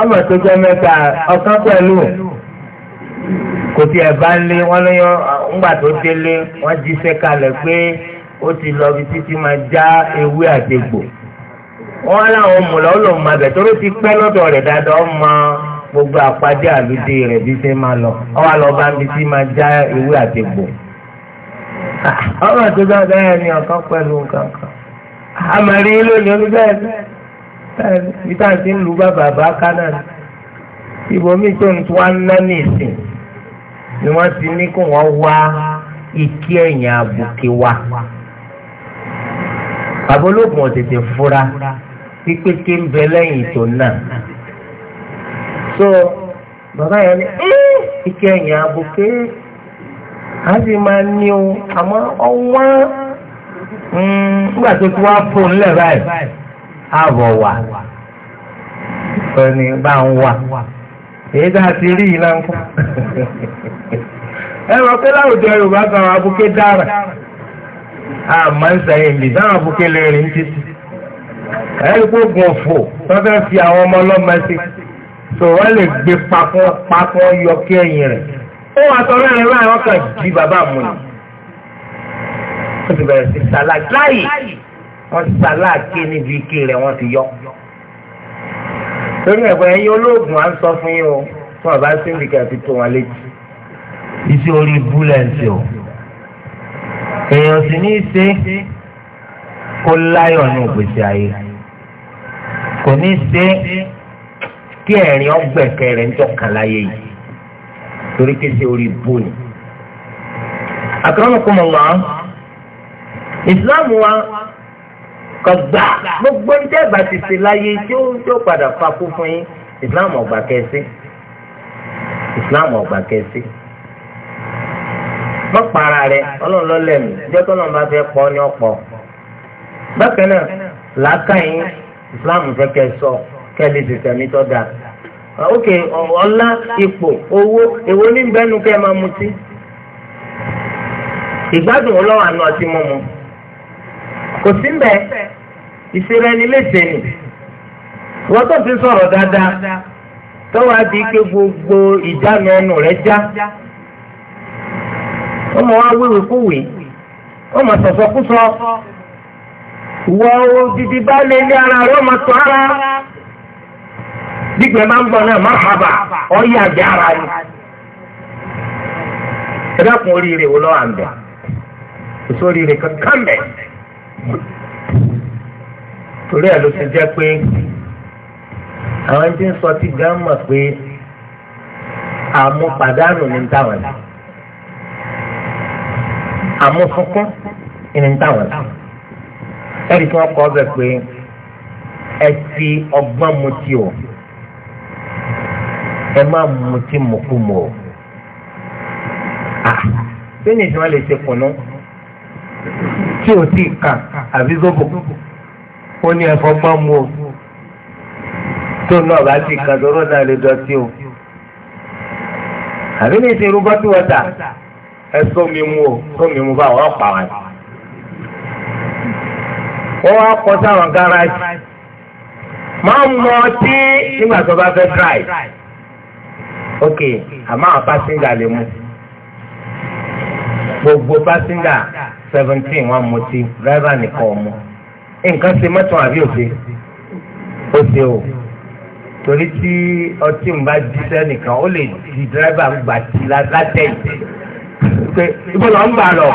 [SPEAKER 1] ọmọ tó jẹ́ mẹ́ta ọ̀kan pẹ̀lú kò tí bá lé ńgbà tó délé pé ó ti lọ bí títí máa já wọ́n láwọn mọ̀lá ó lọ mọ abẹ torí ti pẹ́ lọ́dọ̀ rẹ̀ dáadáa ọmọ gbogbo àpàdé àlùdé rẹ̀ bí ṣe máa lọ ọwọ́ àlọ́ bá ń bí tí máa já ewé àtẹ̀gbò. ọmọ tó bá bẹ́ẹ̀ ni ọ̀kan pẹ̀lú nǹkan kan àmàlí lónìí ó ní bẹ́ẹ̀ bẹ́ẹ̀ bí táà ń lu bá kánà ibòmí tó ń tún wá ń ná ní ni wọ́n ti ní kó wọ́n wá ikí ẹ̀yìn àbùkí wa àbólógùn ò tètè pípé ké ń bẹ lẹ́yìn ètò náà so bàbá yẹn ní ike ẹ̀yìn àbùké a sì máa ní o àmọ́ ọwọ́n hmm, nígbà tó ti wá fóun lẹ̀ báyìí àbọ̀ wà ẹni bá ń wà èyí tá a ti rí yìí ń kọ́ <laughs> ẹ rọ pé láwùjọ Yorùbá kan àbùké dára àmọ́ ń sẹ́yìn bì táwọn àbùké lè rìn títí ẹ̀rí gbogbo ọ̀fọ̀ tó fẹ́ fi àwọn ọmọ ọlọ́mọ sí tó wọ́n lè gbé papọ̀ papọ̀ yọ kí ẹ̀yìn rẹ̀ ó wà sọ́rọ́ ẹ̀rọ láì wọ́n kàn jí bàbá mu ni ó ti bẹ̀rẹ̀ sí sàláàkì láàyè wọ́n ti sàláàkì níbi ike rẹ̀ wọ́n ti yọ. lórí ẹ̀gbọ́n ẹ̀yin olóògùn à ń sọ fún yín o fún bàbá síndìkà fi tó wọn létí. iṣẹ́ orí búlẹ̀ǹtì o èèyàn sì ní í ṣe kó láyọ̀ ní òpèsè ayé kò ní ṣe kí ẹ̀rín ọgbẹ̀kẹ rẹ̀ ń jọkàn láyé yìí torí pé ṣe orí bò ní. akramakumullah ìsìláàmù wa kọgbà gbogbo ẹjẹ ìgbà ti ṣe láyé tí ó tí ó padà fakú fún yín ìsìláàmù ọgbà kẹsí ìsìláàmù ọgbà kẹsí má para rẹ ọlọ́run lọ́lẹ́mì ìjọ́ tó náà bá fẹ́ pọ́ ní ọ̀pọ̀ bákan náà làákàyìn islam fẹ́ sọ kẹ́ lè tọ́ da ok ọlá ipò owó èwo ní bẹ́nu kẹ́ máa mutí ìgbádùn ọlọ́wà náà ọtí mú kò sí mbẹ ìṣeré ni léṣe ni wọ́n tó ti sọ̀rọ̀ dáadáa tọ́wọ́ àti ike gbogbo ìdáná wọ òjijì bá lè ní ara rẹ ọmọ tó ara gbígbẹ máa ń bọ náà marhaba ọyẹ àgbẹ ara ni ẹ dákun oríire wò lọ́wọ́ àǹbẹ̀ èso oríire kankan bẹ̀ torí ẹ̀ ló ti jẹ́ pé àwọn tí ń sọ ti gán mọ̀ pé àmupàdánù ní táwọn àmúfúnkún ní táwọn ẹ̀rí tí wọ́n kọ́ ọ́ bẹ̀ pé ẹ ti ọgbọ́n mutí o ẹ má mutí mọ̀kúmù o ṣé ní ìṣúná lè ṣe kùnú tí o ti kà àbí zobo ó ní ẹ̀fọ́ gbọ́n mu o tó náà bá ti kà lóró náà lè dọ̀tí o àbí ní ìṣe irúgbọ́n tí wọ́n tà ẹ sómi mu o sómi mu báwọn ọ̀pá wọn ó wá kọ sáwọn gáràjì máa ń mọ ọtí nígbà tó bá fẹ́ drive ok àmọ́ àwọn pásíńgà lè mú gbogbo pásíńgà seventeen wọn mutí dráìvà nìkan ọmọ nǹkan ṣe mọ́tò àbí òde ó ṣe o torí tí ọtí ń bá jíṣẹ́ nìkan ó lè di driver gbà tí látẹ̀yìn pé ibo ló ń gbà lọ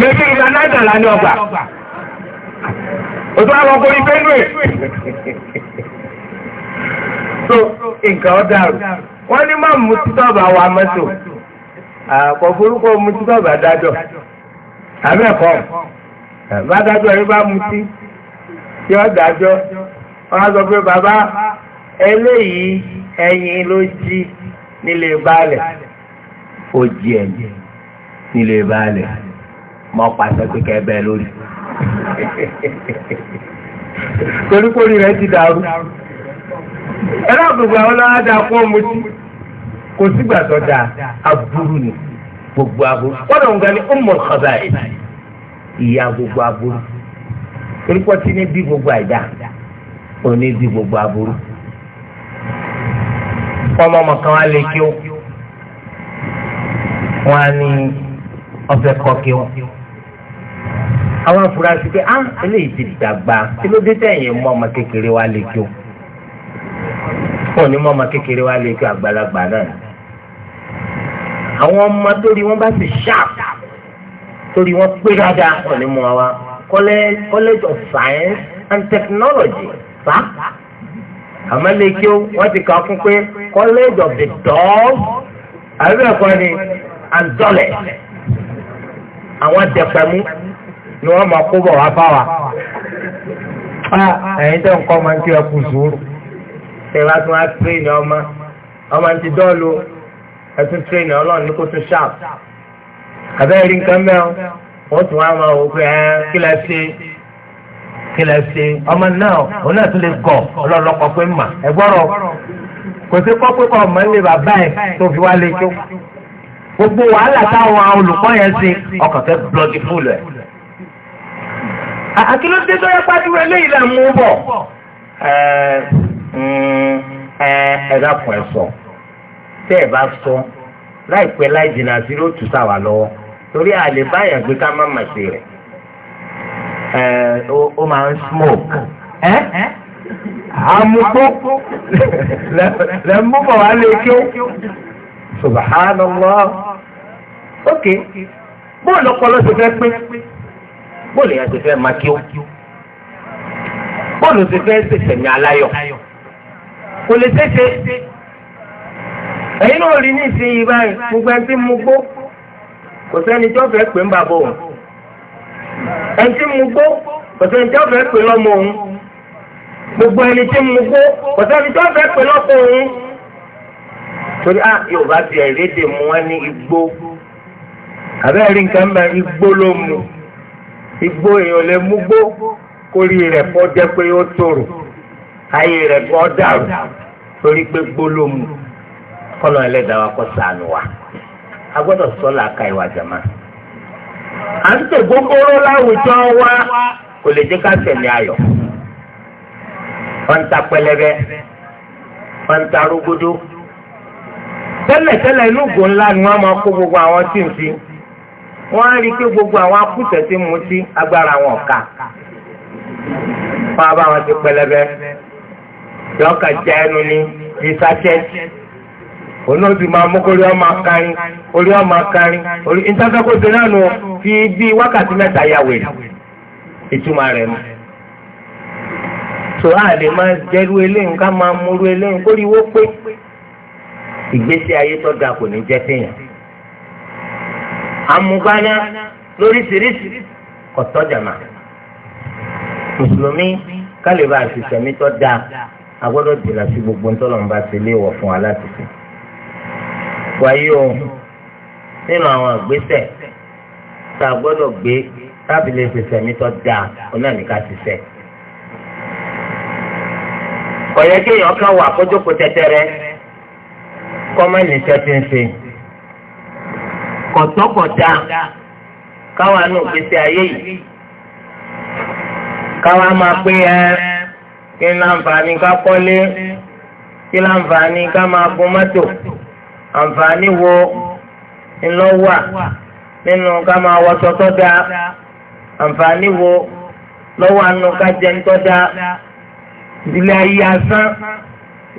[SPEAKER 3] mẹ́bí ìlà náírà là ní ọgbà òtún àwọn ọkùnrin benue
[SPEAKER 1] so nǹkan ọ̀dà wọ́n ní má mú títọ́ọ̀bù àwọn amẹ́tò àpò forúkọ mú títọ́ọ̀bù àdájọ́ àbẹ́ẹ̀kọ́ bàdájọ́ yìí bá mutí tí ó dájọ́ wọ́n á sọ pé bàbá eléyìí ẹyin ló jí nílé baálẹ̀ ó jí sílé baálẹ̀ mọ́ pàṣẹ pé kẹ́ bẹ́ẹ̀ lórí. torípórí rẹ̀ ti dàrú.
[SPEAKER 3] ẹ lábùgbà wọn lọ́wọ́ dáa fún ọmọ tí kò sígbà tó dáa
[SPEAKER 1] aburú ni gbogbo aburú. wọ́n dọ̀ ń gan ni ó mọ̀ ọ̀kadà yìí ìyá gbogbo aburú. torípọ̀ tí ní bí gbogbo àìdá òní bí gbogbo aburú. ọmọ kan wá lè kí ó wọn á ní ọ̀fẹ́ kọ́ kí wọn. àwọn afurasí pé á ah, eléyìí ti dàgbà kí ló dé tẹ̀yìn mọ́ ọmọ kékeré wa lè kí o. wọn ò ní mọ́ ọmọ kékeré wa lè kí àgbàlagbà náà. àwọn ọmọ torí wọn bá sì ṣáàp torí wọn pé dáadáa wọn ní mọ́ wa college college of science and technology fa
[SPEAKER 3] àmọ́ lè kí o
[SPEAKER 1] wọ́n ti kà fún pé college of the dog, dogs
[SPEAKER 2] àbẹ̀kọ ni and dollars àwọn tẹpẹmú ni wọ́n máa kó bọ̀ wá fáwa. Ah. Ah, ẹ̀yin tó
[SPEAKER 1] ń kọ́ máa ń kí ẹkú sùúrù tẹ̀wá tí wọ́n á tírèèni ọmọ ọmọ ti dọ́ọ̀lù ẹtún tírèèni ọlọ́run ní kó tún ṣáàp.
[SPEAKER 2] àbẹ́rẹ́ rí nǹkan mẹ́rin
[SPEAKER 1] wọ́n tún wá máa wò pé kí lẹ ṣe kí lẹ ṣe ọmọ náà òun náà tún lè gọ̀ ọlọ́lọ́kọ̀ pé mà ẹ̀gbọ́rọ̀ kò sí kọ́ pé kọ́ ọmọ gbogbo wàhálà táwọn olùkọ́ yẹn ṣe ọkàn fẹ́ blọọdì fúlù ẹ̀.
[SPEAKER 2] àkìlódé tó yẹ pàdúrà eléyìí là ń mú bọ̀
[SPEAKER 1] ẹ dákun ẹ sọ tẹ́ ẹ bá sọ láìpẹ́ láì jìnnà sí ló tù sáwà lọ́wọ́ torí àlè báyà gbé ká má màṣe rẹ̀ ó máa ń smoke àmupó lẹ́mú bọ̀ wá lé kí ó subhanallah ok bóòlù ọpọlọ ti fẹ́ pé bóòlù yẹn ti fẹ́ máa kí ó bóòlù ti fẹ́ sẹ̀sẹ̀mí aláyọ̀ kò lè ṣeéṣe ẹ̀yin náà rí ní ìsinyìí báyìí gbogbo ẹni tí mo gbó kò sẹ́ni tí wọ́n fẹ́ pè ń bàbá òun
[SPEAKER 2] ẹni tí mo gbó kò sẹ́ni tí wọ́n fẹ́ pè lọ́mọ òun gbogbo ẹni tí mo gbó kò sẹ́ni tí wọ́n fẹ́ pè lọ́kọ òun.
[SPEAKER 1] torí à ah, yorùbá ti ẹ̀rẹ́dè mu wọn ní igbó àbẹ́rẹ́ nǹkan mẹ́rin igbó ló mu igbó èèyàn lè mú gbó kórì rẹ̀ kọ́ jẹ́ pé ó tòrò ayé rẹ̀ kọ́ dàrú torí pé gbó ló mu kọ́nà ẹlẹ́dàá wa kọ́ sànù a gbọ́dọ̀ sọ làákà ìwà jàmá
[SPEAKER 3] gbogbooro láwùjọ wa
[SPEAKER 1] kò lè jẹ́ ká tẹ̀lé ayọ̀ wọ́n ń ta pẹlẹbẹ wọ́n ń tẹ́lẹ̀tẹ́lẹ̀ inú gò ńlá ni wọ́n máa kó gbogbo àwọn tí ń fi wọ́n á rí i pé gbogbo àwọn akúṣẹ̀ tí mu sí agbára wọn kà fún abáwọn ti pẹlẹbẹ yọkà jẹ ẹnu ní ìsàṣẹ ònà òsì máa mú kórí ọmọ akárin
[SPEAKER 3] orí ọmọ akárin orí ìtàkàkóso náà
[SPEAKER 1] nù fi bí wákàtí mẹ́ta yà wèrè ìtumọ̀ rẹ̀ mu tó a lè máa jẹ́rú eléyìí ká máa eléyìí pé. ìgbésí ayé tó da kò ní jẹ́ téèyàn. amúgbáná lóríṣiríṣi kò tọ́jà mà. mùsùlùmí kálíbà àṣìṣẹ́mi tó da agbọ́dọ̀ jìnnà sí gbogbo ntọ́lọ́mùbá ti lé wọ̀ fún wa láti fi. wáyé o nínú àwọn àgbésẹ̀ tá a gbọ́dọ̀ gbé láti lè mi tó da onáníkà ṣiṣẹ́. kọ̀yẹ́ kéèyàn kan wà kójókòó tẹ́tẹ́rẹ́ kọ́mọ̀nì kẹ́tì ń ṣe kọ̀tọ́kọ̀tà káwa ní òkèsè ayé yìí káwa máa pé ẹ kí láǹfààní ká kọ́lé kí láǹfààní ká máa gun mọ́tò àǹfààní wo ńlọ wà nínú ká máa wọṣọ tó dáa àǹfààní wo lọ́wọ́ àánú ká jẹ ń tọ́ dáa ilé ayé asán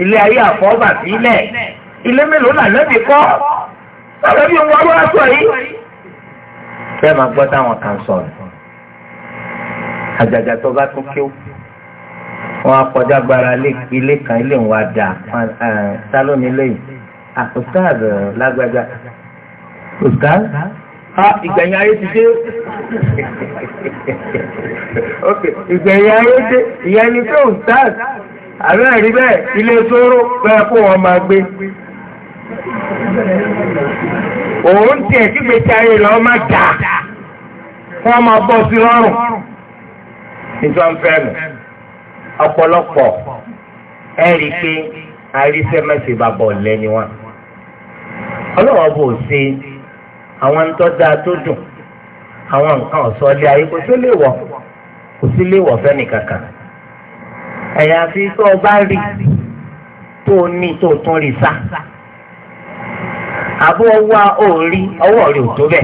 [SPEAKER 1] ilé ayé àfọ́bàbílẹ̀ ilé mélòó là
[SPEAKER 2] lẹ́bi kọ́ ọ̀rẹ́ bí wọ́n wá sọ yìí.
[SPEAKER 1] bẹ́ẹ̀ máa gbọ́ táwọn kan sọ̀rọ̀ àjàjà tó bá tún kíw wọn akọjá gbára ilé kan ilé ń wá dà sálóni lẹ́yìn àkùsáàd lágbájá òsán ìgbẹ̀yìn ayé ti dé <laughs> ìgbẹ̀yìn ayé dé ìyẹn ni pé òsán àbẹ́rẹ́ bẹ́ẹ̀ ilé sóró bẹ́ẹ̀ kó wọn máa gbé. òun tiẹ̀ kí gbèsè ayé lọ má gà
[SPEAKER 3] wọ́n máa bọ́ sí lọ́rùn
[SPEAKER 1] nígbà fẹ́ẹ̀mù ọ̀pọ̀lọpọ̀ ẹ̀rí pé àrísẹ́mẹ́sì bàbọ̀ lẹ́ni wa ọlọ́wọ́ bò ṣe àwọn ntọ́ tó dùn àwọn nǹkan ọ̀sọ́ lé ayé kò sí lè wọ̀ kò sí lè wọ̀ fẹ́ni kankan ẹ̀yà tó àbó ọwọ́ òórí ọwọ́ rẹ̀ ò tó bẹ̀.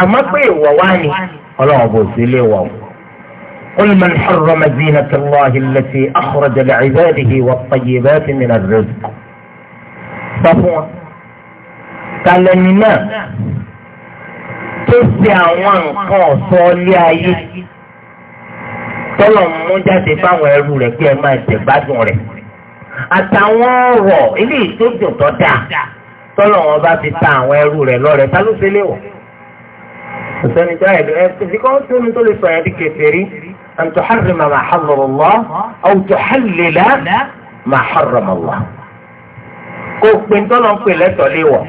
[SPEAKER 1] àmọ́ pé ìwọ̀ wá ni ọlọ́run bò sí ilé wọ̀ قل من حرم زينة الله التي أخرج لعباده والطيبات من الرزق صفوة قال لنا تسع وانقاص لأيه tọ́lọ̀ mú jáde fáwọn ẹrú rẹ̀ kí ẹ máa jẹ gbádùn rẹ̀. àtàwọn ọ̀rọ̀ ilé ìtòjò tó dáa tọ́lọ̀ bá fi ta àwọn ẹrú rẹ lọ́rẹ̀ ta ló ṣe léwọ̀. òsèǹtì tó ẹ̀dọ̀ ẹ kò sí kó tó lè sọ yẹn bí ma harrama Allah aw pin ń pè lẹ́tọ̀ léwọ̀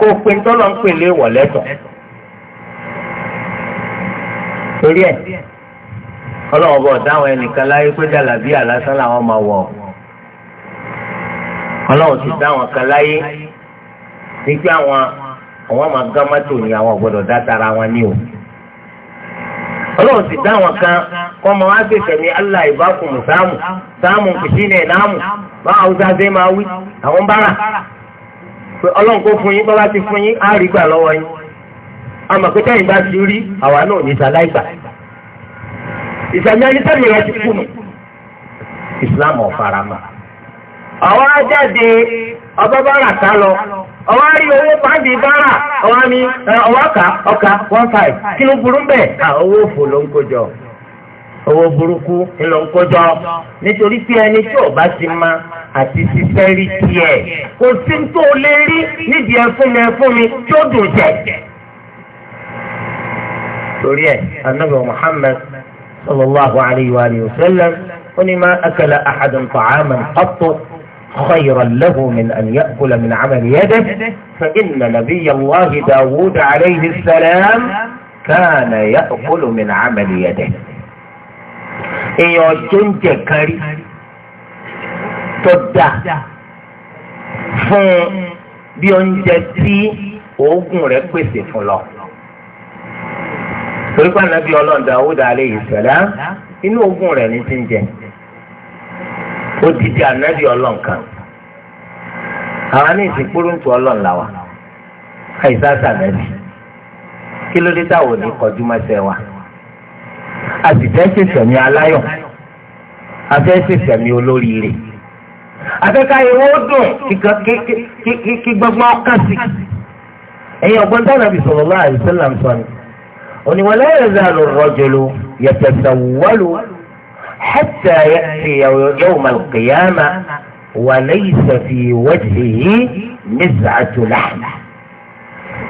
[SPEAKER 1] kó pin tọ́lọ̀ ń pè léwọ̀ lẹ́tọ̀. torí ẹ̀ ọlọ́wọ́ bọ̀ dáhùn ẹnìkan láyé pé àlásán làwọn ọlọ́run ti dá àwọn kan láyé nígbà àwọn àwọn máa gán mọ́tò ní àwọn gbọ́dọ̀ dá tara wọn ní o ọlọ́run ti dá àwọn kan kọ́ ọmọ wa gbèsè ní allah ibakum sáàmù sáàmù kìsínà ìnáàmù bá haúsá ṣe máa wí àwọn bára pé ọlọ́run kó fún yín bá bá ti fún yín á rí gbà lọ́wọ́ yín àmọ́ pé tẹ́yìn bá ti rí àwa náà ní sàláìgbà ìsàmì ayé tẹ́lẹ̀ rẹ ti kú nù ìsìlámù ọ̀farama. ọwọ́ jáde ọba bára ká lọ ọwọ́ rí owó pàǹdì bára ọwọ́ mi ọwọ́ ká ọka one five kí ló burú bẹ́ẹ̀ owó òfò ló ń kójọ owó burúkú ńlọ ń kójọ nítorí pé ẹni tí ò bá ti ma àti ṣiṣẹ́ rí mi ẹfún mi tí ó dùn jẹ. ẹ anábẹ ó ní ma خيرا له من أن يأكل من عمل يده فإن نبي الله داود عليه السلام كان يأكل من عمل يده إيو جنج كري تدى فن بيون جسي وغن ركوسي فلو فلو نبي الله داود عليه السلام إنه وغن ركوسي ó ti di ànábì ọlọ́run kan àwọn ní ìsìnkúrúntù ọlọ́run làwà àìsá sànábì kí ló dé táwọn ò ní kọjú mọ́sẹ̀ wa a sì fẹ́ ṣèṣẹ̀mí aláyọ̀ a fẹ́ ṣèṣẹ̀mí olóríire afẹ́káyé wọ́n dùn kí gbọ́gbọ́n kàn sí ẹ̀yin ọ̀gbọ́n tánàbì sallallahu alaihi wasallam sọ ni òní wala yazalu ar-rajulu حتى يأتي يوم القيامة وليس في وجهه نزعة لحمة.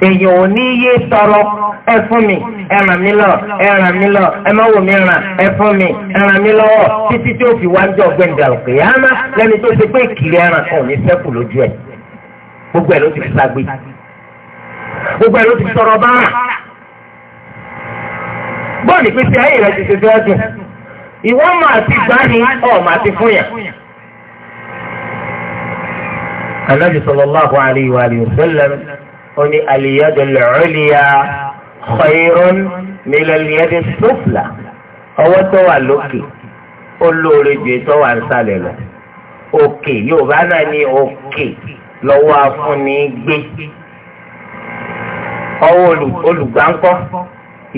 [SPEAKER 1] èyàn ò ní yé tọrọ ẹ fún mi ẹ ràn mí lọ ẹ ràn mí lọ ẹ má wò mí ràn ẹ fún mi ẹ ràn mí lọ́wọ́ títí tí ó fi wá ń jọ gbẹ̀ǹdà òkè yá má tó ṣe pé ìkiri ẹran kan ò ní ṣẹ́kù lójú ẹ̀ gbogbo ẹ̀ ló ti fi gbogbo ẹ̀ ló ti fi bá rà bọ́ọ̀lù pèsè ayé rẹ̀ ti ṣe fẹ́ dùn
[SPEAKER 3] ìwọ́n máa ti gbá ní ọ̀ máa ti fún yàn.
[SPEAKER 1] النبي صلى الله عليه وآله وسلم أن اليد العليا خير من اليد السفلى
[SPEAKER 3] أو توالوكي
[SPEAKER 1] olóore ju ètò wà ń sálẹ̀ lọ òkè yorùbá náà ní òkè lọ́wọ́ afúnni gbé ọwọ́ olùgbàńkọ́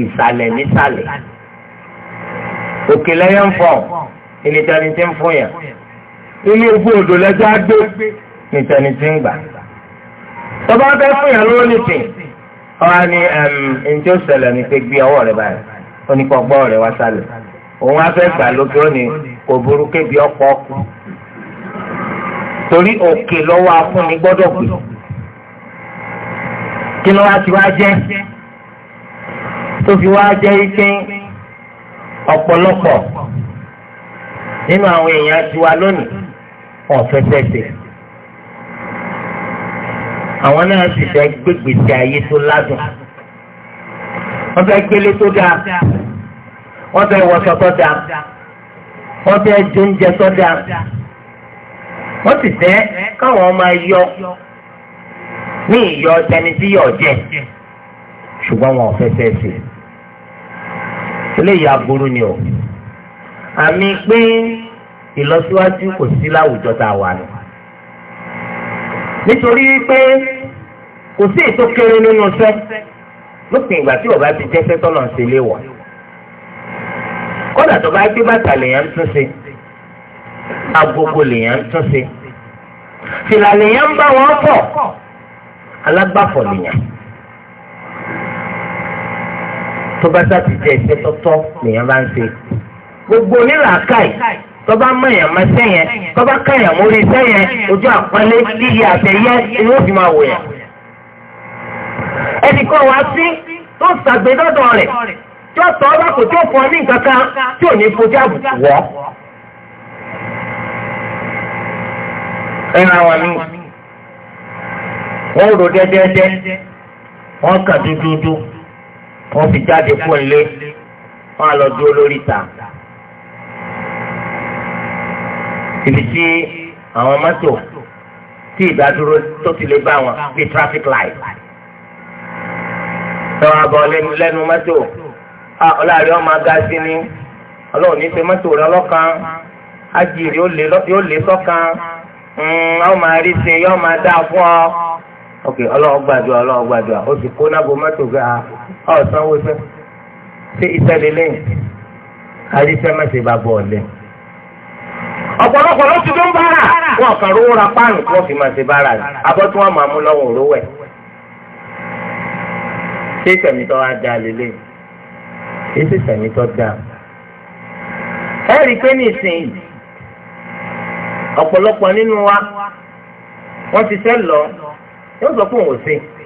[SPEAKER 1] ìsàlẹ̀ nísàlẹ̀ òkè lẹ́yìn ń fọ̀n ìnìtẹ̀ni ti ń fún yẹn inú ojú odò lẹ́jọ́ á gbé ti ń gbà.
[SPEAKER 2] tọ́ba fẹ́ fún yẹn lówó
[SPEAKER 1] nìsín ọ̀hán ni ǹjẹ́ ó ṣẹlẹ̀ ní pé gbé ọwọ́ rẹ báyìí ó ní kọ́ gbọ́ rẹ wá sálẹ̀ òun á fẹ́ gbà lókè ó ní kò burú kébi ọkọ̀ ọkù torí òkè lọ́wọ́ afúnni gbọ́dọ̀ gbé kí ló wá ti wá jẹ́ tó fi wá jẹ́ ike ọ̀pọ̀lọpọ̀ nínú àwọn èèyàn tiwa lónìí wọn fẹ́ tẹ̀sẹ̀ àwọn náà sì fẹ́ gbégbèsè ayé tó ládùn wọ́n fẹ́ gbélé tó dáa wọ́n fẹ́ wọṣọ tó dáa wọ́n fẹ́ jóúnjẹ tó dáa wọ́n sì fẹ́ káwọn máa yọ ní ìyọ tẹni tí yọ jẹ ṣùgbọ́n wọn ò eléyìí aburú ni o àmì pé ìlọsíwájú kò sí láwùjọ tá a wà ní. nítorí pé kò sí ètò kéré nínú iṣẹ́ lópin ìgbà tí ọba ti jẹ́ sẹ́tọ́ náà ṣe léwọ̀. kódà tó bá gbé bàtà lèèyàn tún ṣe agogo lèèyàn tún ṣe fìlà lèèyàn ń bá wọn fọ̀ alágbàfọ̀ lèèyàn tó bá sábì jẹ́ ìṣe tọ́tọ́ nìyẹn bá ń ṣe gbogbo onílàákàyè tọba mẹyàn mẹsẹ yẹn tọba kẹyàn mórí sẹyẹn ojú àpẹẹlẹ yíyí àtẹyẹ ni ó fi máa wò yẹn
[SPEAKER 3] ẹnì kan wá sí tó
[SPEAKER 1] ṣàgbédọ́dọ̀ rẹ̀
[SPEAKER 3] tí ó tọ́ ọba kò tó fún ọ ní nǹkan kan tí ò ní fojú àbùkù wọ́. ẹran wa ni
[SPEAKER 1] wọ́n rò dẹ́dẹ́dẹ́ wọ́n kà dúdúdú. wọ́n fi jáde fún ilé wọ́n á lọ dúró lórí ibi tí àwọn mọ́tò tí ìdádúró tó ti lè bá wọn bíi traffic light. lọ́wọ́ abọ́ lẹ́nu mọ́tò ọláàrí ọmọ aga sí ni ọlọ́run ní pé mọ́tò rẹ yóò lé sí hmm, yóò máa dá fún ọlọ́run gbàdúrà ọlọ́run gbàdúrà ó sì kó náà mọ́tò ọ̀sánwó sẹ́ ṣé iṣẹ́ lélẹ̀ àdìsẹ́ má ṣe bá bọ̀ ọ̀lẹ́. ọ̀pọ̀lọpọ̀ ló ti dún bára wọn kàn rówó ra páànù kí wọ́n fi máa ṣe bára rẹ̀ abọ́ tí wọ́n máa mú lọ́wọ́ òrówó ẹ̀. ṣé ìsẹ̀mítọ́ wa da lélẹ̀ èsì ìsẹ̀mítọ́ da. ẹ rí i pé nísìnyí ọ̀pọ̀lọpọ̀ nínú wa wọ́n ti fẹ́ lọ yóò sọ fún òun sí i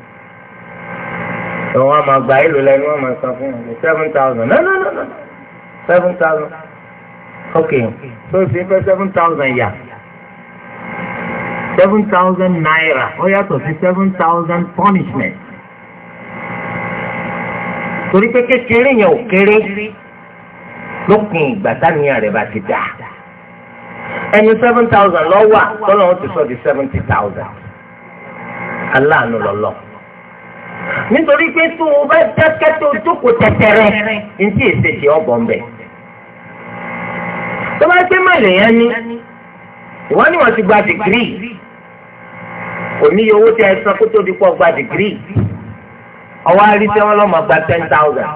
[SPEAKER 1] wọn a máa gba ìlú lẹ́nu wọn máa san fún wọn seven thousand no no no no seven thousand ok so ṣe fẹ́ seven thousand yà seven thousand naira ó yàtọ̀ sí seven thousand punishment torí pé kékeré yẹn ò kéré lópin ìgbà táníyàn rẹ̀ bá ti dà ẹni seven thousand lọ́wọ́ àtọ́lọ́wọ́ ti sọ di seventy thousand aláàánú lọ́lọ́ nítorí pé tó o bá dákẹ́ tó o jókòó tẹ̀tẹ̀rẹ̀ ntí èsè tí ọ bọ̀ ń bẹ̀. tó bá gbé mọ̀lẹ̀ yẹn ní ìwọ́n ni wọ́n ti gba dìgírì òní owó tí a san kó tó di pọ̀ gba dìgírì ọwọ́ àrí tí wọ́n lọ́mọ gba ten thousand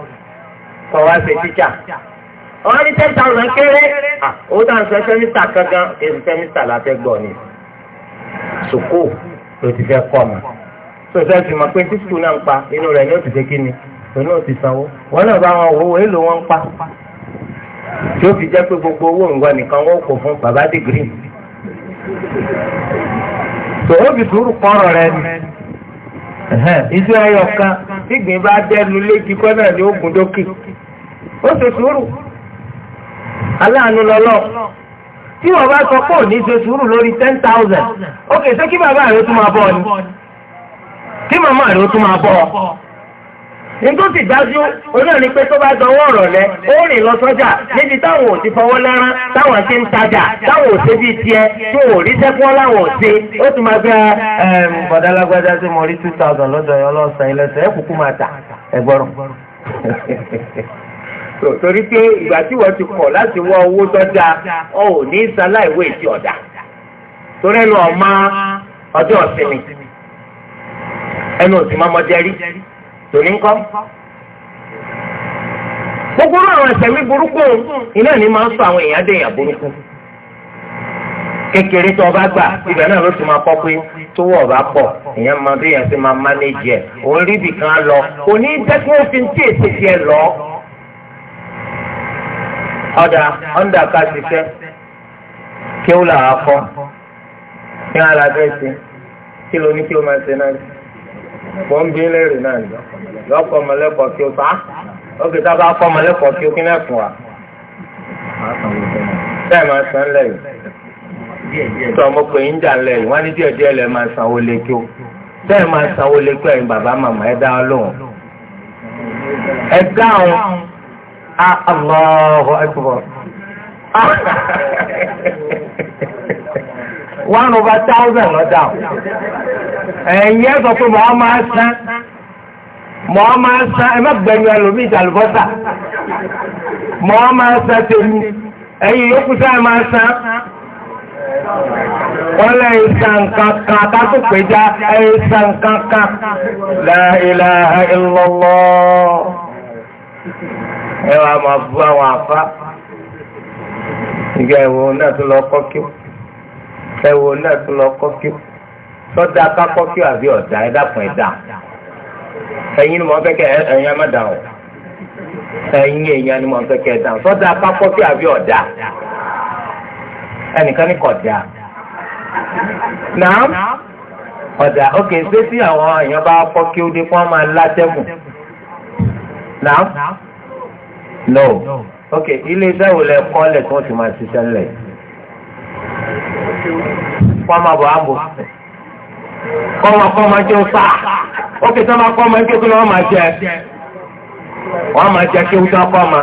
[SPEAKER 1] kọ̀ wá ṣe tíjà ọwọ́ àrí ten thousand kéré owó tá à ń sọ sẹ́mítà kankan èsì sẹ́mítà la gbọ́ ni sùkúù ló ti fẹ́ kọ́ mi sọ̀tẹ́ ti mọ̀ pé tí sùkúl náà ń pa inú rẹ̀ ní ó ti ṣe kí ni òun náà ti sanwó wọn náà bá wọn owó èlò wọn ń pa tí ó fi jẹ́ pé gbogbo owó nǹkan nìkan wọ́n kò fún bàbá dìgírì tòun fi sùúrù kọ́rọ̀ rẹ ni ìdí ayọ̀ kan gbígbìn bá dẹnu léjì kọ́nà ní ogun dókè ó ṣe sùúrù aláàánú lọ́lọ́ tí wọ́n bá sọ pé òní ṣe sùúrù lórí ten thousand ó kè é ṣé kí bàbá rẹ tún máa bọ̀ ni kí màmá rẹ ó tún máa bọ̀ ọ́ nítorí ti dájú oníyàn ni pé tó bá dánwó ọ̀rọ̀ lẹ ó rìn lọ sọ́jà níbi táwọn ò ti fọwọ́ lẹ́rán táwọn ti ń tajà táwọn ò ṣe bíi tiẹ̀ tó ò rí sẹ́kọ́ láwọn ò ṣe ó tún máa gbé ẹ bọ̀dálágbádá tí mo rí two thousand lọ́dọ̀ ẹ̀ ọlọ́sàn ilẹ̀sẹ̀ ẹ̀ kúkú máa tà ẹ gbọ́rọ̀. torí pé ìgbà tí wọ́n ti kọ̀ láti wọ owó sọ́jà ọ ò ní sáláìwé ìtì ọ̀dà torí ẹnu ọ̀ ẹnu òsì máa mọdé rí tòní ńkọ́. gbogbo àwọn ẹ̀sẹ̀mí burúkú iná ni máa ń sọ àwọn èèyàn dèèyàn burúkú. kékeré tó ọba gbà ibẹ̀ náà ló ti máa kọ́ pé tó wọ̀ ọba pọ̀ èèyàn máa bí èèyàn ti máa mánéjì ẹ̀ òun rí ibìkan lọ kò ní dẹ́kun fi ń tí èsì tiẹ̀ lọ. ọ̀dà ọ̀ndà ká ṣiṣẹ́ kí ó là á kọ́ kí á kí ló ní kí ó máa ṣe náà. mọ̀ ń gbélé rè náà ni lọ́kọ̀ ọmọlẹ́kọ̀ọ́ kí o bá ókè tá a bá kọ́ ọmọlẹ́kọ̀ọ́ kí o kí náà fún wa. bẹ́ẹ̀ máa san lẹ́yìn tó ọmọ pé ń jà lẹ́yìn wọ́n á ní díẹ̀ díẹ̀ lẹ́ máa sanwó lékè o bẹ́ẹ̀ máa sanwó lékè ẹ̀yin bàbá màmá ẹ dá lóhùn. ẹ dáhùn á Allahu Akbar
[SPEAKER 3] <laughs> one over thousand lọ dáhùn. ẹ̀yin ẹ̀sọ́ pé mọ̀ ọ́ máa sán
[SPEAKER 1] mọ̀ ọ́ máa sán ẹ má gbẹ̀mí ẹlòmíì ìjàlùbọ́sà mọ̀ ọ́ máa sán tèmi ẹ̀yin yòókù sáà máa sán wọ́n lẹ́ ìsàn kankan kátó péjá ìsàn kankan la ilaha illallah ẹ wà máa bú àwọn àfa ìgbà ẹ̀wọ̀n náà tó lọ kọ́ kí ẹ̀wọ̀n náà tó lọ kọ́ kí sọ́dà kákọ́ kí àbí ọ̀dà ẹ̀dá fún ẹ̀dá ẹ̀yin ni mo fẹ́ kẹ́ ẹ̀yin ẹ̀ má dà ọ́ ẹ̀yin èèyàn ni mo fẹ́ kẹ́ ẹ̀dá sọ́dà kákọ́ kí àbí ọ̀dà ẹnìkan ní kọ̀dà náà ọ̀dà ókè ṣé tí àwọn èèyàn bá kọ́ kí ó dé fún ọmọ alátẹ́mù náà no ókè ilé iṣẹ́ wo lẹ kọ́ lẹ̀ tí wọ́n ti máa ṣiṣẹ́ lẹ̀ fún ọmọ àbọ̀ àbọ̀.
[SPEAKER 3] kọ́mọ kọ́mọ jẹ́ ọ̀sà ó kì í sọ́mọ kọ́mọ jẹ́ kí wọ́n máa jẹ wọ́n máa jẹ kí wọ́n kọ́mọ.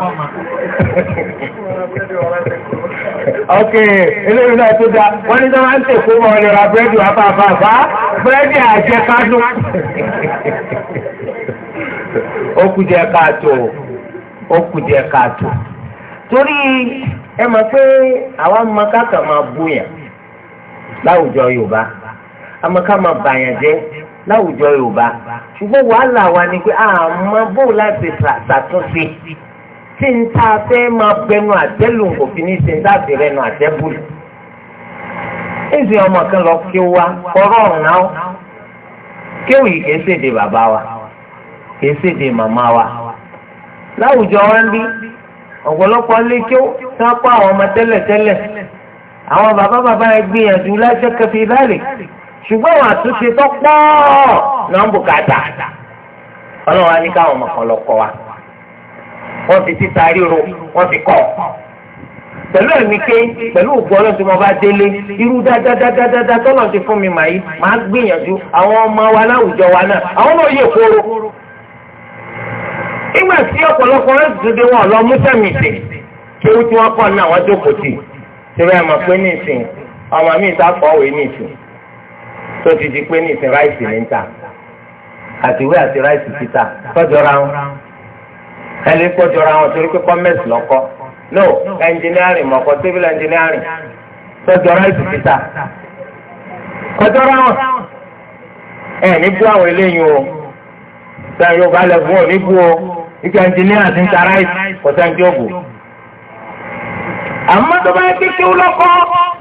[SPEAKER 1] ok eléyìí náà tó dáa wọ́n ní sọ́mọ ń tẹ̀kọ́ wọn lè búrẹ́dì wá bá bá bá búrẹ́dì àjẹkádùn. ó kù káàtó ó kù káàtó torí ẹ mọ̀ pé àwa máa máa bóyá láwùjọ Yorùbá. amaka máa bàyàn jẹ́ láwùjọ yorùbá ṣùgbọ́n wàhálà wa ni pé àmọ́ bó láti ṣàtúnṣe tí n ta fẹ́ máa bẹnu àtẹ́lù kò fi ní ṣe ń dábì rẹnu àtẹ́bùlù. èsì ọmọ kan lọ kí wa kọ́rọ́ ọ̀nà ó kéwì kìí ṣèdè bàbá wa kìí ṣèdè màmá wa láwùjọ wa ń bí ọ̀pọ̀lọpọ̀ lé kí ó sápá àwọn ọmọ tẹ́lẹ̀tẹ́lẹ̀ àwọn bàbá bàbá ẹ gbìyànjú láṣẹ kẹfì láàrin. ṣùgbọ́n àwọn àtúnṣe tó pọ̀ náà ń bùkátà ọlọ́run á ní káwọn wa wọ́n fi títa ríro wọ́n fi kọ́ pẹ̀lú ẹ̀mí ké pẹ̀lú ògùn ọlọ́run tí mo bá délé irú dáadáadáa tọ́lọ̀ fún mi mà màá gbìyànjú àwọn ọmọ wa láwùjọ wa náà àwọn náà kóró tí ọ̀pọ̀lọpọ̀ rẹ̀ wọn lọ mú sẹ́mi ní tó ti di pé ní ìsìn ráìsì ní ta àtiwé àti ráìsì títà tọ́jọ́ra wọn ẹni kọjọ́ra wọn torí pé commerce lọ́kọ́ no engineering mọ̀kọ́ civil engineering tọ́jọ́ ráìsì títà kọjọ́ra wọn ẹ ní bú àwọn eléyìí o sọ Yorùbá lẹ́gùn ò ní bú o ike engineer ti ń ta ráìsì kọjá ń jọ́gùn àmọ́ tó bá yẹ
[SPEAKER 3] kékeré lọ́kọ́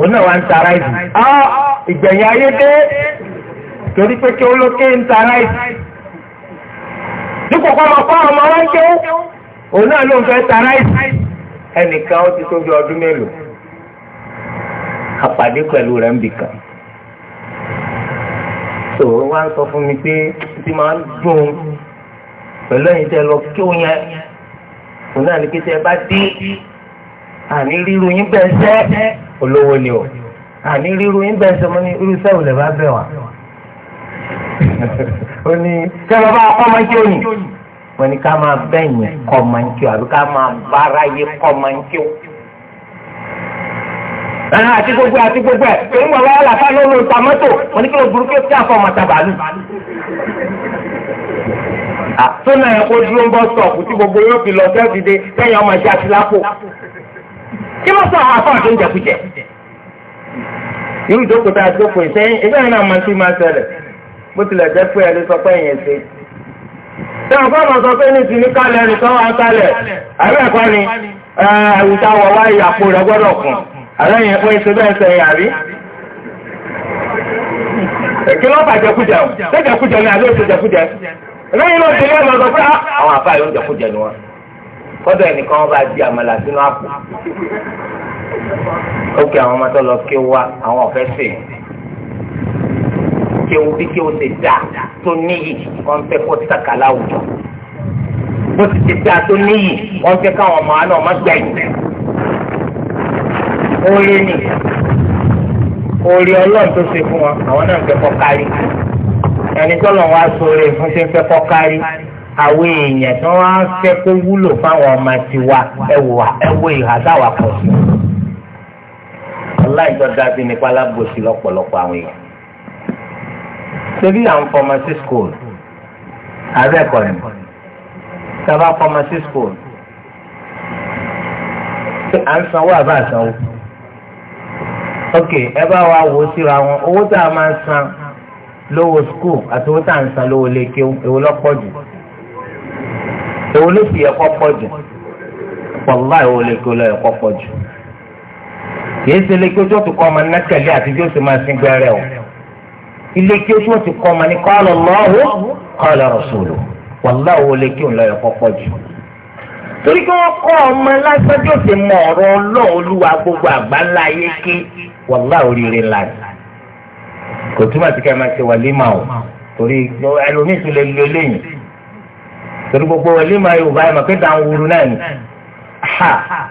[SPEAKER 1] òun náà wà ń ta ráìsì á ìgbẹ̀yìn ayé dé torí pé kí olókè ń ta ráìsì
[SPEAKER 3] dípò kọ́ ọmọ fún ọmọ wọn ké
[SPEAKER 1] òun náà ló ń fẹ́ ta ráìsì ẹnìkan ó ti tó bí ọdún mélòó àpàdé pẹ̀lú rẹ̀ ń bì kan tó wá ń sọ fún mi pé ti máa ń dùn pẹ̀lú ẹ̀yin tẹ́ lọ kí ó yẹn òun náà ní kí tẹ́ bá dé àní ríru yín bẹ́ẹ̀ sẹ́ẹ́ olówó ni o àní ríru ń bẹ́ẹ̀ sọmọ ní irú sẹ́wọ̀n lè bá bẹ̀ wá. <laughs> ó ní sẹ́wọ̀n bá ọkọ máa ń kí ó yìn wọ́n ní ká máa bẹ́yìn kọ́ máa ń kí ó àbí ká máa bára yé kọ́ máa ń kí ó. Ẹ̀hán àti gbogbo àti gbogbo ẹ̀ tó ń wọ̀ lọ́wọ́ làtà ló ń lo tàmọ́tò wọ́n ní kí ló burú kí ó ti àfọmọ tàbálù. Àtúnà ẹ̀kọ́ dúró ń bọ́ sọ̀kù tí gbogbo yóò fi lọ sẹ́ẹ̀dìde kí ló sọ
[SPEAKER 2] àwọn afáà tó ń jẹkújẹ
[SPEAKER 1] irú ìjókòó tá a jókòó ìsẹ́yìn ìgbà yẹn náà máa ti máa ṣẹlẹ̀ bó tilẹ̀ jẹ́ pé ẹni sọ pé ìyẹn ṣe.
[SPEAKER 2] ṣé àwọn fọ́ọ̀mù sọ pé
[SPEAKER 1] ní ti ní kálẹ̀ ẹni sọ́wọ́ akálẹ̀ àbẹ́ ẹ̀kọ́ ni àwùjọ àwọ̀ wá ìyàpò rẹ̀ gbọ́dọ̀ kùn àlẹ́ yẹn pé ṣe bẹ́ẹ̀ ṣe yẹn àrí. kí ló fà jẹkújẹ o ṣé jẹkújẹ ni àlẹ́ òṣèjẹkújẹ lẹ́yìn náà ti kọ́dọ̀ ẹnìkan wọn bá di àmàlà sínú àpò ókè àwọn ọmọ tó lọ kéwu wa àwọn ọ̀fẹ́ sè kéwu bí kéwu ṣe dá tó níyì wọn fẹ́ kó sàkà láwùjọ bó ti ti dá tó níyì wọn fẹ́ káwọn ọmọ àná ọmọ gbẹ̀yìn oore ni oore ọlọ́run tó ṣe fún wọn àwọn náà ń fẹ́ kọ́ kárí ẹni tó lọ́n wá sóore fún ṣe ń fẹ́ kọ́ kárí àwọn èèyàn tí wọ́n á fẹ́ kó wúlò fáwọn ọmọ tiwa ẹwà ẹwọ ìhà táwa pọ̀ sí. ọlá ìjọba ti nípa alábòsí lọ́pọ̀lọpọ̀ àwọn èèyàn. ṣebí à ń fọmọ sí school àárẹ̀ kọ̀ ẹ̀ sábà fọmọ sí school à ń sanwó àbá àsanwó. ok ẹ bá wa wò ó síra wọn owó tá a máa san lówó school àti owó tá a ń san lówó lè kéwú èwo lọ́pọ̀ jù èwo ló sì yẹ kọ́ pọ̀ jù pọ̀lá èwo lè kó lọ yẹ kọ́ pọ̀ jù kì í ṣe lè kí ojú ọ̀tún kọ́ ọmọ nẹ́tẹ̀lé àti bí ó sì máa sin gbẹ́rẹ́ o ilé kí ojú ọ̀tún kọ́ ọmọ ní qala Allahu qala rasuluhu pọ̀lá èwo lè kí òun lọ yẹ pọ̀ jù torí kí wọ́n kọ́ ọmọ lásán tí ó sì mọ ọ̀rọ̀ ọlọ́run gbogbo àgbáńlá ayé ké wàlá oríire ńlá kò túmọ̀ sí ká máa ṣe wàlímà o torí ẹlòmíì tún lè lo eléyìí torí gbogbo wọlé máa yorùbá ẹ̀ mọ̀ pé dàǹwùrù náà ni.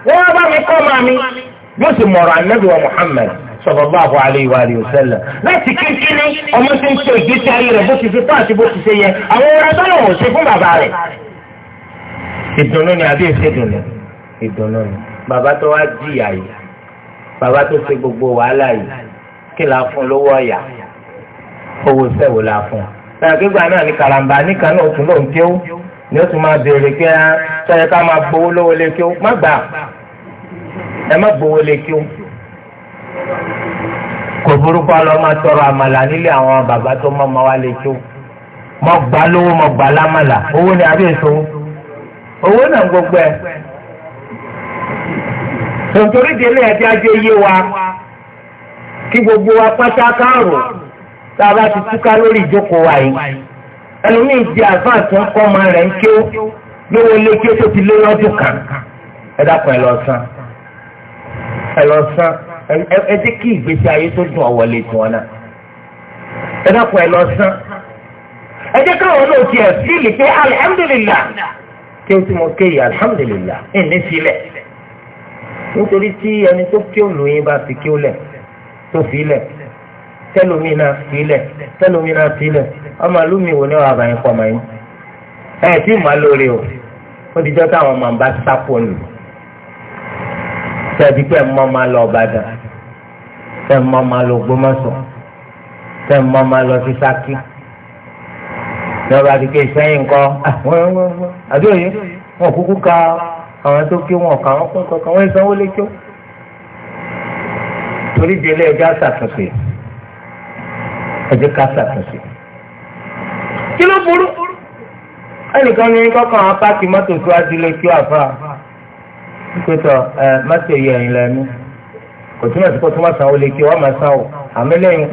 [SPEAKER 3] wọ́n bá mi kọ́ máa mi
[SPEAKER 1] yóò sì mọ̀rọ̀ anábì wa Muhammad sallallahu alaihi wa alihi wa sallam láti kékeré ọmọ tí ń ṣe ìgbésí ayé rẹ̀ bó ti fi fún àti bó ti ṣe yẹ àwọn ọ̀rẹ́ tó lọ́wọ́ ṣe fún bàbá rẹ̀. ìdùnnú ni àbí èsì ìdùnnú ìdùnnú ni bàbá tó wá di ìyá bàbá tó ṣe gbogbo wàhálà yìí kí la fún lówó ọ̀yà owó sẹ́wò la fún. láàgbégbà náà ní karambà níkan náà náà ń ni ó tún máa béèrè pé ẹ ah, sọyẹ ká máa gbowó lówó lé kí ó má gbà ẹ má gbowó lé kí ó. kò burúkú ọlọ́ máa tọrọ àmàlà nílé àwọn bàbá tó mọ́ ọmọ wa lé kí ó mọ gbà lówó mọ gbà lámàlà owó ni àbí èso owó náà gbogbo ẹ tòǹtòrí délé ẹbí ajé yé wa kí gbogbo wa pátá tá a bá ti túká lórí ìjókòó wa yìí ẹlòmíì di àfa àti ọkọ ọmọ rẹ̀ ń kíó lówó lé kí ó tó ti lé lọ́dún kan ẹ dákun ẹ lọ san ẹ lọ san ẹ jẹ́ kí ìgbésí ayé tó dùn ọ̀wọ́ lè tún ọ náà ẹ dákun ẹ lọ san ẹ jẹ́ káwọn náà tiẹ̀ fíìlì pé alihamudulilah kí o ti mọ kéyì alihamudulilah ẹ̀ ní sílẹ̀ nítorí tí ẹni tó kí ó bá fi kí ó lẹ̀ tó fi lẹ̀ tẹlomi náà filẹ̀ tẹlomi náà filẹ̀ ọmọ alumi wo ni wàá bá yín pọ̀ mọ́ yín ẹ tí mà lórí o ó ti jọ́ táwọn ọmọ bá sápò nù tẹ̀bí pẹ̀ mọ́ máa lọ ọ̀bàdàn tẹ̀ mọ́ máa lọ Ògbómọ̀ṣọ́ tẹ̀ mọ́ máa lọ sí Ṣakí lọ́ba ti ké sẹ́yìn kọ́ ah, àbí òye wọn kúkú ka àwọn tó ké wọn kà wọn kún kankan wọn sanwó lé tó torí délé ẹjọ́ àṣàtúnṣe ẹ jẹ́ ká ṣàtúnṣe.
[SPEAKER 2] kí ló burú ẹnìkan ní kọ́kàn á
[SPEAKER 1] pààkì mọ́tò síwájú lé kí àfa pípẹ́tọ̀ ẹ mọ́tò yẹ ẹ̀yìn lẹ́nu kò túmọ̀ sí kó túmọ̀ sanwó lé kí wọ́n máa sanwó àmì lẹ́yìn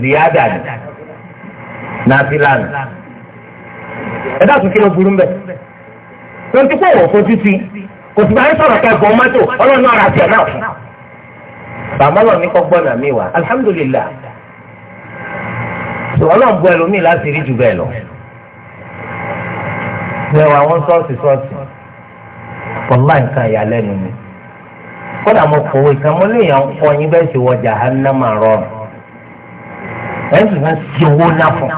[SPEAKER 1] ziyada ni nàfìlànà ẹ dákun kí ló burú mbẹ tó ń tí kò wò fojú sí kò sì máa ń sọ̀rọ̀ kẹ́kọ̀ọ́ mọ́tò ọlọ́run náà rà tiẹ̀ náà fún bàmọ́lọ́ ní kọ́gbọ́n náà ọlọ́run bọ́ ẹlòmíì láti rí jù bẹ́ẹ̀ lọ. bẹ́ẹ̀ àwọn sọ́ọ̀sì sọ́ọ̀sì ọ̀la nǹkan ìyàlẹ́nu ni. kódà mo kọ̀wé kan mo lè yàn kọ́ yín bẹ́ẹ̀ sì wọ jahannama rọrùn. ẹ̀ ń sì fẹ́ ti owó náà fún.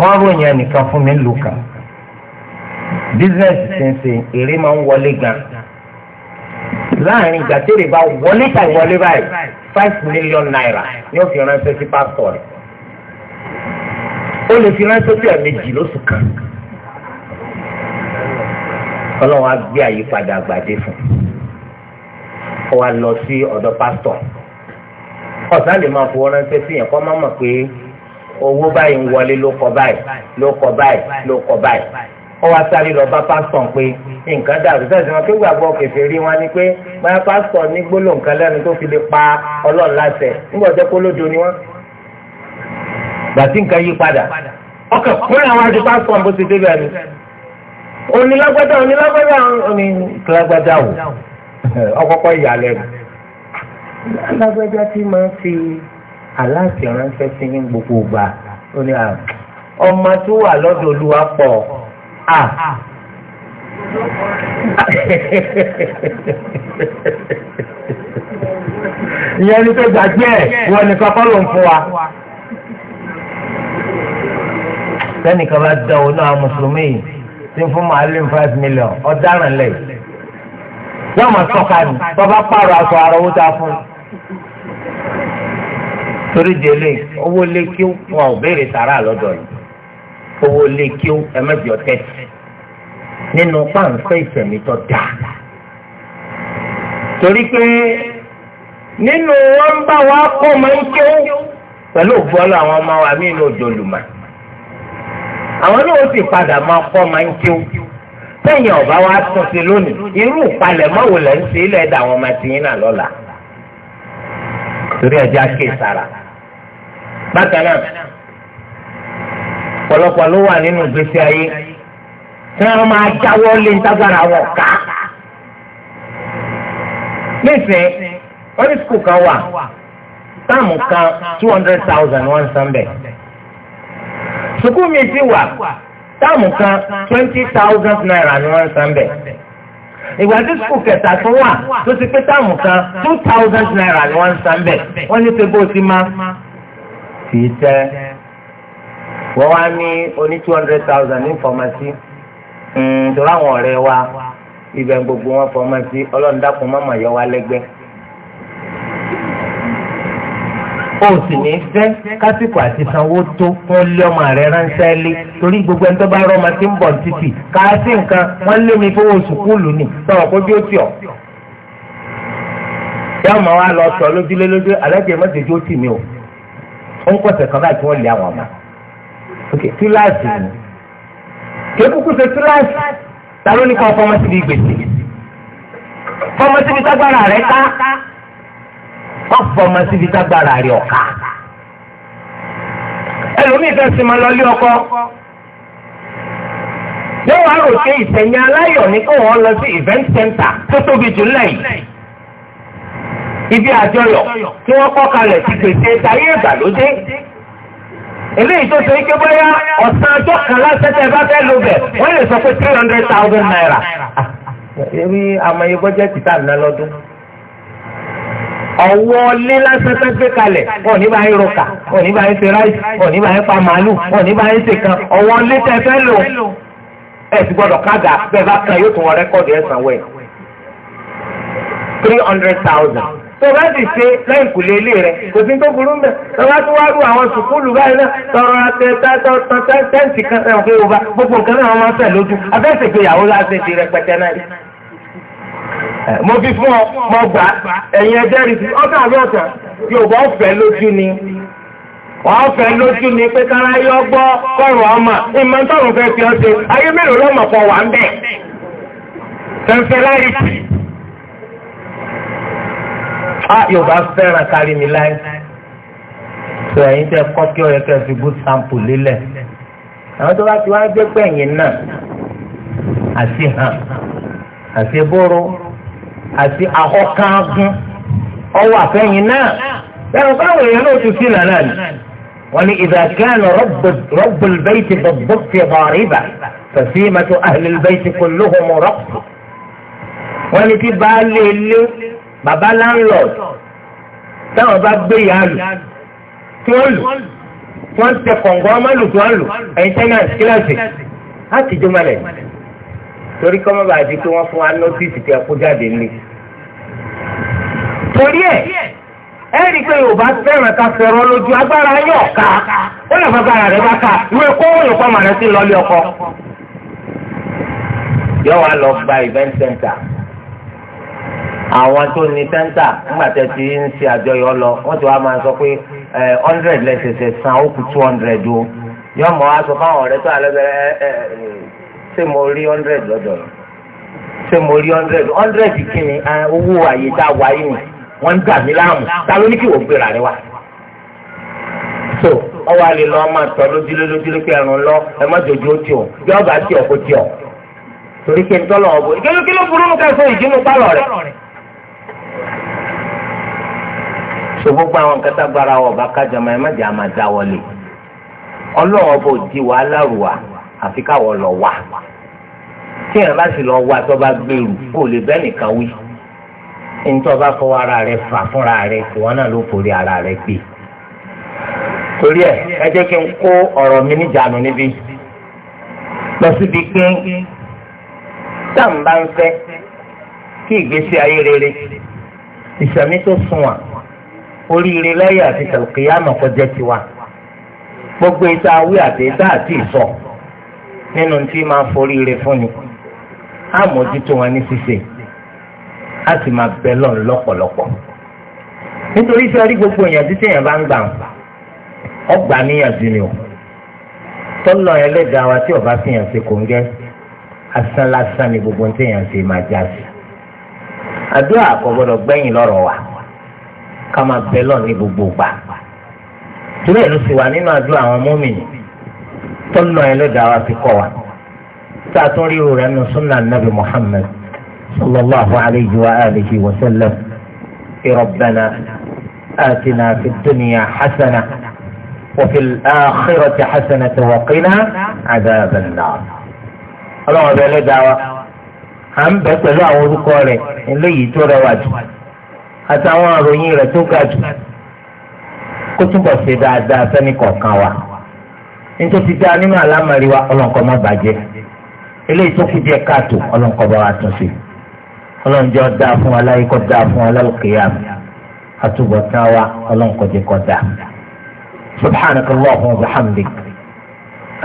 [SPEAKER 1] wọ́n ròyìn ẹnìkan fún mi lù kàn. bísíǹsì ṣe ń ṣe èrè máa ń wọlé gan-an ìgbà tí èrè bá wọlé tàì wọlé báyìí five million naira ni ó fi ránṣẹ́ sí pásítọ̀ rẹ̀ ó lè fi ránṣẹ́ bí ẹ̀mejì lóṣù kan ọlọ́run á gbé àyípadà àgbàdé fún ọ wá lọ sí ọ̀dọ̀ pásítọ̀ ọ̀sán lè máa fowó ránṣẹ́ sí yẹn kọ́ má mọ̀ pé owó báyìí ń wọlé ló kọ báyìí ló kọ báyìí ló kọ báyìí ó wá sáré lọ bá pásítọ̀ pé nǹkan dàrú sẹ́sìn wọn kéwàá gbọ́ kẹfẹ́ rí wọn ni pé báyà pásítọ̀ ní gbólóǹkan lẹ́nu tó fi lè pa ọlọ́run láṣẹ nígbà tó kó lódo ni wọ́n gbàtí nǹkan yí padà ọkọ̀ fún àwọn àdìpá sọ̀n bó ti débi àná onílágbádá onílágbádá onílágbádá wò ọkọ̀kọ̀ ìyàlẹ̀ rẹ̀ alágbádá tí máa ń fi aláàfin ránṣẹ́ sí ní gbogbo ìgbà ó ní ọmọ tó wà lọ́dọ̀ olúwa pọ̀ à
[SPEAKER 3] ìyẹn ni pé gbàgbé ẹ̀ wọ́n nìkan kọ́ ló ń fún wa tẹ́nìkan bá
[SPEAKER 1] dán o náà mùsùlùmí yìí tí ń fún màálùm five million ọ̀daràn lẹ̀ yóò máa sọ́ka ni bàbá pààrọ̀ aṣọ ara owó tá a fún un. torí délé owó lé kí wọn ò béèrè sàrà lọ́dọ̀ yìí owó lé kí ẹ̀mẹ́jọ tẹ̀sí nínú páńpẹ́ ìsẹ̀mí tó dáa torí pé nínú wọn bá wa kọ́ máa ń kéwú pẹ̀lú ògbọ́lọ́ àwọn ọmọ wa mí ní òjòlùmọ̀ àwọn náà ó sì padà máa kọ́ máa ń kíw sẹ́yìn ọ̀bá wa tún sí lónìí irú ìpalẹ̀ mọ́wò lẹ́ ń ṣe ilẹ̀ ẹ̀dá àwọn ọmọ ẹ̀sìn yín náà lọ́la torí ẹ̀jẹ̀ àké sara bákan náà pọ̀lọpọ̀ ló wà nínú ìgbésí ayé tí wọ́n máa jáwọ́ lé ntágbára wọn ká wọ́n ní sukùl kan wà táàmù kan san sukú mi ti wà táàmù kan twenty thousand naira ni wọ́n san bẹ̀ ìgbà tí sukù kẹta tó wà tó ti pé táàmù kan two thousand naira ni wọ́n san bẹ̀ wọ́n ní pé bó ti má fi tẹ́ wọ́n wá ní oní two hundred thousand ní fọmásì ǹ tó láwọn ọ̀rẹ́ wa ibẹ̀ gbogbo wọn fọmásì ọlọ́run dákun má mà wá lẹ́gbẹ́. o sì ní fẹ́ kásìkò àti sanwó tó fún lé ọmọ rẹ ránṣẹ́ lé torí gbogbo ẹni tó bá rọ́ọ̀mà tí ń bọ̀ títì káàsì nǹkan wọ́n lé mi fowó sùkúlù ni sọ̀rọ̀ kó bí ó tì ọ́. ìyá ọmọ wa lọ sọ lójúlé lójú alájẹ mọ́tẹ́jú ó tì mí o ó ń pọ̀sẹ̀ kan báyìí wọ́n lé àwọn ọmọ. ok kíláàsì ni kékuku ṣe kíláàsì ta ló ní kọ́ fọmọ́sí bíi gbèsè fọmọ́sí
[SPEAKER 3] bíi tágbára rẹ ká
[SPEAKER 1] wọ́n fọmọ síbi tágbára rẹ̀ ọ̀ka. ẹlòmíì fẹ́ sinmi lọ́lé ọkọ yóò wá rò pé ìsẹ̀yìn aláyọ̀ ní kó wọ́n lọ sí event center tó tóbi jù ńlẹ̀ yìí. ibi àjọyọ̀ tí wọ́n kọ́ kalẹ̀ ti pèsè táyé ìgbàlódé. eléyìí tó ṣe é ké bóyá ọ̀sán ọjọ́ kan lásẹ̀tẹ̀ bá fẹ́ lo bẹ̀ wọ́n lè sọ pé three hundred thousand naira. èmi àmọ̀ yìí bọ́jẹ́tì tá a ná lọ́dún ọ̀wọ́ lé lásán tó gbé kalẹ̀ wọn ní bá yín roka wọn ní bá yín ṣe ráìsì wọn ní bá yín pa màálù wọn ní bá yín ṣe kan ọ̀wọ́ lé tẹ fẹ́ lò ẹ̀ ti gbọ́dọ̀ kága bẹ́ẹ̀ bá kan yóò tún wọn rẹ́kọ̀dù ẹ̀ sanwó ẹ̀ three hundred thousand tó bá ti ṣe lẹ́yìn kùlé ilé rẹ̀ kò sí tó burú mẹ́ lọ́wọ́ tó wá rú àwọn sùkúlù báyìí náà tọrọ àtẹ̀tẹ̀ tẹ́ǹtì kan ẹ̀wọ̀n pé gbogbo nǹkan náà wọ́n máa ń fẹ̀ lójú abẹ́sẹ̀ pé ìyàwó láti di rẹpẹtẹ náà Eh, mo fi fún ọ mo gbà ẹ̀yin ẹjẹ́ rí sí ọ̀tá àbí ọ̀tá Yorùbá lójú ni wọ́n fẹ́ lójú ni pé kára yọ gbọ́ kọ́rọ̀ ọmọ ìmọ̀ tọ́rọ̀ fẹ́ fi ọ́sẹ̀ ayé mélòó lọ́mọ̀ pọ̀ wà ń bẹ̀ fẹ́fẹ́ láì a ah, Yorùbá fẹ́ràn kárí mi láì tẹ kọ́ kí fi sample lélẹ̀ àwọn tó bá ti wá gbé pẹ̀yìn náà àti hàn àti àkọ́kángun ọwọ́ àfẹ́yìn náà bẹ́ẹ̀ wọ́n káwọn èèyàn náà tún sí nàná ni wọ́n ní ìdàgánà rọ́bùlbẹ́ẹ̀tì bọ̀bọ̀tì bọ̀rìbà fẹ̀símàtò àhìlbẹ́ẹ̀tì kòlóhùn rọ́bù. wọ́n ní tí baálé ilé bàbá landlord táwọn bá gbé yàrá lù tí wọ́n lù wọ́n tẹ kọ̀ǹgọ́ ọmọlù tí wọ́n lù ẹ̀yin tẹ́lẹ̀ kíláàsì láti jó malẹ̀ torí kọ́ mọ́ba àti pé wọ́n fún wa nọ́tìsì tí a kó jáde ní. torí ẹ ẹ rí i pé yorùbá fẹ́ràn ká fẹ́ràn lójú agbára yóò ká ó lè fẹ́ bára rẹ̀ bá ká ìwé kó wọ́n yòókọ́ màrẹ́ sí lọ́lé ọkọ. yóò wá lọ gba event center àwọn tó ní tẹ́ńtà nígbà tẹ́ ti ń ṣe àjọyọ̀ lọ wọ́n ti wá máa sọ pé hundred lẹ́sẹ̀sẹ̀ san ó kù two hundred o yóò mọ̀ wá fáwọn ọ̀rẹ́ tó àlẹ́ bẹ̀rẹ̀ ṣé mo rí hundred lọ́dọ̀ rẹ̀ ṣé mo rí hundred hundred kí ni owó àyè tá a wà yìí ni wọ́n ń dà mí láàmú ta ló ní kí wọ́n gbéra rẹ wá. so ọwọ́ àlè lọ́ọ́ máa tọ́ lójúlé lójúlé pé ẹ̀rùn lọ ẹ má jòjó tí o bí ọba tí o kò tí o torí pé ntọ́lọ̀ ọ̀bọ ìkéwé kí ló burú mú ká fún ìdínú pálọ̀ rẹ̀. so gbogbo àwọn nǹkan tágbára wọn ọba kájọmọ ẹ má jẹ́ àmà dáwọlé ọlọ́wọ́ bò di wàhálà rùwà àfi káwọ́ lọ wà tí èèyàn bá sì lọ wà tó bá gbèrú kó lè bẹ́ẹ̀ nìkan wí nítorí bá fọwọ́ ara rẹ fà fúnra rẹ ìwọ náà ló forí ara rẹ gbé torí ẹ ẹ jẹ́ kí n kó ọ̀rọ̀ mi níjànú níbí lọ síbi pé táwọn bá ń fẹ́ kí ìgbésí ayé rere ìsẹ̀mí tó sunwọ̀n oríire lẹ́yìn àti tẹ̀lùkìyàmọ̀ kọjá tiwa gbogbo ìta awí àti ìta àti ìsọ̀ nínú tí máa forí rẹ fún ni á mójútó wọn ní ṣíṣe á sì máa bẹ lọ lọ́pọ̀lọpọ̀ nítorí sẹ́rí gbogbo èèyàn tí téèyàn bá ń gbà ń ọgbà níyànjú ni o tọ́lọ̀ ẹlẹ́dàá wa tí ọba fi hàn ṣe kò ń gẹ́ asán lásán ni gbogbo téèyàn ṣe máa já sí àdúrà kò gbọdọ̀ gbẹ́yìn lọ́rọ̀ wa ká máa bẹ lọ ní gbogbo gbà. Ìtura ìlú sì wà nínú àdúrà àwọn mọ́mìnì. tọ́lọ̀ yẹn ló dára ti kọ́ wa tá a sàtún rí rẹ̀ nù súnà nàbì muhammed sallallahu alayhi wa alihi wa sallam irọ̀bẹ̀nà àtìnà fi dúnìyà hasana wàfi àkírọ̀tì hasana tó wàkínà naa ọlọ́wọ́n bẹ́ẹ̀ ló dára à ń bẹ pẹ̀lú àwọn orúkọ rẹ̀ eléyìí tó rẹwà jù àtàwọn àròyìn rẹ̀ tó ga jù kó túbọ̀ ṣe dáadáa sẹ́ni kọ̀ọ̀kan wa. nítorí ti dá nínú àlámọ̀rí wa ọlọ́nkọ́ má bàjẹ́ eléyìí tó kù díẹ̀ káàtó ọlọ́nkọ́ bá wa tún sí ọlọ́njọ́ dáa fún wa láyé kọ́ dáa fún wa lálùkìyàm àtúbọ̀tán wa ọlọ́nkọ́ jẹ́ kọ́ dáa subhanaka allahumma wa bihamdik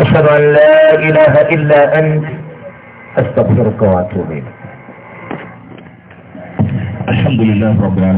[SPEAKER 1] ashhadu an la ilaha illa ant
[SPEAKER 2] astaghfiruka wa atubu